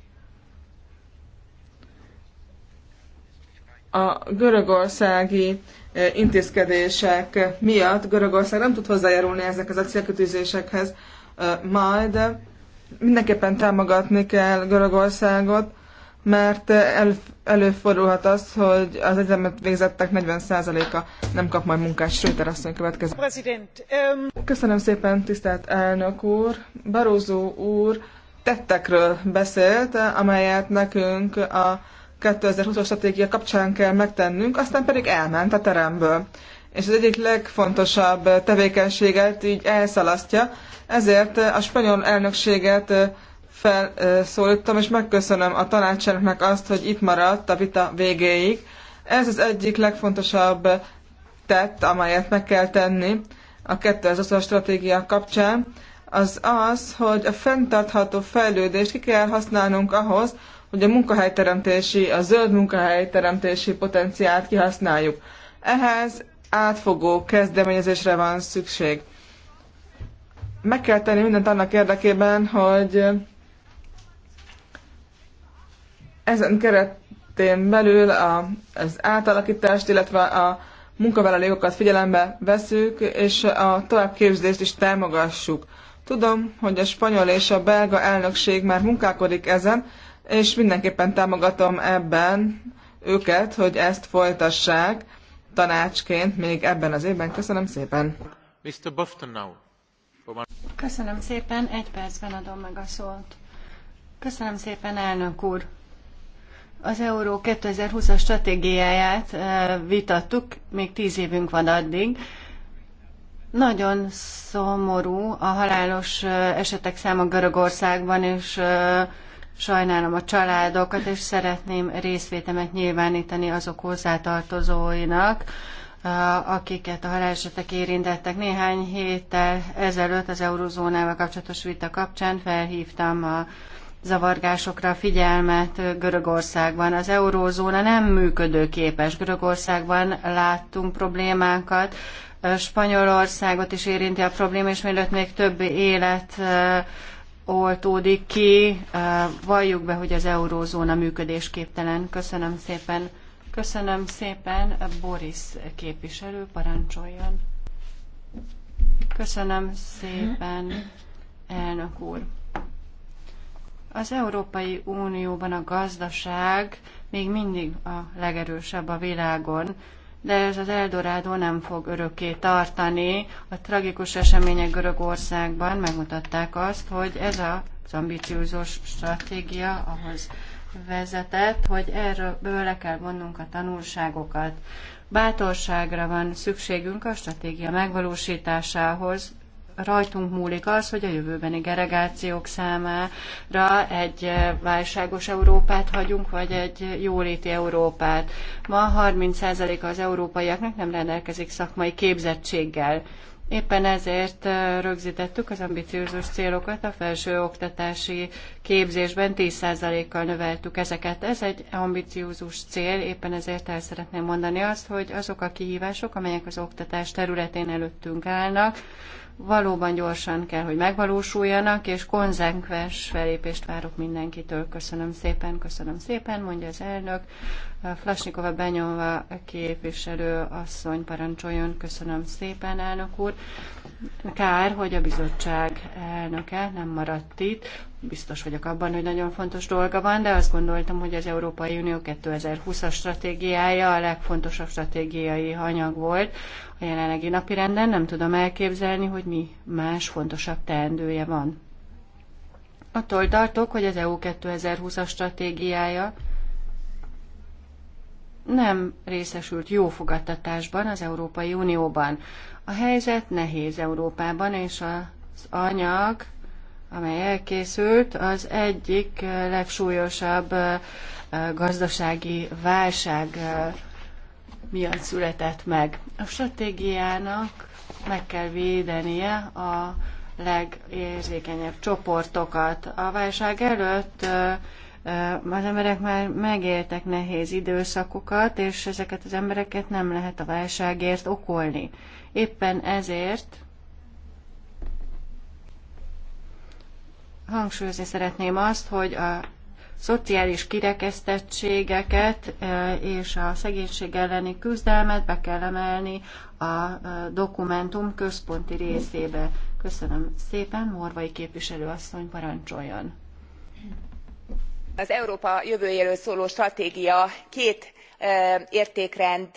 A görögországi intézkedések miatt Görögország nem tud hozzájárulni ezekhez a célkötőzésekhez, majd mindenképpen támogatni kell Görögországot, mert el, előfordulhat az, hogy az egyetemet végzettek 40%-a nem kap majd munkát, sőt, asszony következő. Um, Köszönöm szépen, tisztelt elnök úr. Barózó úr tettekről beszélt, amelyet nekünk a 2020-as stratégia kapcsán kell megtennünk, aztán pedig elment a teremből. És az egyik legfontosabb tevékenységet így elszalasztja, ezért a spanyol elnökséget felszólítom, és megköszönöm a tanácsának azt, hogy itt maradt a vita végéig. Ez az egyik legfontosabb tett, amelyet meg kell tenni a 2020-as stratégia kapcsán, az az, hogy a fenntartható fejlődést ki kell használnunk ahhoz, hogy a munkahelyteremtési, a zöld munkahelyteremtési potenciált kihasználjuk. Ehhez átfogó kezdeményezésre van szükség. Meg kell tenni mindent annak érdekében, hogy ezen keretén belül a, az átalakítást, illetve a munkavállalókat figyelembe veszük, és a továbbképzést is támogassuk. Tudom, hogy a spanyol és a belga elnökség már munkálkodik ezen, és mindenképpen támogatom ebben őket, hogy ezt folytassák tanácsként még ebben az évben. Köszönöm szépen! Mr. Bufton now. Köszönöm szépen, egy percben adom meg a szót. Köszönöm szépen, elnök úr! Az Euró 2020-as stratégiáját eh, vitattuk, még tíz évünk van addig. Nagyon szomorú a halálos eh, esetek száma Görögországban, és eh, sajnálom a családokat, és szeretném részvétemet nyilvánítani azok hozzátartozóinak, akiket a halálesetek érintettek. Néhány héttel ezelőtt az eurozónával kapcsolatos vita kapcsán felhívtam a zavargásokra figyelmet Görögországban. Az eurózóna nem működőképes. Görögországban láttunk problémákat, Spanyolországot is érinti a probléma, és mielőtt még több élet oltódik ki, valljuk be, hogy az eurózóna működésképtelen. Köszönöm szépen. Köszönöm szépen, Boris képviselő, parancsoljon. Köszönöm szépen, elnök úr. Az Európai Unióban a gazdaság még mindig a legerősebb a világon, de ez az Eldorádó nem fog örökké tartani. A tragikus események Görögországban megmutatták azt, hogy ez az ambiciózus stratégia ahhoz vezetett, hogy erről bőle kell vonnunk a tanulságokat. Bátorságra van szükségünk a stratégia megvalósításához, rajtunk múlik az, hogy a jövőbeni generációk számára egy eh, válságos Európát hagyunk, vagy egy jóléti Európát. Ma 30%-a az európaiaknak nem rendelkezik szakmai képzettséggel. Éppen ezért eh, rögzítettük az ambiciózus célokat, a felső oktatási képzésben 10%-kal növeltük ezeket. Ez egy ambiciózus cél, éppen ezért el szeretném mondani azt, hogy azok a kihívások, amelyek az oktatás területén előttünk állnak, valóban gyorsan kell, hogy megvalósuljanak, és konzekvens felépést várok mindenkitől. Köszönöm szépen, köszönöm szépen, mondja az elnök. Flasnikova Benyova képviselő asszony parancsoljon. Köszönöm szépen, elnök úr. Kár, hogy a bizottság elnöke nem maradt itt. Biztos vagyok abban, hogy nagyon fontos dolga van, de azt gondoltam, hogy az Európai Unió 2020-as stratégiája a legfontosabb stratégiai anyag volt a jelenlegi napirenden. Nem tudom elképzelni, hogy mi más fontosabb teendője van. Attól tartok, hogy az EU 2020-as stratégiája nem részesült jó fogadtatásban az Európai Unióban. A helyzet nehéz Európában, és az anyag, amely elkészült, az egyik legsúlyosabb gazdasági válság miatt született meg. A stratégiának meg kell védenie a legérzékenyebb csoportokat. A válság előtt az emberek már megéltek nehéz időszakokat, és ezeket az embereket nem lehet a válságért okolni. Éppen ezért hangsúlyozni szeretném azt, hogy a szociális kirekesztettségeket és a szegénység elleni küzdelmet be kell emelni a dokumentum központi részébe. Köszönöm szépen, Morvai képviselőasszony parancsoljon az európa jövőjéről szóló stratégia két értékrend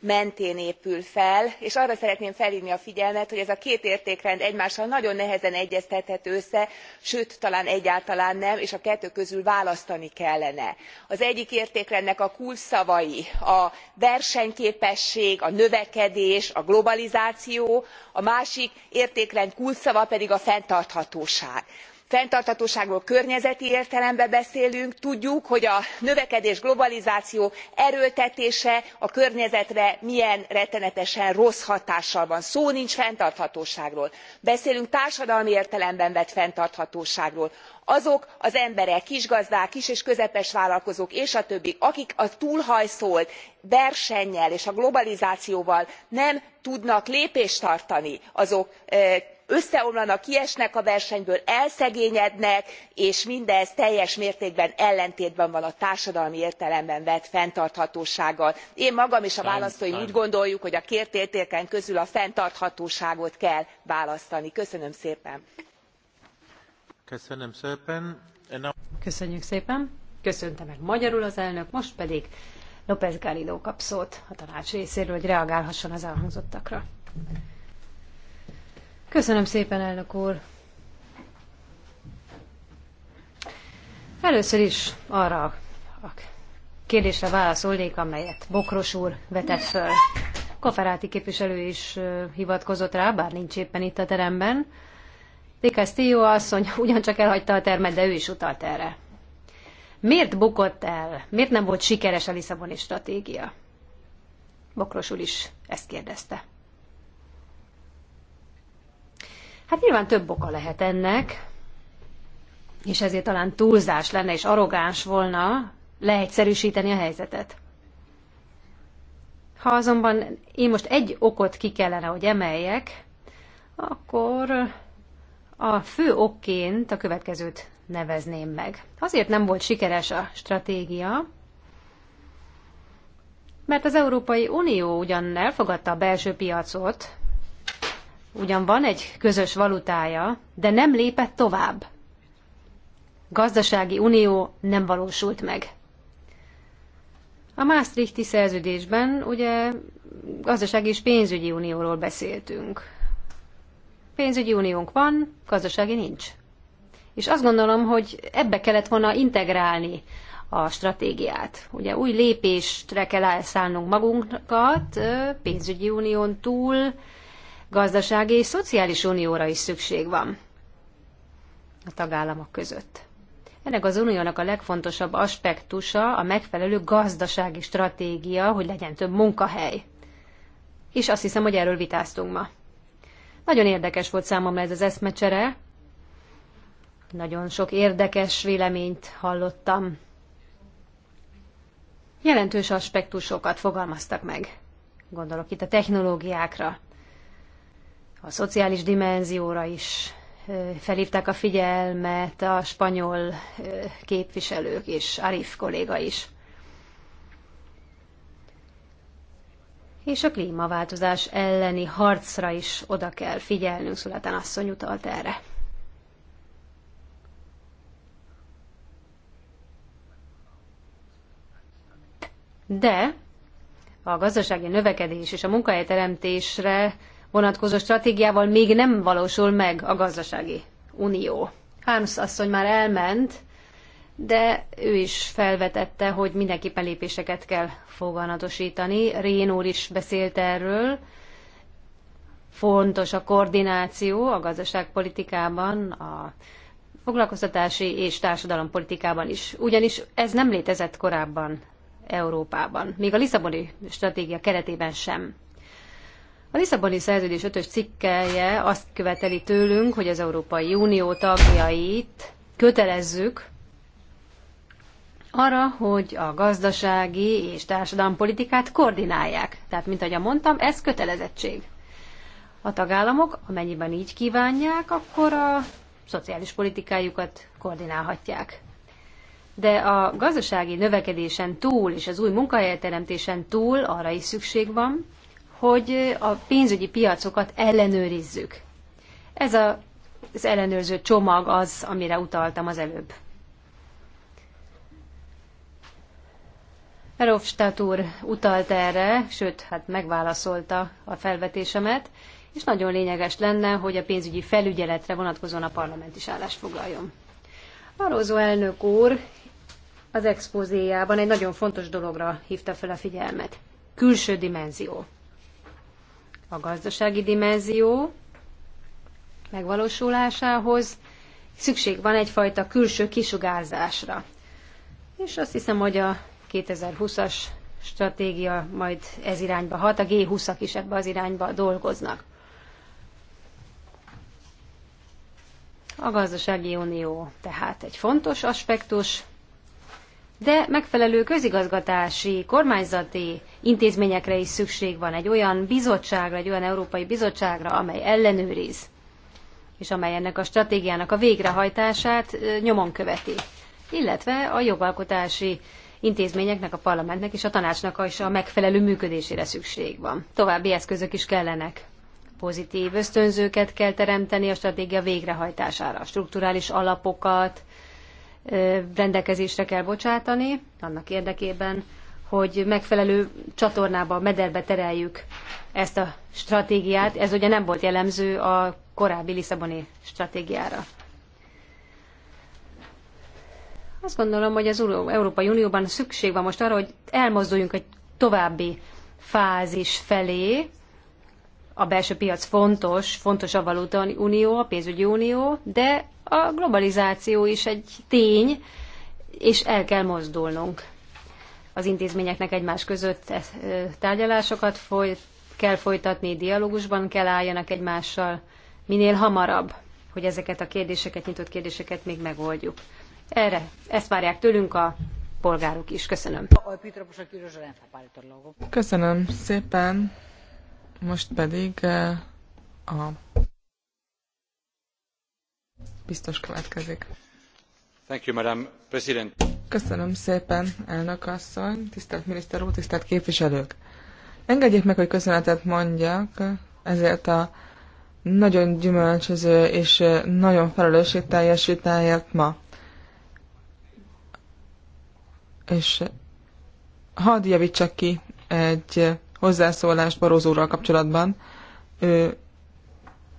mentén épül fel és arra szeretném felhvni a figyelmet hogy ez a két értékrend egymással nagyon nehezen egyeztethető össze sőt talán egyáltalán nem és a kettő közül választani kellene. az egyik értékrendnek a kulcsszavai a versenyképesség a növekedés a globalizáció a másik értékrend kulcsszava pedig a fenntarthatóság fenntarthatóságról környezeti értelemben beszélünk tudjuk hogy a növekedés globalizáció erőltetése a környezetre milyen rettenetesen rossz hatással van szó nincs fenntarthatóságról. beszélünk társadalmi értelemben vett fenntarthatóságról azok az emberek kisgazdák kis és közepes vállalkozók és a többi akik a túlhajszolt versennyel és a globalizációval nem tudnak lépést tartani azok eh, összeomlanak kiesnek a versenyből elszegényednek és mindez teljes mértékben ellentétben van a társadalmi értelemben vett fenntarthatósággal. én magam és a választóim úgy gondoljuk hogy a két értéken közül a fenntarthatóságot kell választani. köszönöm szépen! Köszönjük szépen. Köszönte meg magyarul az elnök, most pedig López Garrido kap szót a tanács részéről, hogy reagálhasson az elhangzottakra. Köszönöm szépen, elnök úr. Először is arra a kérdésre válaszolnék, amelyet Bokros úr vetett föl. Kaferáti képviselő is hivatkozott rá, bár nincs éppen itt a teremben. De Castillo asszony [LAUGHS] ugyancsak elhagyta a termet, de ő is utalt erre. Miért bukott el? Miért nem volt sikeres a Lisszaboni stratégia? Bokros úr is ezt kérdezte. Hát nyilván több oka lehet ennek, és ezért talán túlzás lenne és arrogáns volna leegyszerűsíteni a helyzetet. Ha azonban én most egy okot ki kellene, hogy emeljek, akkor a fő okként a következőt nevezném meg. Azért nem volt sikeres a stratégia, mert az Európai Unió ugyan elfogadta a belső piacot, ugyan van egy közös valutája, de nem lépett tovább. Gazdasági unió nem valósult meg. A Maastrichti szerződésben ugye gazdasági és pénzügyi unióról beszéltünk. Pénzügyi uniónk van, gazdasági nincs. És azt gondolom, hogy ebbe kellett volna integrálni a stratégiát. Ugye új lépésre kell elszállnunk magunkat, pénzügyi unión túl, gazdasági és szociális unióra is szükség van a tagállamok között. Ennek az uniónak a legfontosabb aspektusa a megfelelő gazdasági stratégia, hogy legyen több munkahely. És azt hiszem, hogy erről vitáztunk ma. Nagyon érdekes volt számomra ez az eszmecsere. Nagyon sok érdekes véleményt hallottam. Jelentős aspektusokat fogalmaztak meg. Gondolok itt a technológiákra, a szociális dimenzióra is felhívták a figyelmet a spanyol képviselők és Arif kolléga is. És a klímaváltozás elleni harcra is oda kell figyelnünk, születen asszony utalt erre. De a gazdasági növekedés és a munkahelyteremtésre vonatkozó stratégiával még nem valósul meg a gazdasági unió. Harms asszony már elment, de ő is felvetette, hogy mindenképpen lépéseket kell foganatosítani. Rén úr is beszélt erről. Fontos a koordináció a gazdaságpolitikában, a foglalkoztatási és társadalompolitikában is. Ugyanis ez nem létezett korábban Európában, még a Lisszaboni stratégia keretében sem. A Lisszaboni szerződés 5-ös cikkelje azt követeli tőlünk, hogy az Európai Unió tagjait kötelezzük arra, hogy a gazdasági és társadalompolitikát koordinálják. Tehát, mint ahogy mondtam, ez kötelezettség. A tagállamok, amennyiben így kívánják, akkor a szociális politikájukat koordinálhatják. De a gazdasági növekedésen túl és az új munkahelyteremtésen túl arra is szükség van, hogy a pénzügyi piacokat ellenőrizzük. Ez a, az ellenőrző csomag az, amire utaltam az előbb. Verhofstadt úr utalt erre, sőt, hát megválaszolta a felvetésemet, és nagyon lényeges lenne, hogy a pénzügyi felügyeletre vonatkozóan a parlament is állást foglaljon. Barózó elnök úr az expozéjában egy nagyon fontos dologra hívta fel a figyelmet. Külső dimenzió a gazdasági dimenzió megvalósulásához szükség van egyfajta külső kisugárzásra. És azt hiszem, hogy a 2020-as stratégia majd ez irányba hat, a G20-ak is ebbe az irányba dolgoznak. A gazdasági unió tehát egy fontos aspektus, de megfelelő közigazgatási, kormányzati intézményekre is szükség van, egy olyan bizottságra, egy olyan európai bizottságra, amely ellenőriz, és amely ennek a stratégiának a végrehajtását nyomon követi, illetve a jogalkotási intézményeknek, a parlamentnek és a tanácsnak is a megfelelő működésére szükség van. További eszközök is kellenek. Pozitív ösztönzőket kell teremteni a stratégia végrehajtására, strukturális alapokat rendelkezésre kell bocsátani, annak érdekében, hogy megfelelő csatornába, mederbe tereljük ezt a stratégiát. Ez ugye nem volt jellemző a korábbi Lisszaboni stratégiára. Azt gondolom, hogy az Európai Unióban szükség van most arra, hogy elmozduljunk egy további fázis felé. A belső piac fontos, fontos a valuta unió, a pénzügyi unió, de a globalizáció is egy tény, és el kell mozdulnunk az intézményeknek egymás között eh, tárgyalásokat foly, kell folytatni, dialógusban kell álljanak egymással minél hamarabb, hogy ezeket a kérdéseket, nyitott kérdéseket még megoldjuk. Erre, ezt várják tőlünk a polgárok is. Köszönöm. Köszönöm szépen. Most pedig eh, a biztos következik. Thank you, Madam President. Köszönöm szépen, elnök asszony, tisztelt miniszter úr, tisztelt képviselők. Engedjék meg, hogy köszönetet mondjak ezért a nagyon gyümölcsöző és nagyon felelősségteljes vitáért ma. És hadd javítsak ki egy hozzászólást úrral kapcsolatban. Ő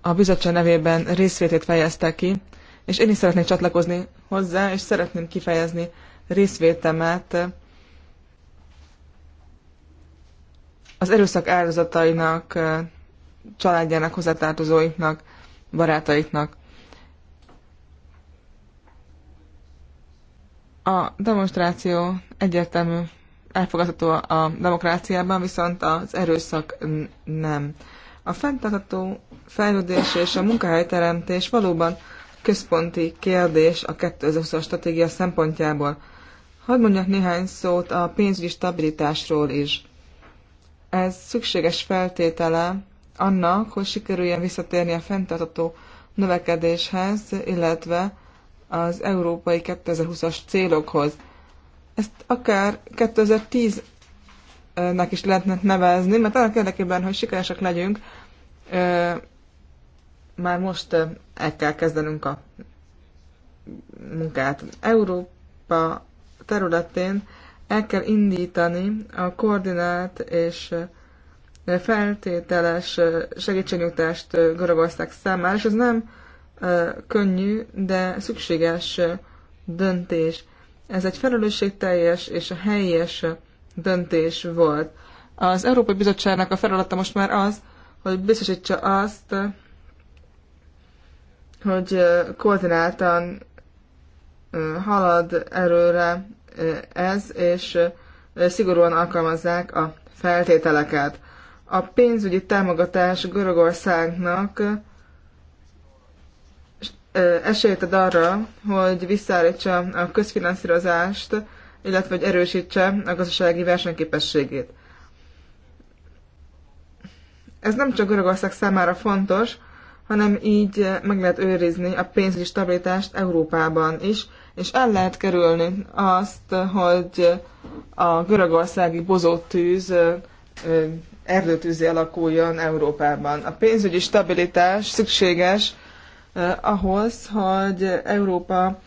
a bizottság nevében részvétét fejezte ki, és én is szeretnék csatlakozni hozzá, és szeretném kifejezni részvétemet az erőszak áldozatainak, családjának, hozzátartozóiknak, barátaiknak. A demonstráció egyértelmű elfogadható a demokráciában, viszont az erőszak nem. A fenntartható fejlődés és a munkahelyteremtés valóban központi kérdés a 2020-as stratégia szempontjából. Hadd mondjak néhány szót a pénzügyi stabilitásról is. Ez szükséges feltétele annak, hogy sikerüljen visszatérni a fenntartató növekedéshez, illetve az európai 2020-as célokhoz. Ezt akár 2010-nek is lehetne nevezni, mert annak érdekében, hogy sikeresek legyünk, már most el kell kezdenünk a munkát. Európa területén el kell indítani a koordinált és eh, feltételes eh, segítségnyújtást eh, Görögország számára, és ez nem könnyű, de szükséges döntés. Ez egy felelősségteljes és a helyes döntés volt. Az Európai Bizottságnak a feladata most már az, hogy biztosítsa azt, hogy koordináltan halad erőre ez, és szigorúan alkalmazzák a feltételeket. A pénzügyi támogatás Görögországnak esélyt ad arra, hogy visszaállítsa a közfinanszírozást, illetve hogy erősítse a gazdasági versenyképességét. Ez nem csak Görögország számára fontos, hanem így meg lehet őrizni a pénzügyi stabilitást Európában is, és el lehet kerülni azt, hogy a görögországi bozótűz erdőtűzé alakuljon Európában. A pénzügyi stabilitás szükséges ahhoz, hogy Európa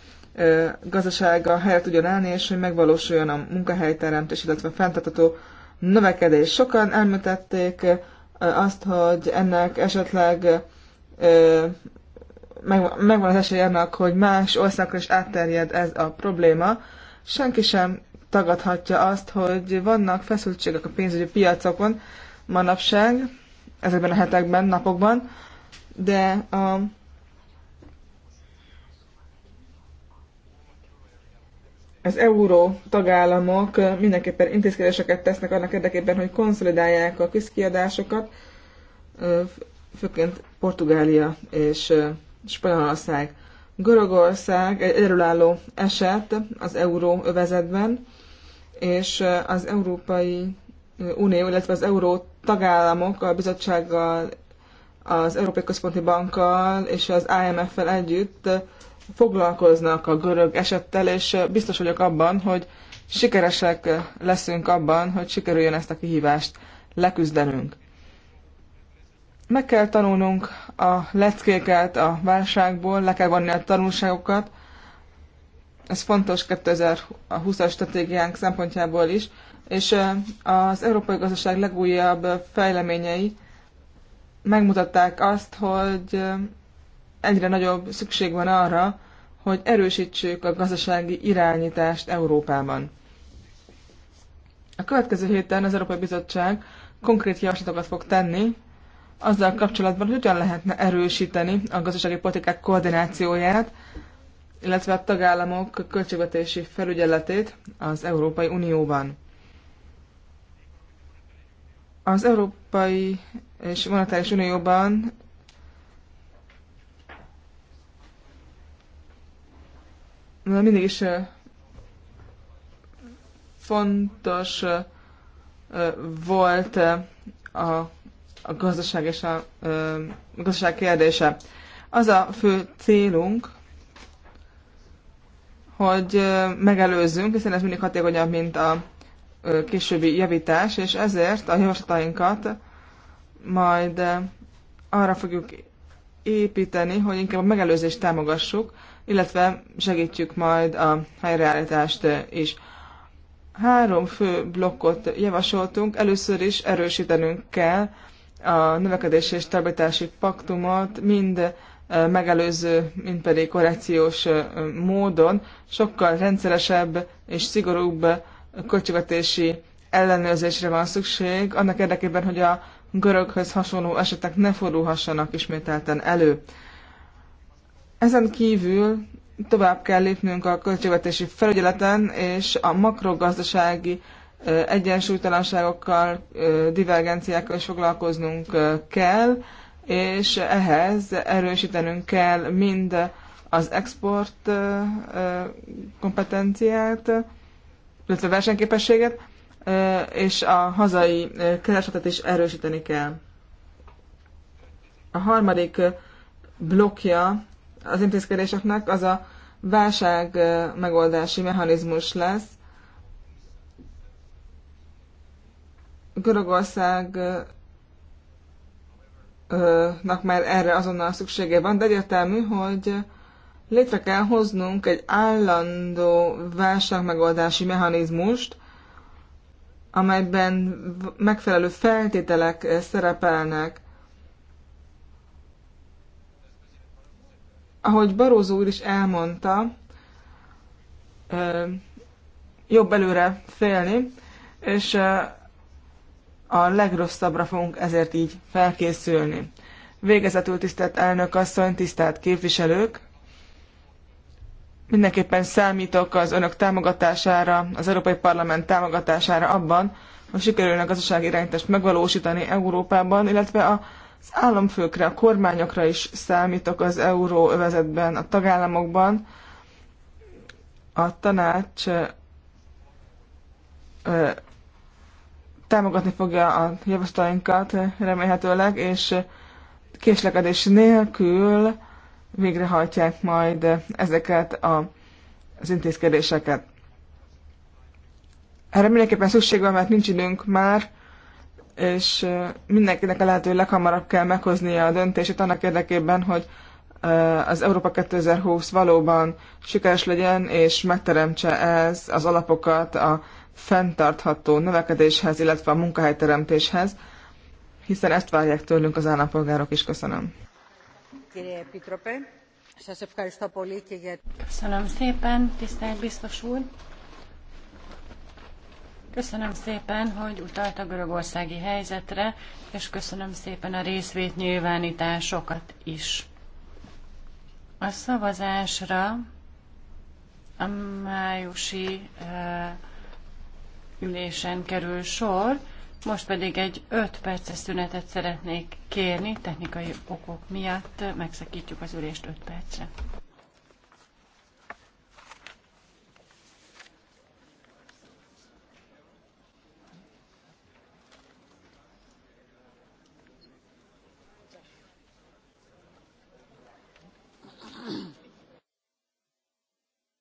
gazdasága helyet tudjon állni, és hogy megvalósuljon a munkahelyteremtés, illetve fenntartató növekedés. Sokan elmutatték azt, hogy ennek esetleg megvan az esély annak, hogy más országra is átterjed ez a probléma. Senki sem tagadhatja azt, hogy vannak feszültségek a pénzügyi piacokon manapság, ezekben a hetekben, napokban, de a az euró tagállamok mindenképpen intézkedéseket tesznek annak érdekében, hogy konszolidálják a közkiadásokat, főként Portugália és Spanyolország. Görögország egy erőlálló eset az euróövezetben, és az Európai Unió, illetve az euró tagállamok a bizottsággal, az Európai Központi Bankkal és az IMF-fel együtt foglalkoznak a görög esettel, és biztos vagyok abban, hogy sikeresek leszünk abban, hogy sikerüljön ezt a kihívást leküzdenünk. Meg kell tanulnunk a leckéket a válságból, le kell vonni a tanulságokat. Ez fontos 2020-as stratégiánk szempontjából is. És az európai gazdaság legújabb fejleményei megmutatták azt, hogy egyre nagyobb szükség van arra, hogy erősítsük a gazdasági irányítást Európában. A következő héten az Európai Bizottság konkrét javaslatokat fog tenni azzal kapcsolatban, hogyan lehetne erősíteni a gazdasági politikák koordinációját, illetve a tagállamok költségvetési felügyeletét az Európai Unióban. Az Európai és Monetáris Unióban mindig is fontos volt a a gazdaság és a, a gazdaság kérdése. Az a fő célunk, hogy megelőzzünk, hiszen ez mindig hatékonyabb, mint a későbbi javítás, és ezért a javaslatainkat majd arra fogjuk építeni, hogy inkább a megelőzést támogassuk, illetve segítjük majd a helyreállítást is. Három fő blokkot javasoltunk. Először is erősítenünk kell a növekedési és stabilitási paktumot mind megelőző, mint pedig korrekciós módon sokkal rendszeresebb és szigorúbb költségvetési ellenőrzésre van szükség, annak érdekében, hogy a göröghöz hasonló esetek ne fordulhassanak ismételten elő. Ezen kívül tovább kell lépnünk a költségvetési felügyeleten és a makrogazdasági egyensúlytalanságokkal, divergenciákkal is foglalkoznunk kell, és ehhez erősítenünk kell mind az export kompetenciát, illetve versenyképességet, és a hazai keresletet is erősíteni kell. A harmadik blokja az intézkedéseknek az a válság megoldási mechanizmus lesz, Görögországnak már erre azonnal szüksége van, de egyértelmű, hogy létre kell hoznunk egy állandó válságmegoldási mechanizmust, amelyben megfelelő feltételek szerepelnek. Ahogy Barózó úr is elmondta, jobb előre félni, és a legrosszabbra fogunk ezért így felkészülni. Végezetül tisztelt elnök asszony, tisztelt képviselők! Mindenképpen számítok az önök támogatására, az Európai Parlament támogatására abban, hogy sikerülne a gazdasági irányítást megvalósítani Európában, illetve az államfőkre, a kormányokra is számítok az euróövezetben, a tagállamokban. A tanács támogatni fogja a javaslatainkat remélhetőleg, és késlekedés nélkül végrehajtják majd ezeket a, az intézkedéseket. Erre mindenképpen szükség van, mert nincs időnk már, és mindenkinek a lehető leghamarabb kell meghoznia a döntését annak érdekében, hogy az Európa 2020 valóban sikeres legyen, és megteremtse ez az alapokat a fenntartható növekedéshez, illetve a munkahelyteremtéshez, hiszen ezt várják tőlünk az állampolgárok is. Köszönöm. Köszönöm szépen, tisztelt biztos úr! Köszönöm szépen, hogy utalt a görögországi helyzetre, és köszönöm szépen a részvét nyilvánításokat is. A szavazásra a májusi eh, ülésen kerül sor. Most pedig egy 5 perces szünetet szeretnék kérni, technikai okok miatt megszakítjuk az ülést 5 percre.